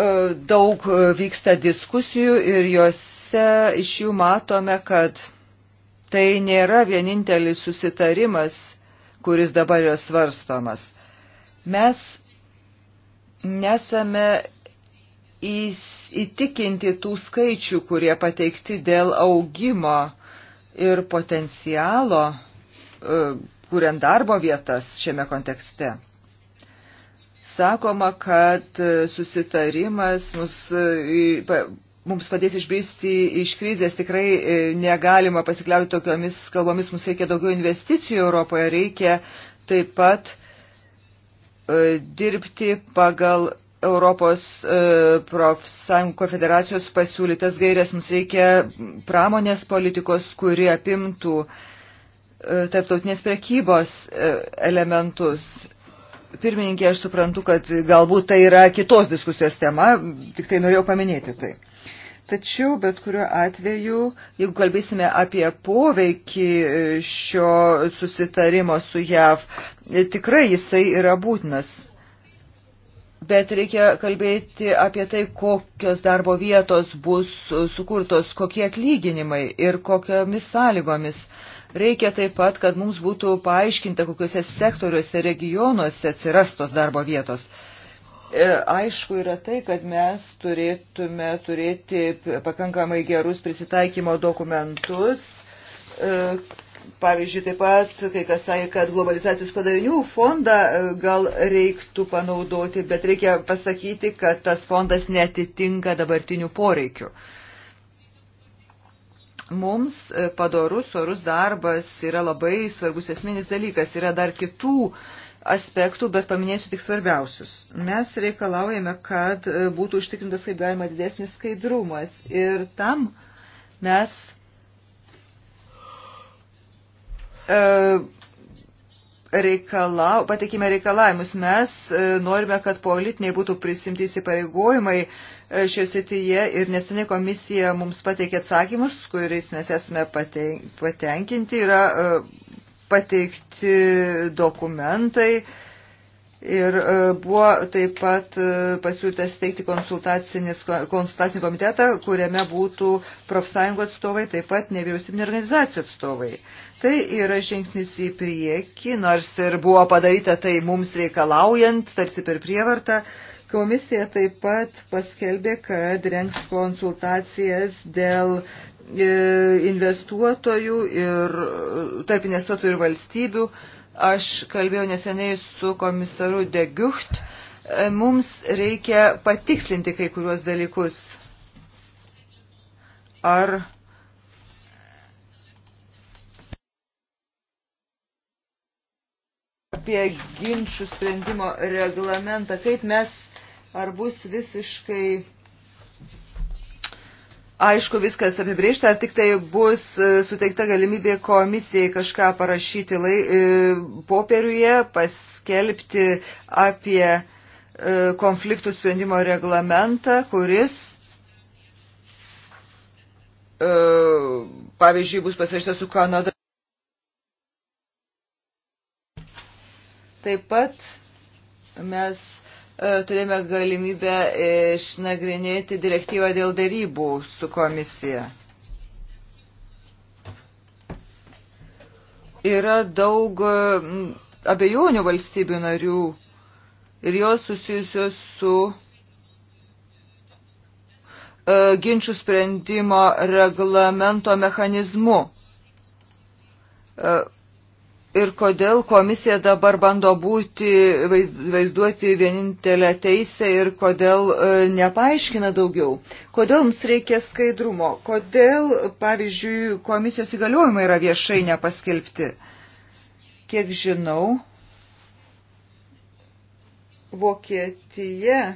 Speaker 1: E, daug e, vyksta diskusijų ir juose iš jų matome, kad tai nėra vienintelis susitarimas, kuris dabar yra svarstomas. Mes nesame įtikinti tų skaičių, kurie pateikti dėl augimo ir potencialo, e, kuriant darbo vietas šiame kontekste sakoma, kad e, susitarimas mus, e, mums padės išbristi iš krizės. Tikrai e, negalima pasikliauti tokiomis kalbomis, mums reikia daugiau investicijų Europoje, reikia taip pat dirbti pagal Europos profsąjungų konfederacijos pasiūlytas gairias. Mums reikia pramonės politikos, kuri apimtų tarptautinės prekybos elementus Pirmininkė, aš suprantu, kad galbūt tai yra kitos diskusijos tema, tik tai norėjau paminėti tai. Tačiau, bet kuriuo atveju, jeigu kalbėsime apie poveikį e, šio susitarimo su JAV, e, tikrai jisai yra būtinas. Bet reikia kalbėti apie tai, kokios darbo vietos bus sukurtos, kokie atlyginimai ir kokiamis sąlygomis. Uh, Reikia taip pat, kad mums būtų paaiškinta, kokiuose sektoriuose, regionuose atsiras tos darbo vietos. E, aišku yra tai, kad mes turėtume turėti pakankamai gerus prisitaikymo dokumentus. E, pavyzdžiui, taip pat, kai kas sakė, kad globalizacijos padarinių fondą e, gal reiktų panaudoti, bet reikia pasakyti, kad tas fondas netitinka dabartinių poreikių. Uh, mums e, padorus, orus darbas yra labai svarbus esminis dalykas. Yra dar kitų aspektų, bet paminėsiu tik svarbiausius. Mes reikalaujame, kad e, būtų užtikrintas kaip galima didesnis skaidrumas ir tam mes e, reikalau, patikime reikalavimus. Mes e, norime, kad politiniai būtų prisimti įsipareigojimai e, šioje srityje ir nesenai komisija mums pateikė atsakymus, kuriais mes esame patenkinti. Yra e, pateikti dokumentai Ir e, buvo taip pat e, pasiūlytas steigti konsultacinį komitetą, kuriame būtų profsąjungų atstovai, taip pat nevyriausybinio organizacijų atstovai. Tai yra žingsnis į priekį, nors ir buvo padaryta tai mums reikalaujant, tarsi per prievartą. Komisija taip pat paskelbė, kad rengs konsultacijas dėl e, investuotojų ir tarp investuotojų ir valstybių Aš kalbėjau neseniai su komisaru Degiucht. E, mums reikia patikslinti kai kuriuos dalykus. Ar apie ginčių sprendimo reglamentą, kaip mes ar bus visiškai aišku viskas apibriežta, ar tik tai bus e, suteikta galimybė komisijai kažką parašyti lai, e, popieriuje, paskelbti apie e, konfliktų sprendimo reglamentą, kuris, pavyzdžiui, bus pasirašytas su Kanada. Taip pat mes turėjome galimybę išnagrinėti direktyvą dėl darybų su komisija. Yra daug abejonių valstybių narių ir jos susijusios su e, ginčių sprendimo reglamento mechanizmu e, ir kodėl komisija dabar bando būti, vaizduoti vienintelę teisę ir kodėl e, nepaaiškina daugiau. Kodėl mums reikia skaidrumo? Kodėl, pavyzdžiui, komisijos įgaliojimai yra viešai nepaskelbti? Kiek žinau, Vokietija e,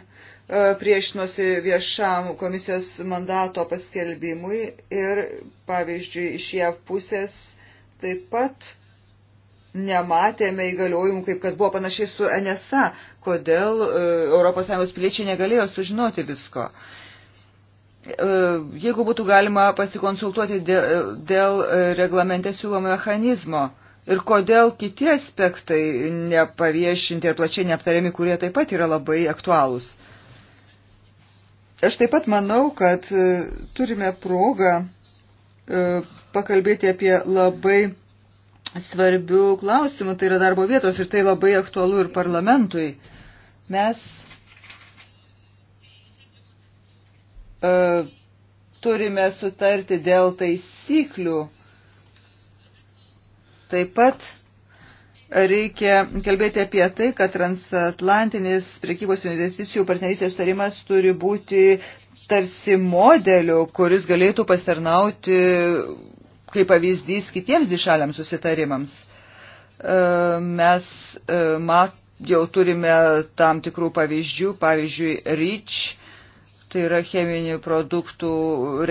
Speaker 1: priešinosi viešam komisijos mandato paskelbimui ir, pavyzdžiui, iš JAV pusės taip pat nematėme įgaliojimų, kaip kad buvo panašiai su NSA, kodėl ES piliečiai negalėjo sužinoti visko. E, jeigu būtų galima pasikonsultuoti dėl, dėl e, reglamente siūlomo mechanizmo ir kodėl kiti aspektai nepaviešinti ir plačiai neaptariami, kurie taip pat yra labai aktualūs. Aš taip pat manau, kad e, turime progą pakalbėti apie labai svarbių klausimų, tai yra darbo vietos ir tai labai aktualu ir parlamentui. Mes uh, turime sutarti dėl taisyklių. Taip pat reikia kalbėti apie tai, kad transatlantinis prekybos investicijų partnerystės sutarimas turi būti tarsi modeliu, kuris galėtų pasitarnauti kaip pavyzdys kitiems dišaliams susitarimams. E, mes e, mat, jau turime tam tikrų pavyzdžių, pavyzdžiui, REACH, tai yra cheminių produktų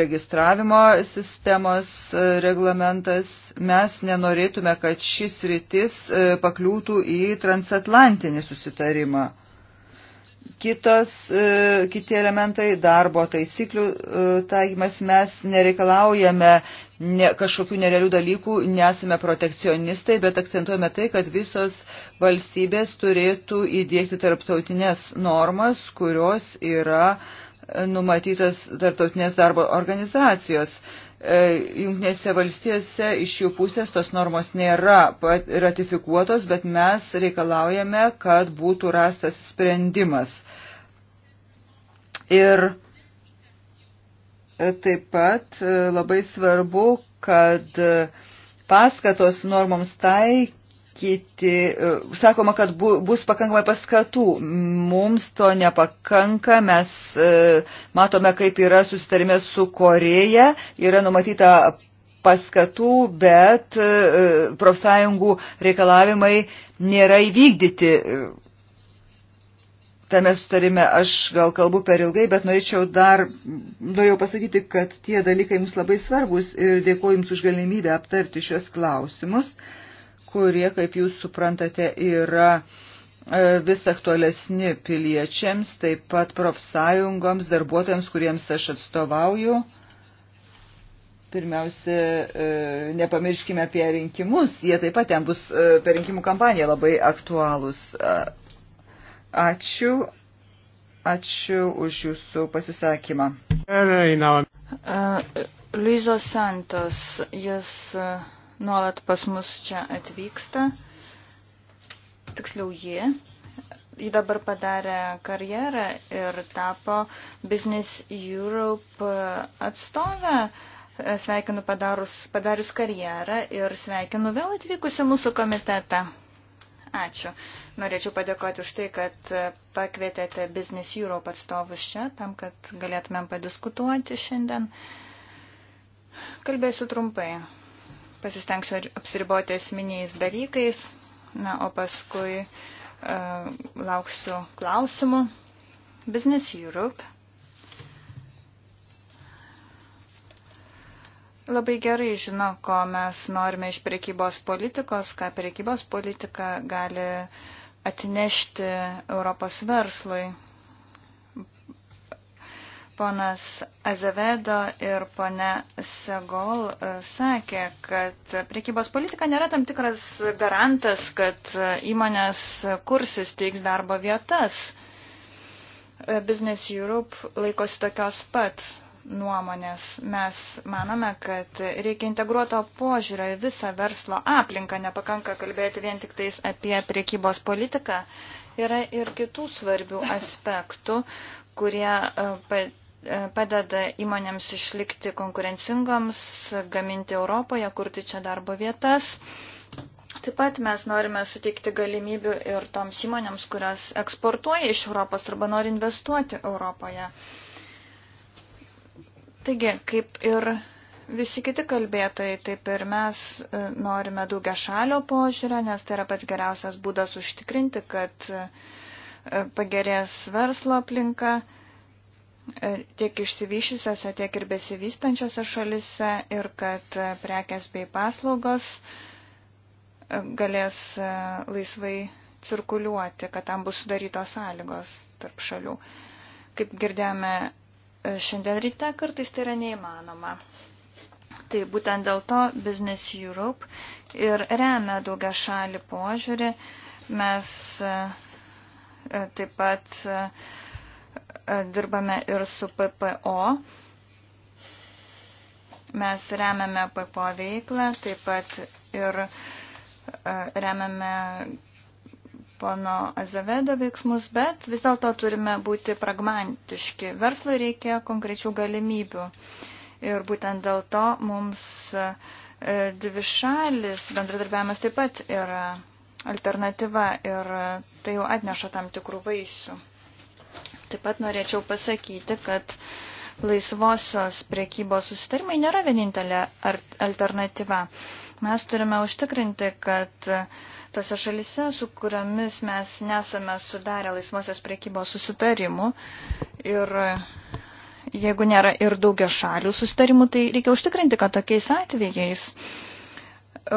Speaker 1: registravimo sistemos e, reglamentas. Mes nenorėtume, kad šis rytis pakliūtų į transatlantinį susitarimą Kitos, e, kiti elementai darbo taisyklių e, taikymas mes nereikalaujame ne, kažkokių nerealių dalykų, nesame protekcionistai, bet akcentuojame tai, kad visos valstybės turėtų įdėkti tarptautinės normas, kurios yra numatytos tarptautinės darbo organizacijos. Uh, E, Junktinėse valstijose iš jų pusės tos normos nėra ratifikuotos, bet mes reikalaujame, kad būtų rastas sprendimas. Ir e, taip pat e, labai svarbu, kad paskatos normoms taikyti kiti, e, sakoma, kad bu, bus pakankamai paskatų. Mums to nepakanka, mes e, matome, kaip yra susitarime su Koreja, yra numatyta paskatų, bet e, profsąjungų reikalavimai nėra įvykdyti. Tame sustarime aš gal kalbu per ilgai, bet norėčiau dar, norėjau pasakyti, kad tie dalykai jums labai svarbus ir dėkoju jums už galimybę aptarti šios klausimus. Uh, kurie, kaip jūs suprantate, yra e, vis aktualesni piliečiams, taip pat profsąjungoms, darbuotojams, kuriems aš atstovauju. Pirmiausia, e, nepamirškime apie rinkimus, jie taip pat ten bus e, per rinkimų kampaniją labai aktualūs. Ačiū, ačiū už jūsų pasisakymą.
Speaker 3: Luizo Santos, jis. Uh nuolat pas mus čia atvyksta. Tiksliau ji. Ji dabar padarė karjerą ir tapo Business Europe atstovę. Sveikinu padarus, padarius karjerą ir sveikinu vėl atvykusi mūsų komitetą. Ačiū. Norėčiau padėkoti už tai, kad pakvietėte Business Europe atstovus čia, tam, kad galėtumėm padiskutuoti šiandien. Kalbėsiu trumpai pasistengsiu apsiriboti esminiais dalykais, na, o paskui e, lauksiu klausimų. Business Europe labai gerai žino, ko mes norime iš prekybos politikos, ką prekybos politika gali atnešti Europos verslui. Ponas Azevedo ir pone Segol e, sakė, kad priekybos politika nėra tam tikras garantas, kad įmonės kursis teiks darbo vietas. E, Business Europe laikosi tokios pat nuomonės. Mes manome, kad reikia integruoto požiūrio į visą verslo aplinką, nepakanka kalbėti vien tik tais apie priekybos politiką. Yra ir kitų svarbių aspektų, kurie e, padeda įmonėms išlikti konkurencingoms, gaminti Europoje, kurti čia darbo vietas. Taip pat mes norime suteikti galimybių ir toms įmonėms, kurios eksportuoja iš Europos arba nori investuoti Europoje. Taigi, kaip ir visi kiti kalbėtojai, taip ir mes e, norime daugia šalio požiūrio, nes tai yra pats geriausias būdas užtikrinti, kad e, pagerės verslo aplinka, E, tiek išsivyšiusiose, tiek ir besivystančiose šalise ir kad e, prekes bei paslaugos e, galės laisvai cirkuliuoti, kad tam bus sudarytos sąlygos tarp šalių. Kaip girdėjome šiandien ryte, kartais tai yra neįmanoma. Tai būtent dėl to Business Europe ir remia daugia šalį požiūrį. Mes taip pat E, dirbame ir su PPO. Mes remiame PPO veiklą, taip pat ir e, remiame pono Azavedo veiksmus, bet vis dėlto turime būti pragmatiški. Verslui reikia konkrečių galimybių. Ir būtent dėl to mums e, dvišalis bendradarbiavimas taip pat yra alternatyva ir tai jau atneša tam tikrų vaisių. Taip pat norėčiau pasakyti, kad laisvosios priekybos susitarimai nėra vienintelė alternatyva. Mes turime užtikrinti, kad tose šalise, su kuriamis mes nesame sudarę laisvosios priekybos susitarimų ir jeigu nėra ir daugia šalių susitarimų, tai reikia užtikrinti, kad tokiais atvejais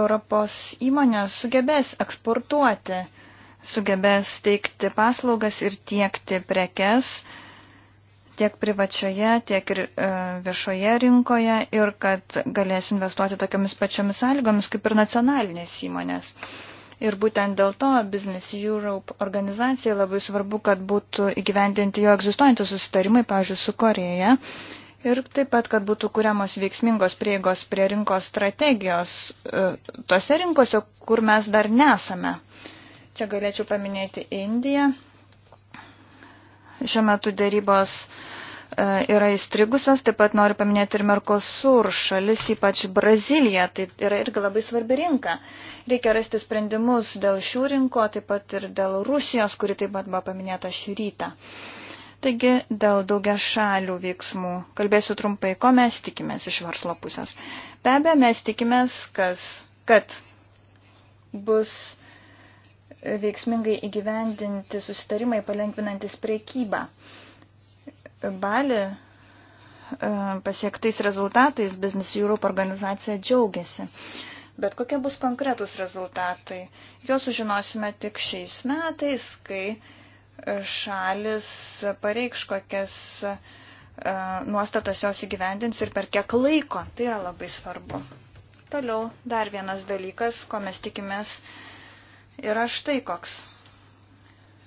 Speaker 3: Europos įmonės sugebės eksportuoti uh, sugebės teikti paslaugas ir tiekti prekes tiek privačioje, tiek ir e, viešoje rinkoje ir kad galės investuoti tokiamis pačiomis sąlygomis kaip ir nacionalinės įmonės. Ir būtent dėl to Business Europe organizacijai labai svarbu, kad būtų įgyvendinti jo egzistuojantys susitarimai, pavyzdžiui, su Koreja. Ir taip pat, kad būtų kuriamos veiksmingos prieigos prie rinkos strategijos e, tose rinkose, kur mes dar nesame. Uh, Čia galėčiau paminėti Indiją. Šiuo metu darybos e, yra įstrigusios, taip pat noriu paminėti ir Mercosur šalis, ypač Brazilija, tai yra irgi labai svarbi rinka. Reikia rasti sprendimus dėl šių rinko, taip pat ir dėl Rusijos, kuri taip pat buvo paminėta šį rytą. Taigi dėl daugia šalių veiksmų kalbėsiu trumpai, ko mes tikimės iš verslo pusės. Be abejo, mes tikimės, kas, kad bus veiksmingai įgyvendinti susitarimai palengvinantis priekybą. Bali e, pasiektais rezultatais Business Europe organizacija džiaugiasi. Bet kokie bus konkretus rezultatai? Juos sužinosime tik šiais metais, kai šalis pareikš kokias e, nuostatas jos įgyvendins ir per kiek laiko. Tai yra labai svarbu. Toliau dar vienas dalykas, ko mes tikimės uh, yra štai koks.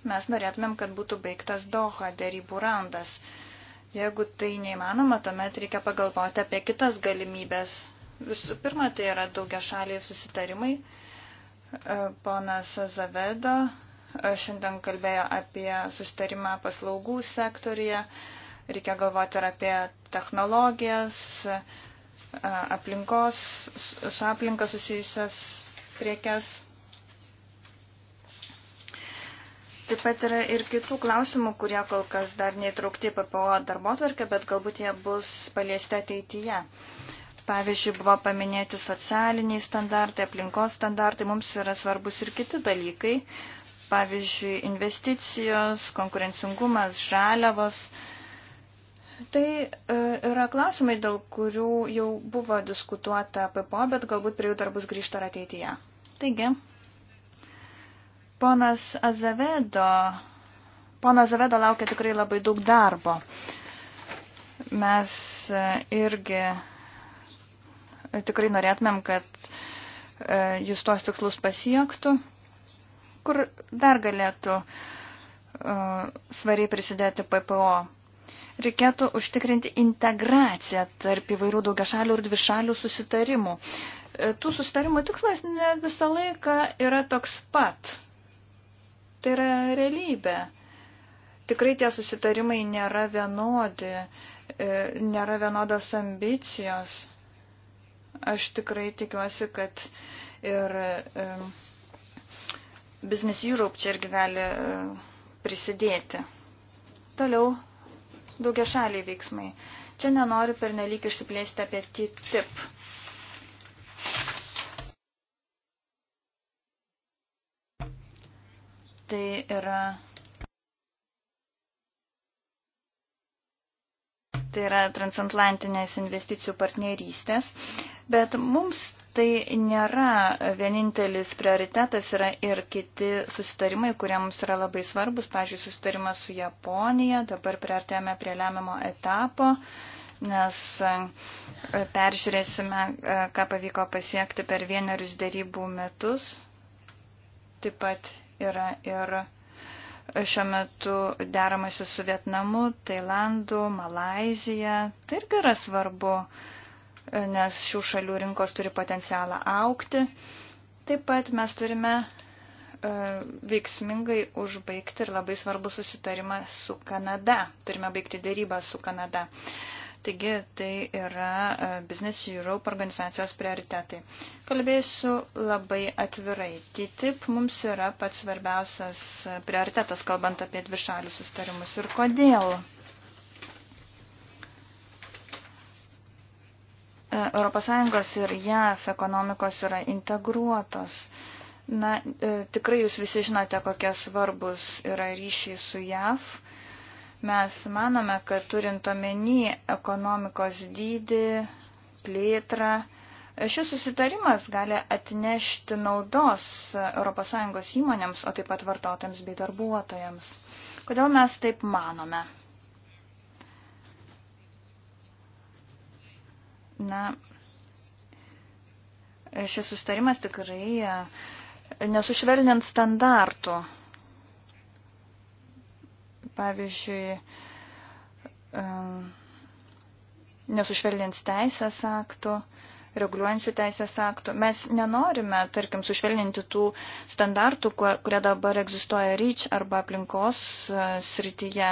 Speaker 3: Mes norėtumėm, kad būtų baigtas Doha dėrybų randas. Jeigu tai neįmanoma, tuomet reikia pagalvoti apie kitas galimybės. Visų pirma, tai yra daugia šaliai susitarimai. E, ponas Zavedo e, šiandien kalbėjo apie susitarimą paslaugų sektorija. Reikia galvoti ir apie technologijas, e, aplinkos, su aplinka susijusias priekes Taip pat yra ir kitų klausimų, kurie kol kas dar neįtraukti į PPO darbo tvarkę, bet galbūt jie bus paliesti ateityje. Pavyzdžiui, buvo paminėti socialiniai standartai, aplinkos standartai, mums yra svarbus ir kiti dalykai. Pavyzdžiui, investicijos, konkurencingumas, žaliavos. Tai e, yra klausimai, dėl kurių jau buvo diskutuota PPO, bet galbūt prie jų dar bus grįžta ateityje. Taigi, Ponas Azavedo, pono Azavedo laukia tikrai labai daug darbo. Mes e, irgi e, tikrai norėtumėm, kad e, jis tuos tikslus pasiektų, kur dar galėtų svariai prisidėti PPO. Reikėtų užtikrinti integraciją tarp įvairių daugiašalių ir dvišalių susitarimų. Tų susitarimų tikslas ne visą laiką yra toks pat. Tai yra realybė. Tikrai tie susitarimai nėra vienodi, e, nėra vienodas ambicijos. Aš tikrai tikiuosi, kad ir e, Business Europe čia irgi gali e, prisidėti. Toliau daugia šaliai veiksmai. Čia nenoriu pernelyg išsiplėsti apie TTIP. Tai yra. Tai yra transatlantinės investicijų partnerystės, bet mums tai nėra vienintelis prioritetas, yra ir kiti susitarimai, kurie mums yra labai svarbus. Pavyzdžiui, susitarimas su Japonija, dabar priartėjame prie lemiamo etapo nes e, peržiūrėsime, e, ką pavyko pasiekti per vienerius darybų metus. Taip pat yra ir šiuo metu deramasi su Vietnamu, Tailandu, Malazija. Tai irgi yra svarbu, nes šių šalių rinkos turi potencialą aukti. Taip pat mes turime e, veiksmingai užbaigti ir labai svarbu susitarimą su Kanada. Turime baigti dėrybą su Kanada. Uh, Taigi tai yra e, Business Europe organizacijos prioritetai. Kalbėsiu labai atvirai. TTIP mums yra pats svarbiausias e, prioritetas, kalbant apie dvišalių sustarimus. Ir kodėl? ES ir JAF ekonomikos yra integruotos. Na, e, tikrai jūs visi žinote, kokie svarbus yra ryšiai su JAF. Mes manome, kad turint omeny ekonomikos dydį, plėtrą, šis susitarimas gali atnešti naudos ES įmonėms, o taip pat vartotojams bei darbuotojams. Kodėl mes taip manome? Na, šis susitarimas tikrai e, nesušvelniant standartų pavyzdžiui, nesušvelnins teisės aktų, reguliuojančių teisės aktų. Mes nenorime, tarkim, sušvelninti tų standartų, kurie dabar egzistuoja ryč arba aplinkos e, srityje.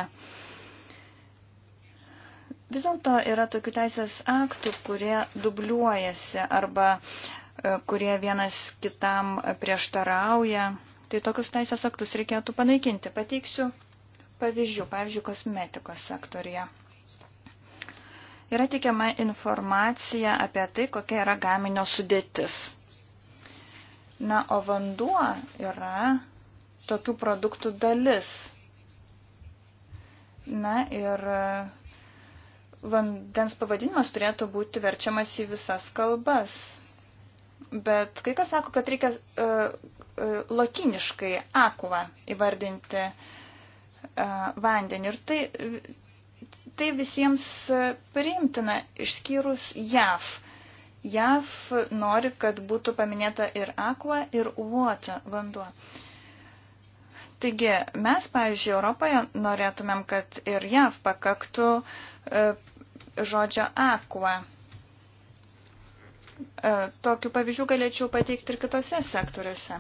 Speaker 3: Vis dėlto yra tokių teisės aktų, kurie dubliuojasi arba e, kurie vienas kitam prieštarauja. Tai tokius teisės aktus reikėtų panaikinti. Pateiksiu pavyzdžių, pavyzdžiui, kosmetikos sektorija. Yra teikiama informacija apie tai, kokia yra gaminio sudėtis. Na, o vanduo yra tokių produktų dalis. Na ir vandens pavadinimas turėtų būti verčiamas į visas kalbas. Bet kai kas sako, kad reikia uh, e, uh, e, latiniškai akuvą įvardinti uh, E, vandenį. Ir tai, tai visiems priimtina, išskyrus JAV. JAV nori, kad būtų paminėta ir aqua, ir water vanduo. Taigi, mes, pavyzdžiui, Europoje norėtumėm, kad ir JAV pakaktų e, žodžio aqua. E, tokių pavyzdžių galėčiau pateikti ir kitose sektoriuose.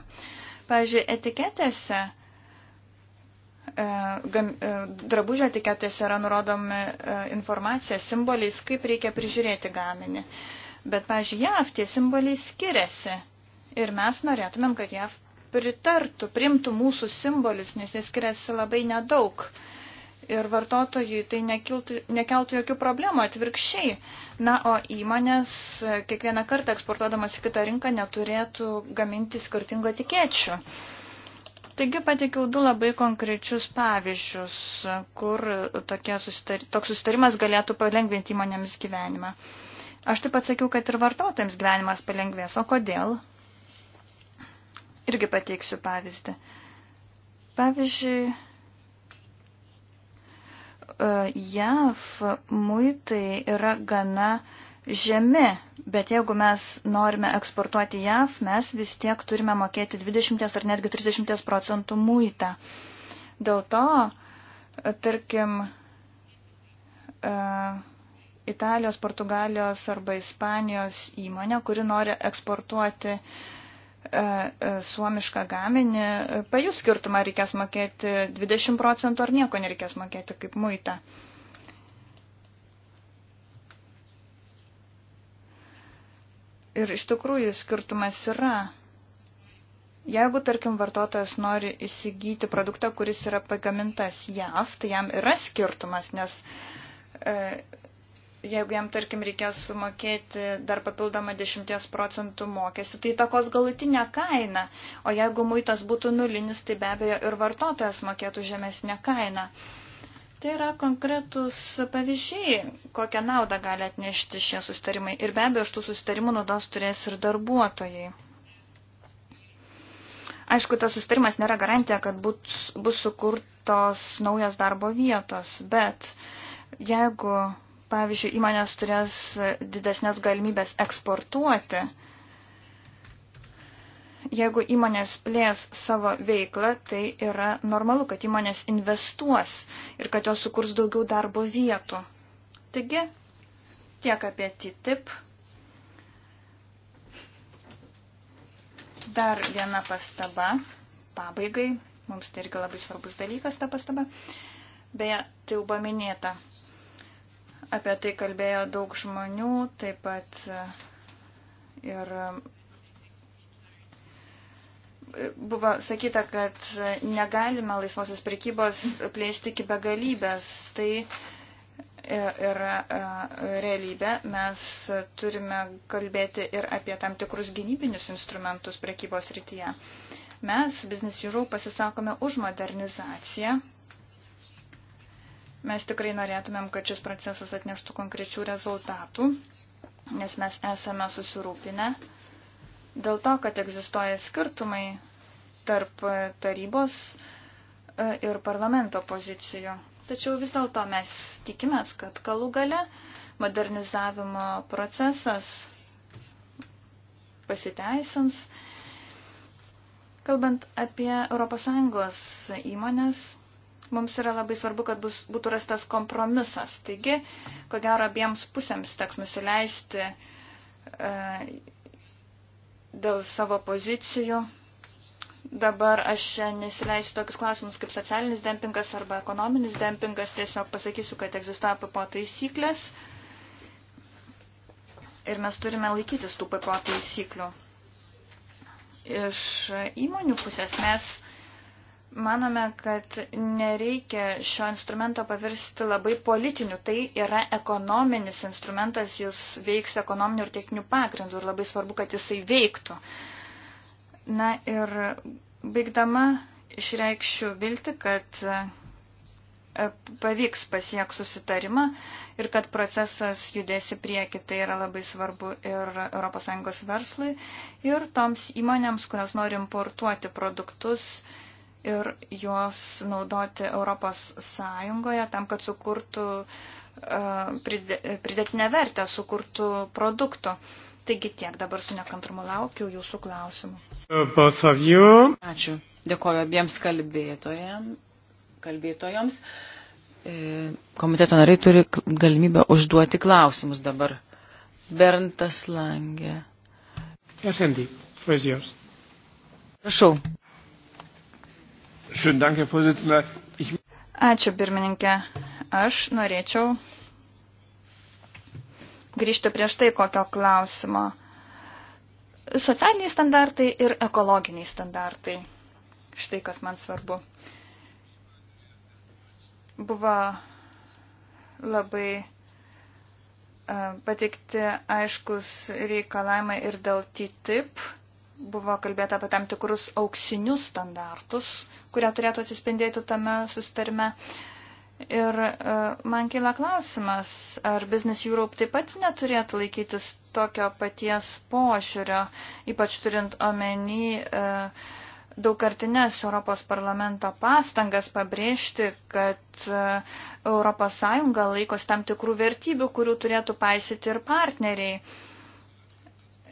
Speaker 3: Pavyzdžiui, etiketėse e, E, e, drabužio etiketėse yra nurodomi e, informacija simboliais, kaip reikia prižiūrėti gaminį. Bet, pažiūrėjau, JAV tie simboliai skiriasi. Ir mes norėtumėm, kad JAV pritartų, primtų mūsų simbolius, nes jie skiriasi labai nedaug. Ir vartotojui tai nekiltų, nekeltų jokių problemų, atvirkščiai. Na, o įmonės kiekvieną kartą eksportuodamas į kitą rinką neturėtų gaminti skirtingo tikėčių. Uh, Taigi pateikiau du labai konkrečius pavyzdžius, kur susitar, toks susitarimas galėtų palengvinti įmonėms gyvenimą. Aš taip pat sakiau, kad ir vartotojams gyvenimas palengvės. O kodėl? Irgi pateiksiu pavyzdį. Pavyzdžiui, e, JAV muitai yra gana uh, žemi, bet jeigu mes norime eksportuoti JAV, mes vis tiek turime mokėti 20 ar netgi 30 procentų muitą. Dėl to, tarkim, e, Italijos, Portugalijos arba Ispanijos įmonė, kuri nori eksportuoti e, e, suomišką gaminį, pajus skirtumą reikės mokėti 20 procentų ar nieko nereikės mokėti kaip muitą. Ir iš tikrųjų skirtumas yra. Jeigu, tarkim, vartotojas nori įsigyti produktą, kuris yra pagamintas JAV, tai jam yra skirtumas, nes e, jeigu jam, tarkim, reikės sumokėti dar papildomą 10 procentų mokestį, tai takos galutinę kainą. O jeigu muitas būtų nulinis, tai be abejo ir vartotojas mokėtų žemesnę kainą. E, Tai yra konkretus pavyzdžiai, kokią naudą gali atnešti šie sustarimai. Ir be abejo, iš tų sustarimų naudos turės ir darbuotojai. Aišku, tas sustarimas nėra garantija, kad būt, bus sukurtos naujos darbo vietos, bet jeigu, pavyzdžiui, įmonės turės didesnės galimybės eksportuoti, jeigu įmonės plės savo veiklą, tai yra normalu, kad įmonės investuos ir kad jos sukurs daugiau darbo vietų. Taigi, tiek apie TTIP. Dar viena pastaba, pabaigai, mums tai irgi labai svarbus dalykas ta pastaba. Beje, tai jau paminėta. Apie tai kalbėjo daug žmonių, taip pat ir buvo sakyta, kad negalima laisvosios prekybos plėsti iki begalybės. Tai yra e, e, realybė. Mes turime kalbėti ir apie tam tikrus gynybinius instrumentus prekybos rytyje. Mes, Business Europe, pasisakome už modernizaciją. Mes tikrai norėtumėm, kad šis procesas atneštų konkrečių rezultatų, nes mes esame susirūpinę dėl to, kad egzistuoja skirtumai tarp e, tarybos e, ir parlamento pozicijų. Tačiau vis dėlto mes tikimės, kad galų gale modernizavimo procesas pasiteisins. Kalbant apie ES įmonės, mums yra labai svarbu, kad bus, būtų rastas kompromisas. Taigi, ko gero, abiems pusėms teks nusileisti e, dėl savo pozicijų. Dabar aš nesileisiu tokius klausimus kaip socialinis dempingas arba ekonominis dempingas, tiesiog pasakysiu, kad egzistuoja PPO taisyklės ir mes turime laikytis tų PPO taisyklių. Iš įmonių pusės mes Manome, kad nereikia šio instrumento pavirsti labai politiniu. Tai yra ekonominis instrumentas, jis veiks ekonominių ir techninių pagrindų ir labai svarbu, kad jisai veiktų. Na ir baigdama išreikščiau vilti, kad e, pavyks pasiek susitarimą ir kad procesas judėsi prieki. Tai yra labai svarbu ir ES verslui, ir toms įmonėms, kurios nori importuoti produktus ir juos naudoti Europos Sąjungoje tam, kad sukurtų e, pridėtinę vertę, sukurtų produktų. Taigi tiek, dabar su nekantrumu laukiu jūsų klausimų.
Speaker 2: E, Ačiū. Dėkoju abiems kalbėtojoms. E, komiteto nariai turi galimybę užduoti klausimus dabar. Berntas Langė. SND, vaizdijos. Prašau.
Speaker 3: Ačiū, pirmininkė. Aš norėčiau grįžti prieš tai kokio klausimo. Socialiniai standartai ir ekologiniai standartai. Štai kas man svarbu. Buvo labai e, pateikti aiškus reikalavimai ir dėl TTIP Buvo kalbėta apie tam tikrus auksinius standartus, kurie turėtų atsispindėti tame sustarime. Ir e, man kyla klausimas, ar Business Europe taip pat neturėtų laikytis tokio paties požiūrio, ypač turint omeny e, daugkartinės Europos parlamento pastangas pabrėžti, kad ES laikos tam tikrų vertybių, kurių turėtų paisyti ir partneriai.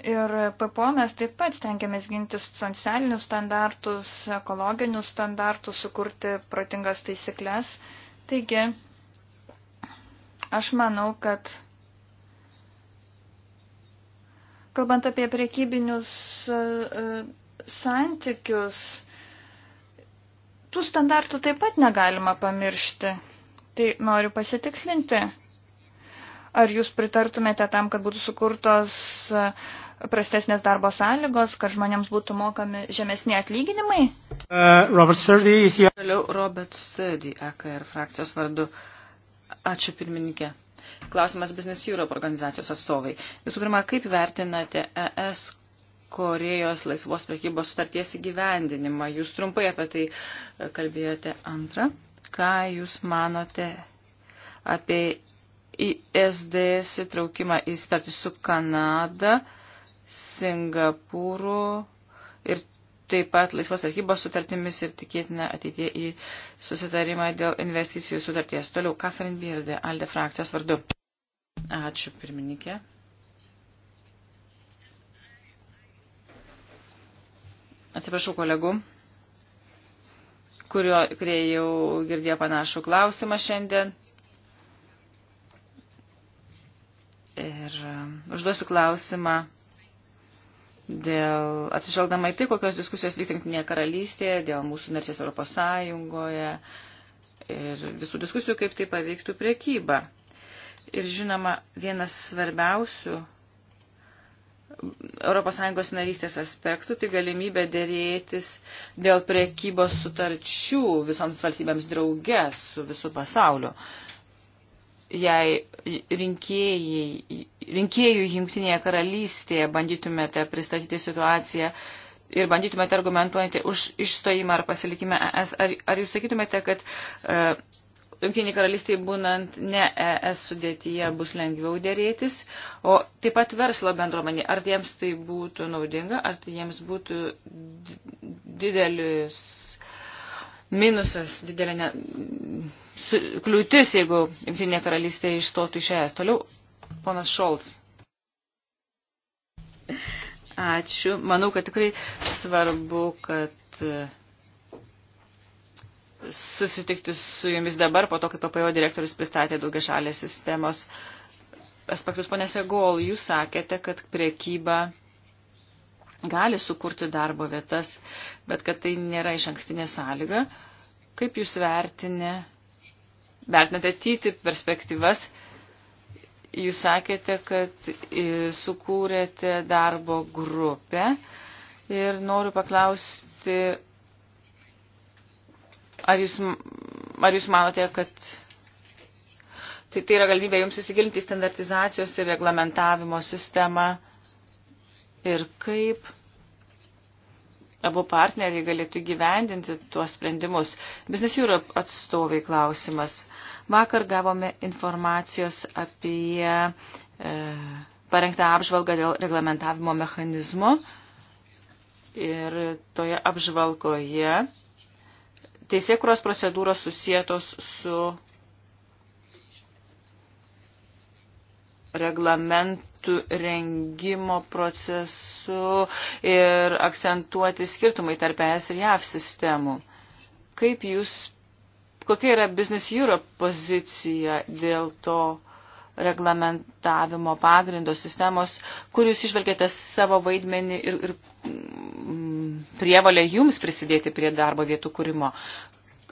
Speaker 3: Ir PPO mes taip pat tenkiamės ginti socialinius standartus, ekologinius standartus, sukurti protingas taisyklės. Taigi, aš manau, kad kalbant apie priekybinius e, e, santykius, tų standartų taip pat negalima pamiršti. Tai noriu pasitikslinti. Ar jūs pritartumėte tam, kad būtų sukurtos uh, prastesnės darbo sąlygos, kad žmonėms būtų mokami žemesni atlyginimai?
Speaker 2: Uh, Robert Sturdy, jis jau. Toliau Robert Sturdy, AKR e frakcijos vardu. Ačiū pirmininkė. Klausimas Business Europe organizacijos atstovai. Visų pirma, kaip vertinate ES Korejos laisvos prekybos sutarties įgyvendinimą? Jūs trumpai apie tai e, kalbėjote antrą. Ką jūs manote apie ISDS įtraukimą į sutartį su Kanada? Singapūru ir taip pat laisvos tarkybos sutartimis ir tikėtina ateitie į susitarimą dėl investicijų sutarties. Toliau, Catherine Birdė, Alde frakcijos vardu. Ačiū, pirmininkė. Atsiprašau kolegų, kurio, kurie jau girdėjo panašų klausimą šiandien. Ir uh, užduosiu klausimą dėl atsižvelgdama į tai, kokios diskusijos vyks Junktinėje karalystėje, dėl mūsų narčias Europos Sąjungoje ir visų diskusijų, kaip tai paveiktų priekybą. Ir žinoma, vienas svarbiausių ES narystės aspektų, tai galimybė dėrėtis dėl priekybos sutarčių visoms valstybėms drauge su visų pasauliu. Uh, jei rinkėjai, rinkėjų jungtinėje karalystėje bandytumėte pristatyti situaciją ir bandytumėte argumentuoti už išstojimą ar pasilikimą ES, ar, ar jūs sakytumėte, kad uh, e, Junktiniai karalystiai būnant ne ES sudėtyje bus lengviau dėrėtis, o taip pat verslo bendruomenė, ar jiems tai būtų naudinga, ar tai jiems būtų didelis minusas, didelė ne, kliūtis, jeigu Junktinė karalystė išstotų iš ES. Toliau, ponas Šolts. Ačiū. Manau, kad tikrai svarbu, kad e, susitikti su jumis dabar, po to, kai PPO direktorius pristatė daugia šalės sistemos aspektus. Pone Segol, jūs sakėte, kad priekyba gali sukurti darbo vietas, bet kad tai nėra iš ankstinė sąlyga. Kaip jūs vertinė vertinate TTIP perspektyvas, jūs sakėte, kad e, sukūrėte darbo grupę ir noriu paklausti, ar jūs, ar jūs manote, kad tai, tai yra galimybė jums įsigilinti standartizacijos ir reglamentavimo sistemą ir kaip abu partneriai galėtų gyvendinti tuos sprendimus. Business Europe atstovai klausimas. Vakar gavome informacijos apie e, parengtą apžvalgą dėl reglamentavimo mechanizmo ir toje apžvalgoje teisėkuros procedūros susijėtos su reglamentų rengimo procesu ir akcentuoti skirtumai tarp ES ir JAV sistemų. Kaip jūs, kokia yra Business Europe pozicija dėl to reglamentavimo pagrindo sistemos, kur jūs išvelgėte savo vaidmenį ir, ir mm, prievalę jums prisidėti prie darbo vietų kūrimo?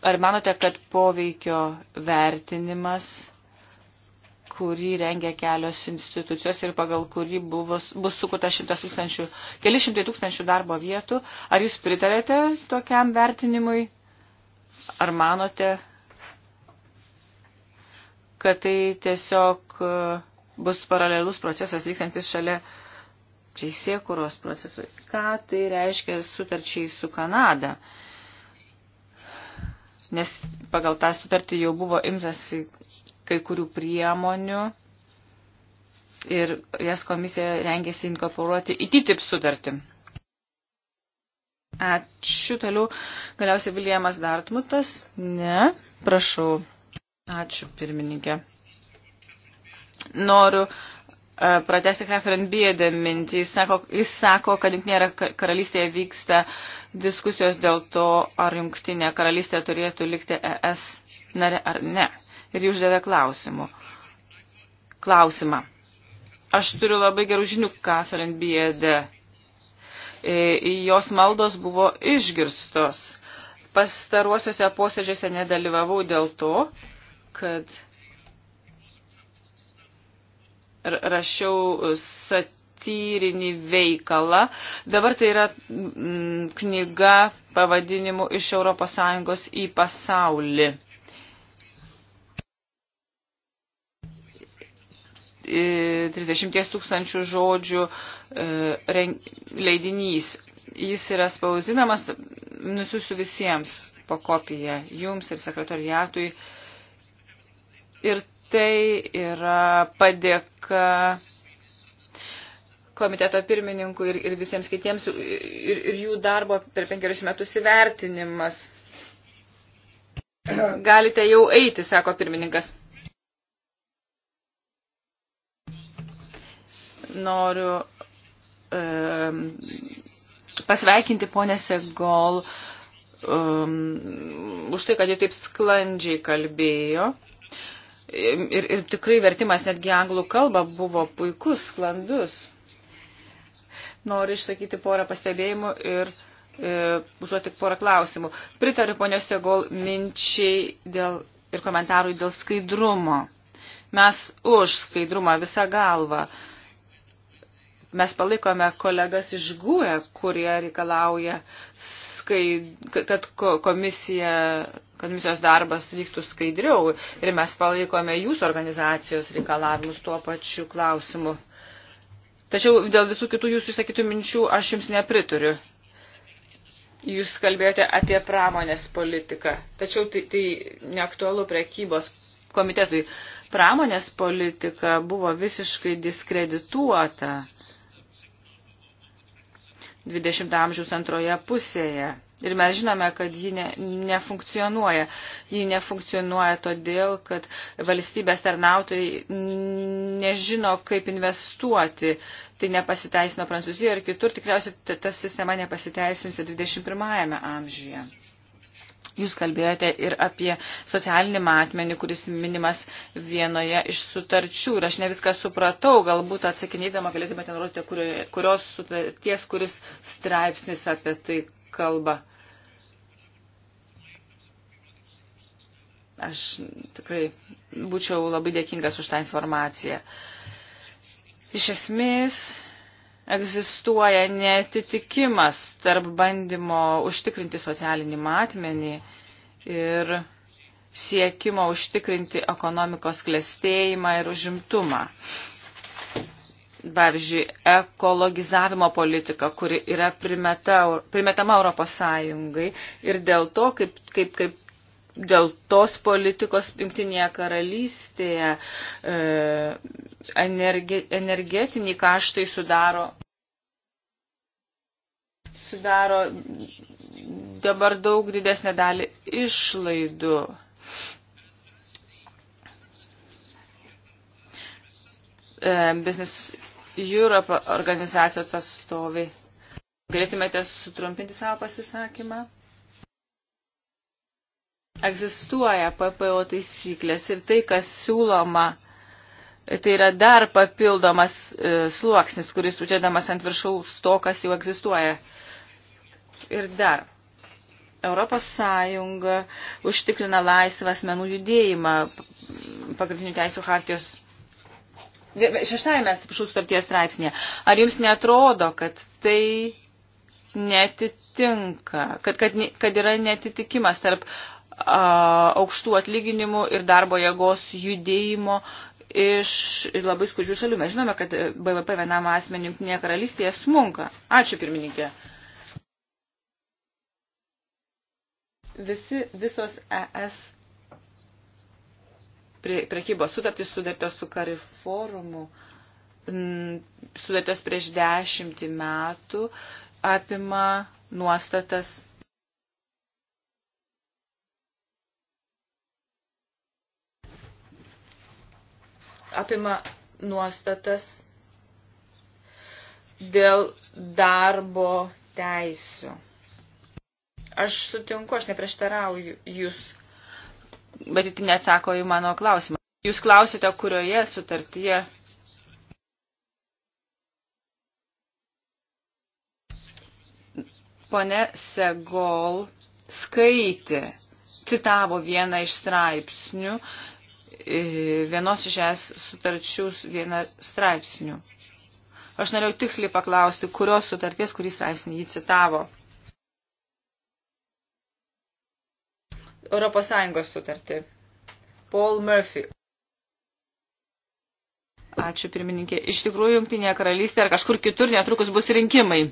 Speaker 2: Ar manote, kad poveikio vertinimas kurį rengia kelios institucijos ir pagal kurį buvus, bus sukurta šimtas tūkstančių, keli šimtai tūkstančių darbo vietų. Ar jūs pritarėte tokiam vertinimui? Ar manote, kad tai tiesiog e, bus paralelus procesas vykstantis šalia teisėkuros procesui? Ką tai reiškia sutarčiai su Kanada? nes pagal tą sutartį jau buvo imtasi kai kurių priemonių ir jas komisija rengėsi inkorporuoti į TTIP sutartį. Ačiū toliau. Galiausiai Viljamas Dartmutas. Ne, prašau. Ačiū, pirmininkė. Noriu e, pratesti Catherine Biede mintį. Jis sako, jis sako kad Junktinėje karalystėje vyksta diskusijos dėl to, ar Junktinė karalystė turėtų likti ES nare ar ne ir jį uždavė klausimų. Klausimą. Aš turiu labai gerų žinių, ką Salent Biede. E, jos maldos buvo išgirstos. Pastaruosiuose posėdžiuose nedalyvavau dėl to, kad rašiau satyrinį veikalą. Dabar tai yra knyga pavadinimu Iš ES į pasaulį. 30 e, tūkstančių žodžių e, leidinys. Jis yra spausinamas, nusiusiu visiems po kopiją, jums ir sekretariatui. Ir tai yra padėka komiteto pirmininkui ir, ir visiems kitiems ir, ir jų darbo per penkerius metus įvertinimas. Galite jau eiti, sako pirmininkas. noriu e, pasveikinti ponę Segol um, už tai, kad jie taip sklandžiai kalbėjo. Ir, ir tikrai vertimas netgi anglų kalba buvo puikus, sklandus. Noriu išsakyti porą pastebėjimų ir e, užduoti e, porą klausimų. Pritariu ponios Segol minčiai dėl, ir komentarui dėl skaidrumo. Mes už skaidrumą visą galvą. E, Mes palaikome kolegas iš GUE, kurie reikalauja, skaid, kad komisija, komisijos darbas vyktų skaidriau ir mes palaikome jūsų organizacijos reikalavimus tuo pačiu klausimu. Tačiau dėl visų kitų jūsų išsakytų minčių aš jums neprituriu. Jūs kalbėjote apie pramonės politiką, tačiau tai, tai neaktualu prekybos komitetui. Pramonės politika buvo visiškai diskredituota. 20 amžiaus antroje pusėje. Ir mes žinome, kad ji ne, nefunkcionuoja. Ji nefunkcionuoja todėl, kad valstybės tarnautojai nežino, kaip investuoti. Tai nepasiteisino Prancūzijoje ir kitur. Tikriausiai ta sistema nepasiteisins 21 amžiuje. Jūs kalbėjote ir apie socialinį matmenį, kuris minimas vienoje iš sutarčių. Ir aš ne viską supratau, galbūt atsakinėdama galėtumėte nurodyti, kurioje, kurios sutarties, kuris straipsnis apie tai kalba. Aš tikrai būčiau labai dėkingas už tą informaciją. Iš esmės, egzistuoja netitikimas tarp bandymo užtikrinti socialinį matmenį ir siekimo užtikrinti ekonomikos klėstėjimą ir užimtumą. Pavyzdžiui, ekologizavimo politika, kuri yra primeta, primetama Europos Sąjungai ir dėl to, kaip, kaip, kaip dėl tos politikos Junktinėje karalystėje e, energi, energetiniai kaštai sudaro, sudaro dabar daug didesnę dalį išlaidų. E, Business Europe organizacijos atstovai. Galėtumėte sutrumpinti savo pasisakymą? Egzistuoja PPO taisyklės ir tai, kas siūloma, tai yra dar papildomas e, sluoksnis, kuris uždėdamas ant viršaus to, kas jau egzistuoja. Ir dar. Europos Sąjunga užtikrina laisvą asmenų judėjimą pagrindinių teisų hartijos šeštajame, atsiprašau, sutarties straipsnėje. Ar jums netrodo, kad tai netitinka, kad, kad, kad yra netitikimas tarp aukštų atlyginimų ir darbo jėgos judėjimo iš labai skurdžių šalių. Mes žinome, kad BVP vienam asmeniui Junktinėje karalystėje smunka. Ačiū pirmininkė. Visi, visos ES prekybos sutartys sudartos su kariforumu, sudartos prieš dešimtį metų, apima nuostatas apima nuostatas dėl darbo teisų. Aš sutinku, aš neprieštarauju jūs, bet jūs neatsako į mano klausimą. Jūs klausite, kurioje sutartyje pone Segol skaitė, citavo vieną iš straipsnių vienos iš es sutarčių vieną straipsnių. Aš norėjau tiksliai paklausti, kurios sutarties, kurį straipsnį jį citavo. Europos Sąjungos sutartį. Paul Murphy. Ačiū, pirmininkė. Iš tikrųjų, Jungtinėje karalystėje ar kažkur kitur netrukus bus rinkimai.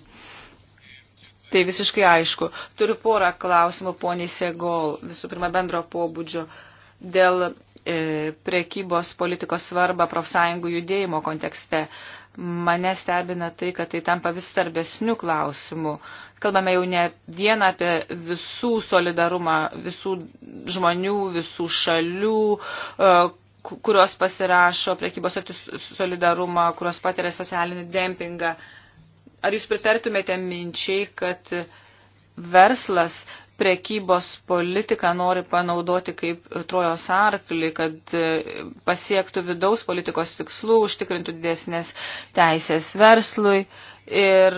Speaker 2: Tai visiškai aišku. Turiu porą klausimų poniai Segol. Visų pirma, bendro pobūdžio dėl E, prekybos politikos svarbą profsąjungų judėjimo kontekste. Mane stebina tai, kad tai tampa vis starbesnių klausimų. Kalbame jau ne vieną apie visų solidarumą, visų žmonių, visų šalių, e, kurios pasirašo prekybos solidarumą, kurios patiria socialinį dempingą. Ar jūs pritartumėte minčiai, kad verslas prekybos politiką nori panaudoti kaip trojos arklį, kad e, pasiektų vidaus politikos tikslų, užtikrintų didesnės teisės verslui ir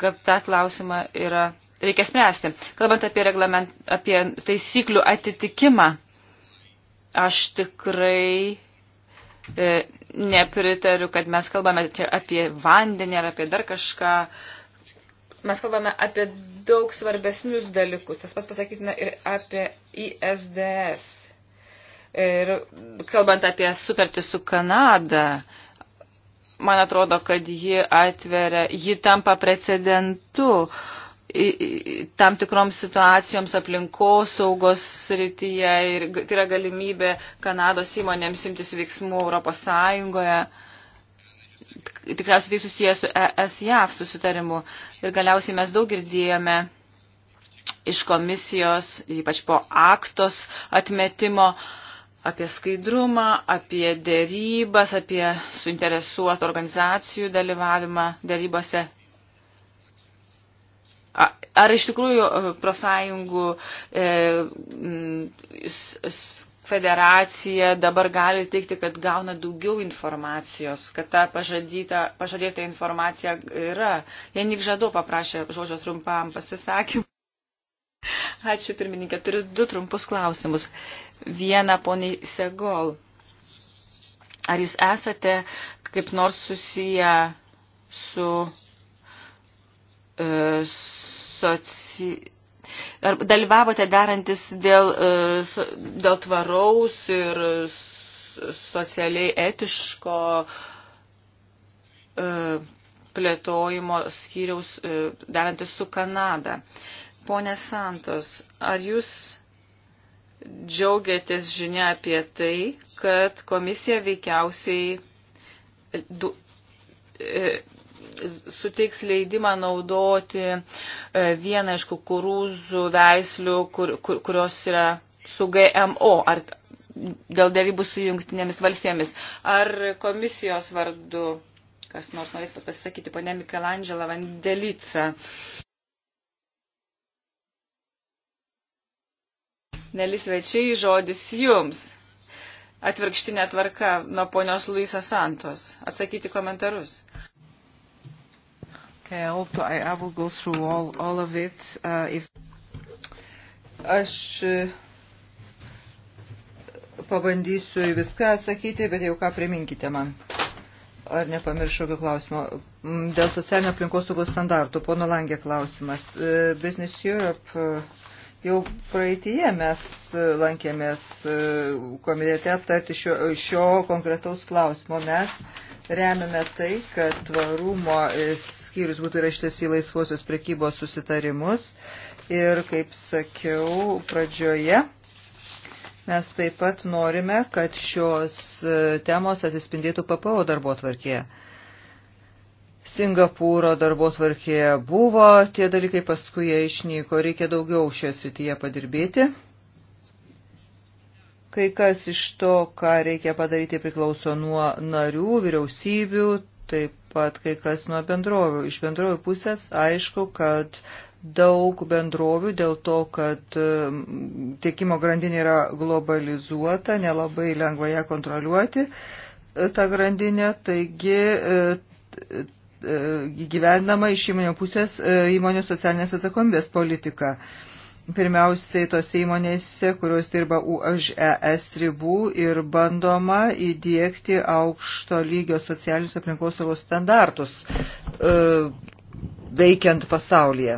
Speaker 2: kad e, tą klausimą yra, reikia spręsti. Kalbant apie, reglament, apie taisyklių atitikimą, aš tikrai e, nepritariu, kad mes kalbame apie vandenį ar apie dar kažką. E, mes kalbame apie daug svarbesnius dalykus. Tas pats pasakytina ir apie ISDS. Ir kalbant apie sutartį su Kanada, man atrodo, kad ji atveria, ji tampa precedentu tam tikroms situacijoms aplinkos saugos srityje ir tai yra galimybė Kanados įmonėms imtis veiksmų Europos Sąjungoje. Uh, tikriausiai tai susijęs su ES-JAV susitarimu. Ir galiausiai mes daug girdėjome iš komisijos, ypač po aktos atmetimo, apie skaidrumą, apie dėrybas, apie suinteresuotų organizacijų dalyvavimą dėrybose. Ar iš tikrųjų e, profsąjungų e, federacija dabar gali teikti, kad gauna daugiau informacijos, kad ta pažadyta, pažadėta informacija yra. Janik Žadu paprašė žodžio trumpam pasisakymui.
Speaker 3: Ačiū pirmininkė, turiu du trumpus
Speaker 2: klausimus. Vieną poniai Segol. Ar jūs esate kaip nors susiję su e, soci, ar dalyvavote derantis dėl, e, dėl tvaraus ir socialiai etiško e, plėtojimo skyriaus e, derantis su Kanada. Pone Santos, ar jūs džiaugiatės žinia apie tai, kad komisija veikiausiai du, suteiks leidimą naudoti e, vieną iš kukurūzų veislių, kur, kur, kurios yra su GMO. Ar, dėl dėrybų su jungtinėmis valstybėmis. Ar komisijos vardu kas nors norės pasisakyti, ponė Mikelandžela Vandelica? Neli svečiai, žodis jums. Atvirkštinė tvarka nuo ponios Luisa Santos. Atsakyti komentarus.
Speaker 1: Okay, I, hope I, I will go through all, all of it. Uh, if... Aš uh, pabandysiu į viską atsakyti, bet jau ką priminkite man. Ar nepamiršau kokio klausimo? Mm, dėl socialinio aplinkosaugos standartų, pono Langė klausimas. Uh, Business Europe uh, Jau praeitie mes e, lankėmės e, komitete aptarti šio, šio konkretaus klausimo. Mes remiame tai, kad tvarumo e, skyrius būtų raštas į laisvosios prekybos susitarimus. Ir kaip sakiau pradžioje, mes taip pat norime, kad šios temos atsispindėtų PPO darbo tvarkėje. Singapūro darbo tvarkėje buvo, tie dalykai paskui jie išnyko, reikia daugiau šioje srityje padirbėti. Kai kas iš to, ką reikia padaryti, priklauso nuo narių, vyriausybių, taip pat kai kas nuo bendrovių. Iš bendrovių pusės aišku, kad daug bendrovių dėl to, kad tiekimo grandinė yra globalizuota, nelabai lengva ją kontroliuoti e, tą grandinę, taigi e, E, gyvenama iš įmonių pusės e, įmonių socialinės atsakomybės politika. Pirmiausiai tose įmonėse, kurios dirba už ES ribų ir bandoma įdėkti aukšto lygio socialinius aplinkosaugos standartus e, veikiant pasaulyje.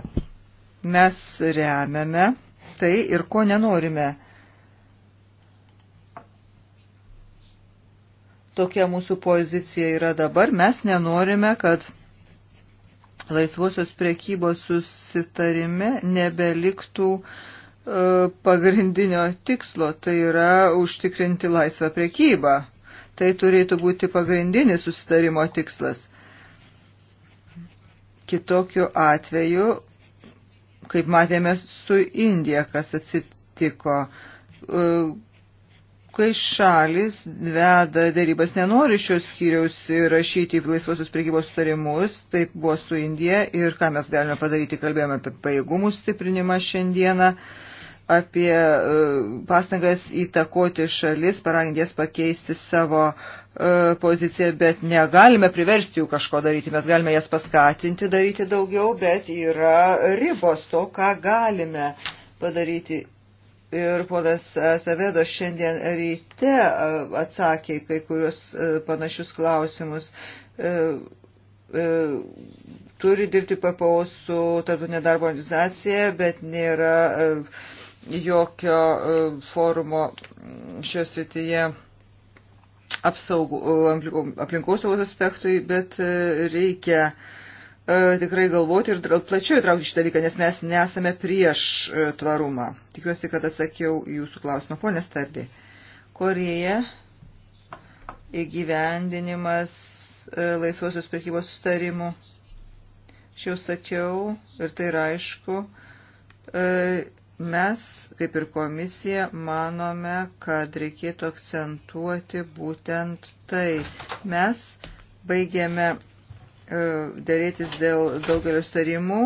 Speaker 1: Mes remiame tai ir ko nenorime Tokia mūsų pozicija yra dabar. Mes nenorime, kad laisvosios priekybos susitarime nebeliktų e, pagrindinio tikslo, tai yra užtikrinti laisvą priekybą. Tai turėtų būti pagrindinis susitarimo tikslas. Kitokiu atveju, kaip matėme su Indija, kas atsitiko, e, kai šalis veda darybas nenori šios skyriaus rašyti į laisvosios prekybos sutarimus, taip buvo su Indija ir ką mes galime padaryti, kalbėjome apie pajėgumų stiprinimą šiandieną, apie e, pastangas įtakoti šalis, parangės pakeisti savo e, poziciją, bet negalime priversti jų kažko daryti, mes galime jas paskatinti daryti daugiau, bet yra ribos to, ką galime padaryti Ir ponas Savedo šiandien ryte atsakė kai kurios panašius klausimus. E, e, turi dirbti PPO su tarptautinė darbo organizacija, bet nėra e, jokio forumo šios sityje apsaugų, aplinkosaugos aspektui, bet reikia uh, E, tikrai galvoti ir plačiau įtraukti šitą dalyką, nes mes nesame prieš e, tvarumą. Tikiuosi, kad atsakiau jūsų klausimą. Pone Stardė, Koreja įgyvendinimas e, laisvosios prekybos sustarimų. Aš jau sakiau ir tai yra aišku. Mes, kaip ir komisija, manome, kad reikėtų akcentuoti būtent tai. Mes baigėme E, dėrėtis dėl daugelio starimų,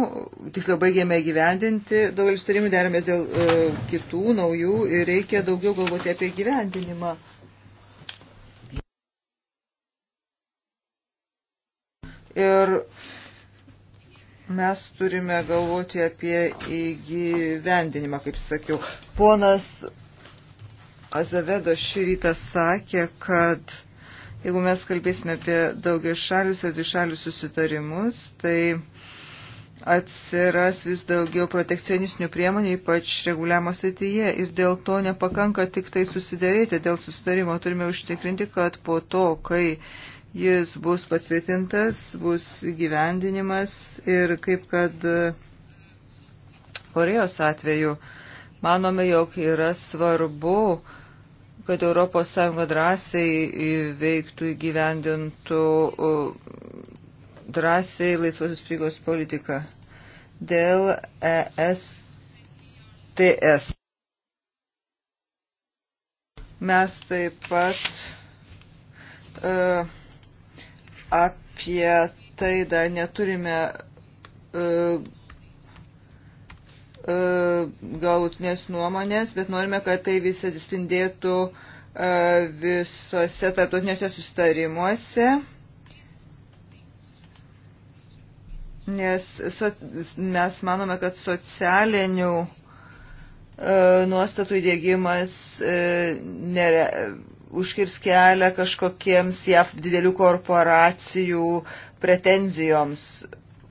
Speaker 1: tiksliau baigėme gyvendinti daugelio starimų, deramės dėl e, kitų, naujų ir reikia daugiau galvoti apie gyvendinimą. Ir mes turime galvoti apie įgyvendinimą, kaip sakiau. Ponas Azavedo šį rytą sakė, kad Jeigu mes kalbėsime apie daugia šalius ar dvišalius susitarimus, tai atsiras vis daugiau protekcionistinių priemonių, ypač reguliavimo srityje, ir dėl to nepakanka tik tai susidėrėti dėl susitarimo. Turime užtikrinti, kad po to, kai jis bus patvirtintas, bus gyvendinimas ir kaip kad Korejos atveju, manome, jog yra svarbu, kad ES drąsiai veiktų įgyvendintų drąsiai laisvosios prigos politiką dėl ESTS. Mes taip pat uh, apie tai dar neturime uh, E, galutinės nuomonės, bet norime, kad tai visi atsispindėtų e, visose tarptautinėse sustarimuose. Nes so, mes manome, kad socialinių e, nuostatų įdėgymas nere, užkirs kelią kažkokiems JAF didelių korporacijų pretenzijoms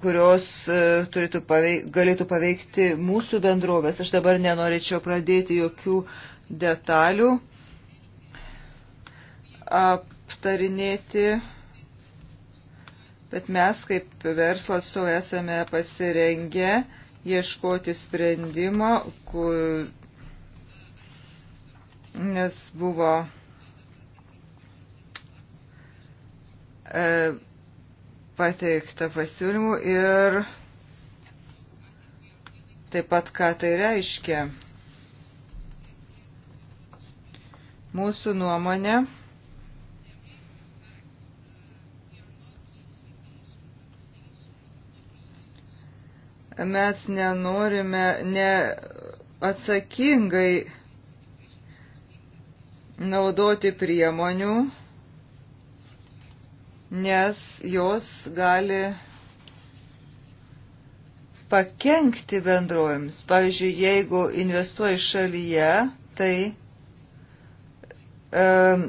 Speaker 1: kurios e, turėtų paveik, galėtų paveikti mūsų bendrovės. Aš dabar nenorėčiau pradėti jokių detalių aptarinėti, bet mes kaip verslo atstovai esame pasirengę ieškoti sprendimo, kur, nes buvo e, pateikta pasiūlymų ir taip pat ką tai reiškia. Mūsų nuomonė. mes nenorime neatsakingai naudoti priemonių, nes jos gali pakenkti bendrojams. Pavyzdžiui, jeigu investuoji šalyje, tai um,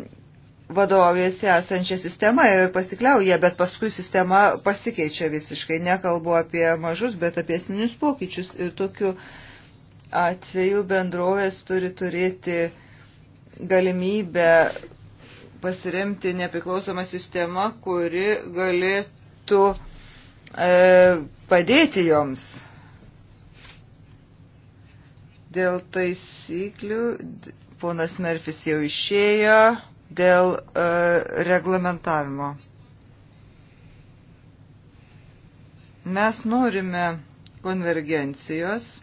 Speaker 1: vadovaujasi esančią sistemą ir pasikliauja, bet paskui sistema pasikeičia visiškai. Nekalbu apie mažus, bet apie esminius pokyčius. Ir tokiu atveju bendrovės turi turėti galimybę pasiremti nepriklausomą sistemą, kuri galėtų e, padėti joms. Dėl taisyklių, ponas Merfis jau išėjo, dėl e, reglamentavimo. Mes norime konvergencijos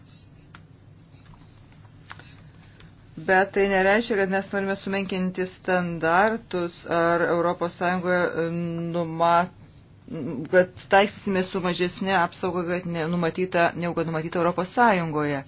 Speaker 1: Bet tai nereiškia, kad mes norime sumenkinti standartus ar ES um, numat kad taisysime su mažesnė apsauga, kad ne, numatyta, negu kad numatyta Europos Sąjungoje.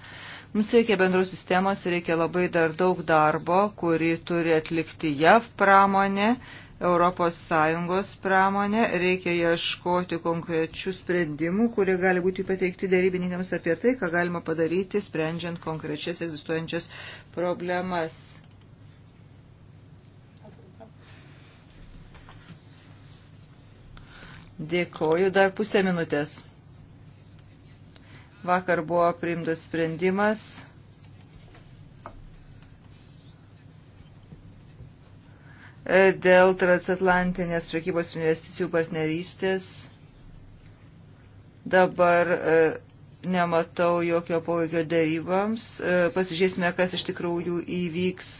Speaker 1: Mums reikia bendros sistemos, reikia labai dar daug darbo, kurį turi atlikti JAV pramonė ES pramonę, reikia ieškoti konkrečių sprendimų, kurie gali būti pateikti darybininkams apie tai, ką galima padaryti, sprendžiant konkrečias egzistuojančias problemas. Dėkoju, dar pusę minutės. Vakar buvo priimtas sprendimas E, dėl transatlantinės prekybos investicijų partnerystės. Dabar e, nematau jokio poveikio dėrybams. E, pasižiūrėsime, kas iš tikrųjų įvyks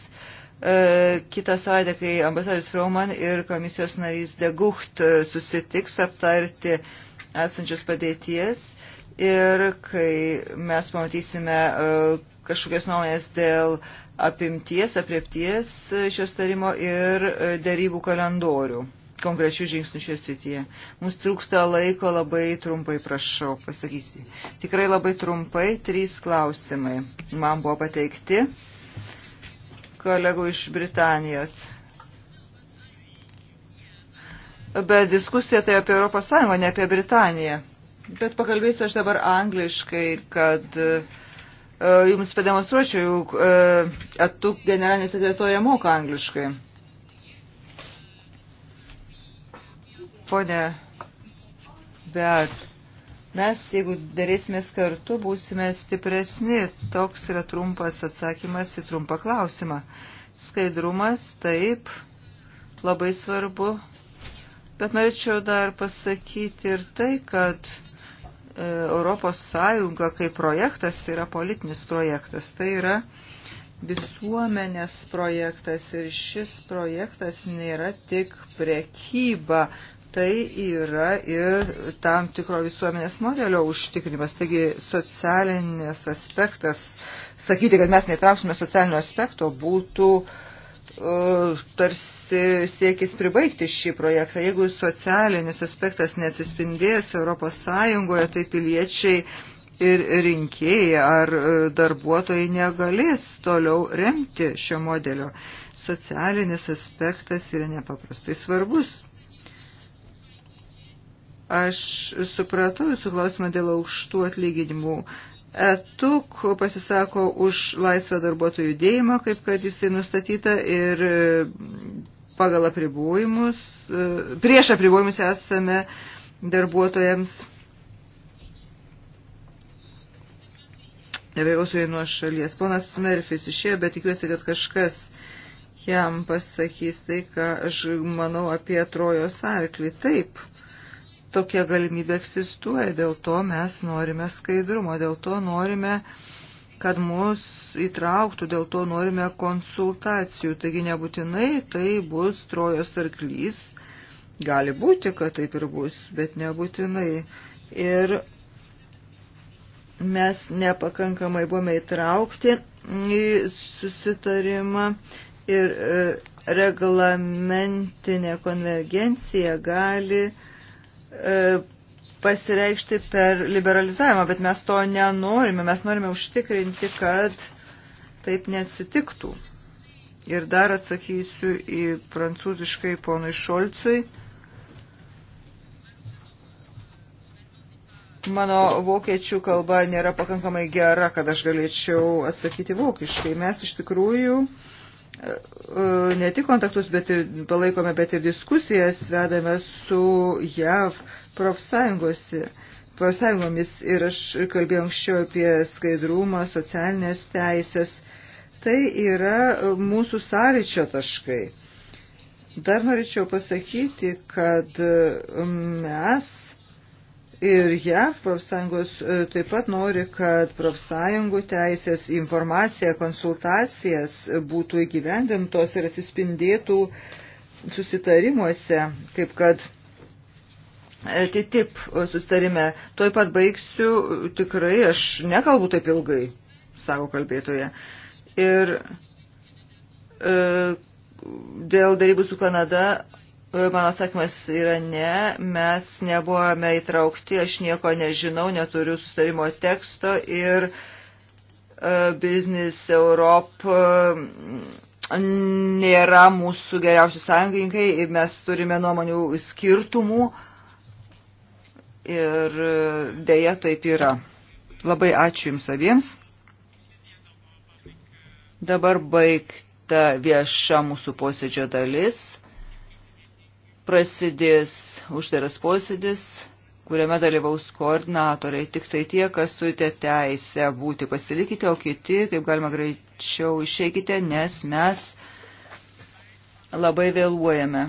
Speaker 1: kitą savaitę, kai ambasadorius Frauman ir komisijos narys Degucht susitiks aptarti esančios padėties ir kai mes pamatysime, kažkokias naujas dėl apimties, apriepties šios tarimo ir e, darybų kalendorių konkrečių žingsnių šioje srityje. Mums trūksta laiko labai trumpai, prašau, pasakysi. Tikrai labai trumpai, trys klausimai man buvo pateikti kolegų iš Britanijos. Bet diskusija tai apie Europos Sąjungą, ne apie Britaniją. Bet pakalbėsiu aš dabar angliškai, kad uh, jums pademonstruočiau, juk atuk e, generalinė sekretorija moka angliškai. Pone, bet mes, jeigu darėsimės kartu, būsime stipresni. Toks yra trumpas atsakymas į trumpą klausimą. Skaidrumas, taip, labai svarbu. Bet norėčiau dar pasakyti ir tai, kad Europos Sąjunga kaip projektas yra politinis projektas. Tai yra visuomenės projektas ir šis projektas nėra tik prekyba, tai yra ir tam tikro visuomenės modelio užtikrinimas. Taigi socialinės aspektas, sakyti, kad mes netrauksime socialinio aspekto, būtų uh, tarsi siekis pribaigti šį projektą. Jeigu socialinis aspektas nesispindės ES, tai piliečiai ir rinkėjai ar e, darbuotojai negalės toliau remti šio modelio. Socialinis aspektas yra nepaprastai svarbus. Aš supratau jūsų klausimą dėl aukštų atlyginimų. Uh, ETUK pasisako už laisvą darbuotojų judėjimą, kaip kad jisai nustatyta ir mm, pagal apribojimus, e, prieš apribojimus esame darbuotojams nebejausui nuo šalies. Ponas Smerfis išėjo, bet tikiuosi, kad kažkas jam pasakys tai, ką aš manau apie Trojos arklį. Taip, tokia galimybė egzistuoja, dėl to mes norime skaidrumo, dėl to norime, kad mus įtrauktų, dėl to norime konsultacijų. Taigi nebūtinai tai bus trojos arklys, gali būti, kad taip ir bus, bet nebūtinai. Ir mes nepakankamai buvome įtraukti į susitarimą ir e, reglamentinė konvergencija gali uh, E, pasireikšti per liberalizavimą, bet mes to nenorime. Mes norime užtikrinti, kad taip neatsitiktų. Ir dar atsakysiu į prancūziškai ponui Šolcui. Mano vokiečių kalba nėra pakankamai gera, kad aš galėčiau atsakyti vokiškai. Mes iš tikrųjų uh, E, ne tik kontaktus bet ir, palaikome, bet ir diskusijas vedame su JAV profsąjungomis ir aš kalbėjau anksčiau apie skaidrumą, socialinės teisės. Tai yra mūsų sąryčio taškai. Dar norėčiau pasakyti, kad mes Ir JAV profsąjungos e, taip pat nori, kad profsąjungų teisės informacija, konsultacijas būtų įgyvendintos ir atsispindėtų susitarimuose, kaip kad TTIP susitarime. Tuoj pat baigsiu, tikrai aš nekalbu taip ilgai, sako kalbėtoje. Ir e, dėl darybų su Kanada E, mano atsakymas yra ne, mes nebuvome įtraukti, aš nieko nežinau, neturiu sustarimo teksto ir e, Business Europe e, nėra mūsų geriausi sąjungininkai ir mes turime nuomonių skirtumų ir dėja taip yra. Labai ačiū Jums abiems. Dabar baigta vieša mūsų posėdžio dalis prasidės uždaras posėdis, kuriame dalyvaus koordinatoriai. Tik tai tie, kas turite teisę būti, pasilikite, o kiti, kaip galima greičiau, išeikite, nes mes labai vėluojame.